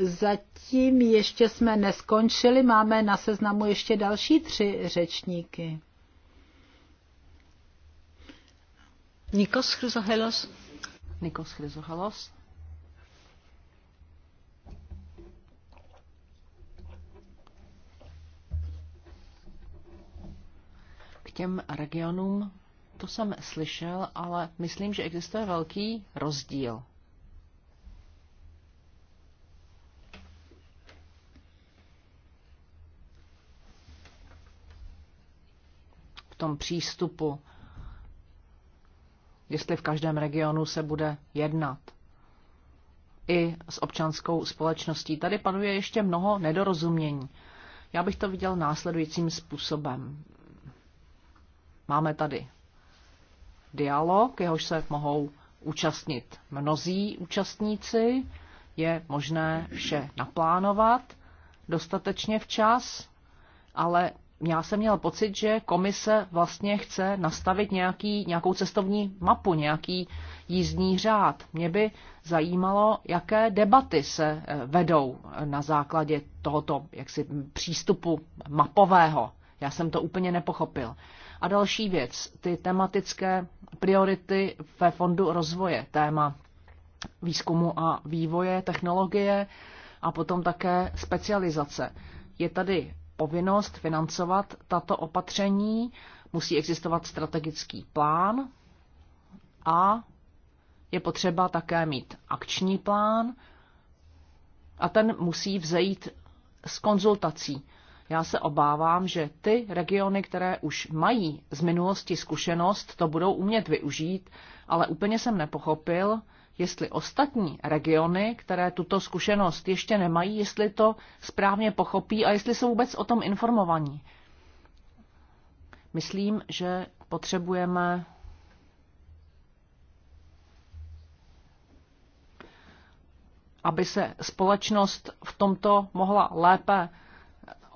Zatím ještě jsme neskončili, máme na seznamu ještě další tři řečníky. Nikos Chrysohelos. Nikos Chrysohelos. těm regionům, to jsem slyšel, ale myslím, že existuje velký rozdíl. V tom přístupu, jestli v každém regionu se bude jednat i s občanskou společností. Tady panuje ještě mnoho nedorozumění. Já bych to viděl následujícím způsobem. Máme tady dialog, jehož se mohou účastnit mnozí účastníci. Je možné vše naplánovat dostatečně včas, ale já jsem měl pocit, že komise vlastně chce nastavit nějaký, nějakou cestovní mapu, nějaký jízdní řád. Mě by zajímalo, jaké debaty se eh, vedou eh, na základě tohoto jaksi, přístupu mapového. Já jsem to úplně nepochopil. A další věc, ty tematické priority ve fondu rozvoje, téma výzkumu a vývoje, technologie a potom také specializace. Je tady povinnost financovat tato opatření, musí existovat strategický plán a je potřeba také mít akční plán a ten musí vzejít z konzultací já se obávám, že ty regiony, které už mají z minulosti zkušenost, to budou umět využít, ale úplně jsem nepochopil, jestli ostatní regiony, které tuto zkušenost ještě nemají, jestli to správně pochopí a jestli jsou vůbec o tom informovaní. Myslím, že potřebujeme aby se společnost v tomto mohla lépe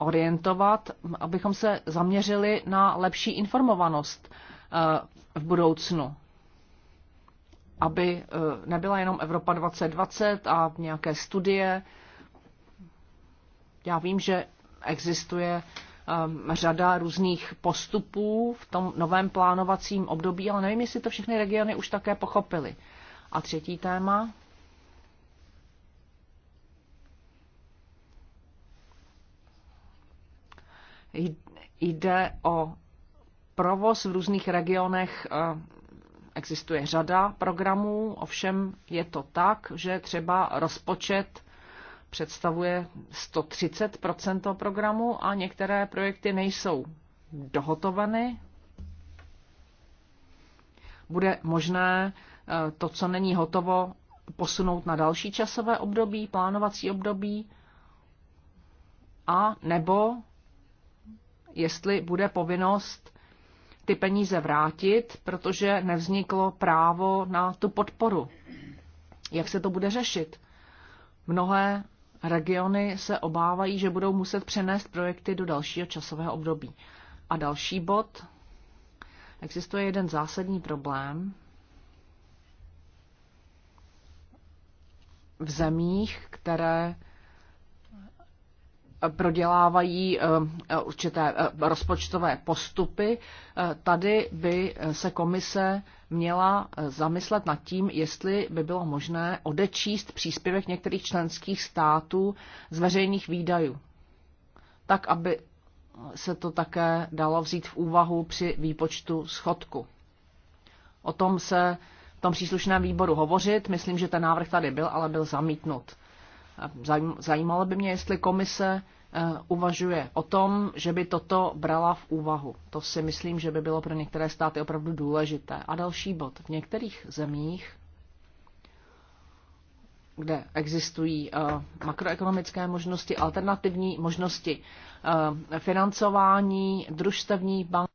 orientovat, abychom se zaměřili na lepší informovanost eh, v budoucnu. Aby eh, nebyla jenom Evropa 2020 a nějaké studie. Já vím, že existuje eh, řada různých postupů v tom novém plánovacím období, ale nevím, jestli to všechny regiony už také pochopily. A třetí téma. Jde o provoz v různých regionech eh, existuje řada programů, ovšem je to tak, že třeba rozpočet představuje 130 toho programu a některé projekty nejsou dohotovany. Bude možné eh, to, co není hotovo, posunout na další časové období, plánovací období a nebo jestli bude povinnost ty peníze vrátit, protože nevzniklo právo na tu podporu. Jak se to bude řešit? Mnohé regiony se obávají, že budou muset přenést projekty do dalšího časového období. A další bod. Existuje jeden zásadní problém, v zemích, které prodělávají eh, eh, určité eh, rozpočtové postupy. Tady by se komise měla zamyslet nad tím, jestli by bylo možné odečíst příspěvek některých členských států z veřejných výdajů, tak aby se to také dalo vzít v úvahu při výpočtu schodku. O tom se v tom příslušném výboru hovořit. Myslím, že ten návrh tady byl, ale byl zamítnut. Zajímalo by mě, jestli komise eh, uvažuje o tom, že by toto brala v úvahu. To si myslím, že by bylo pro některé státy opravdu důležité. A další bod. V některých zemích, kde existují eh, makroekonomické možnosti, alternativní možnosti eh, financování, družstevní bank,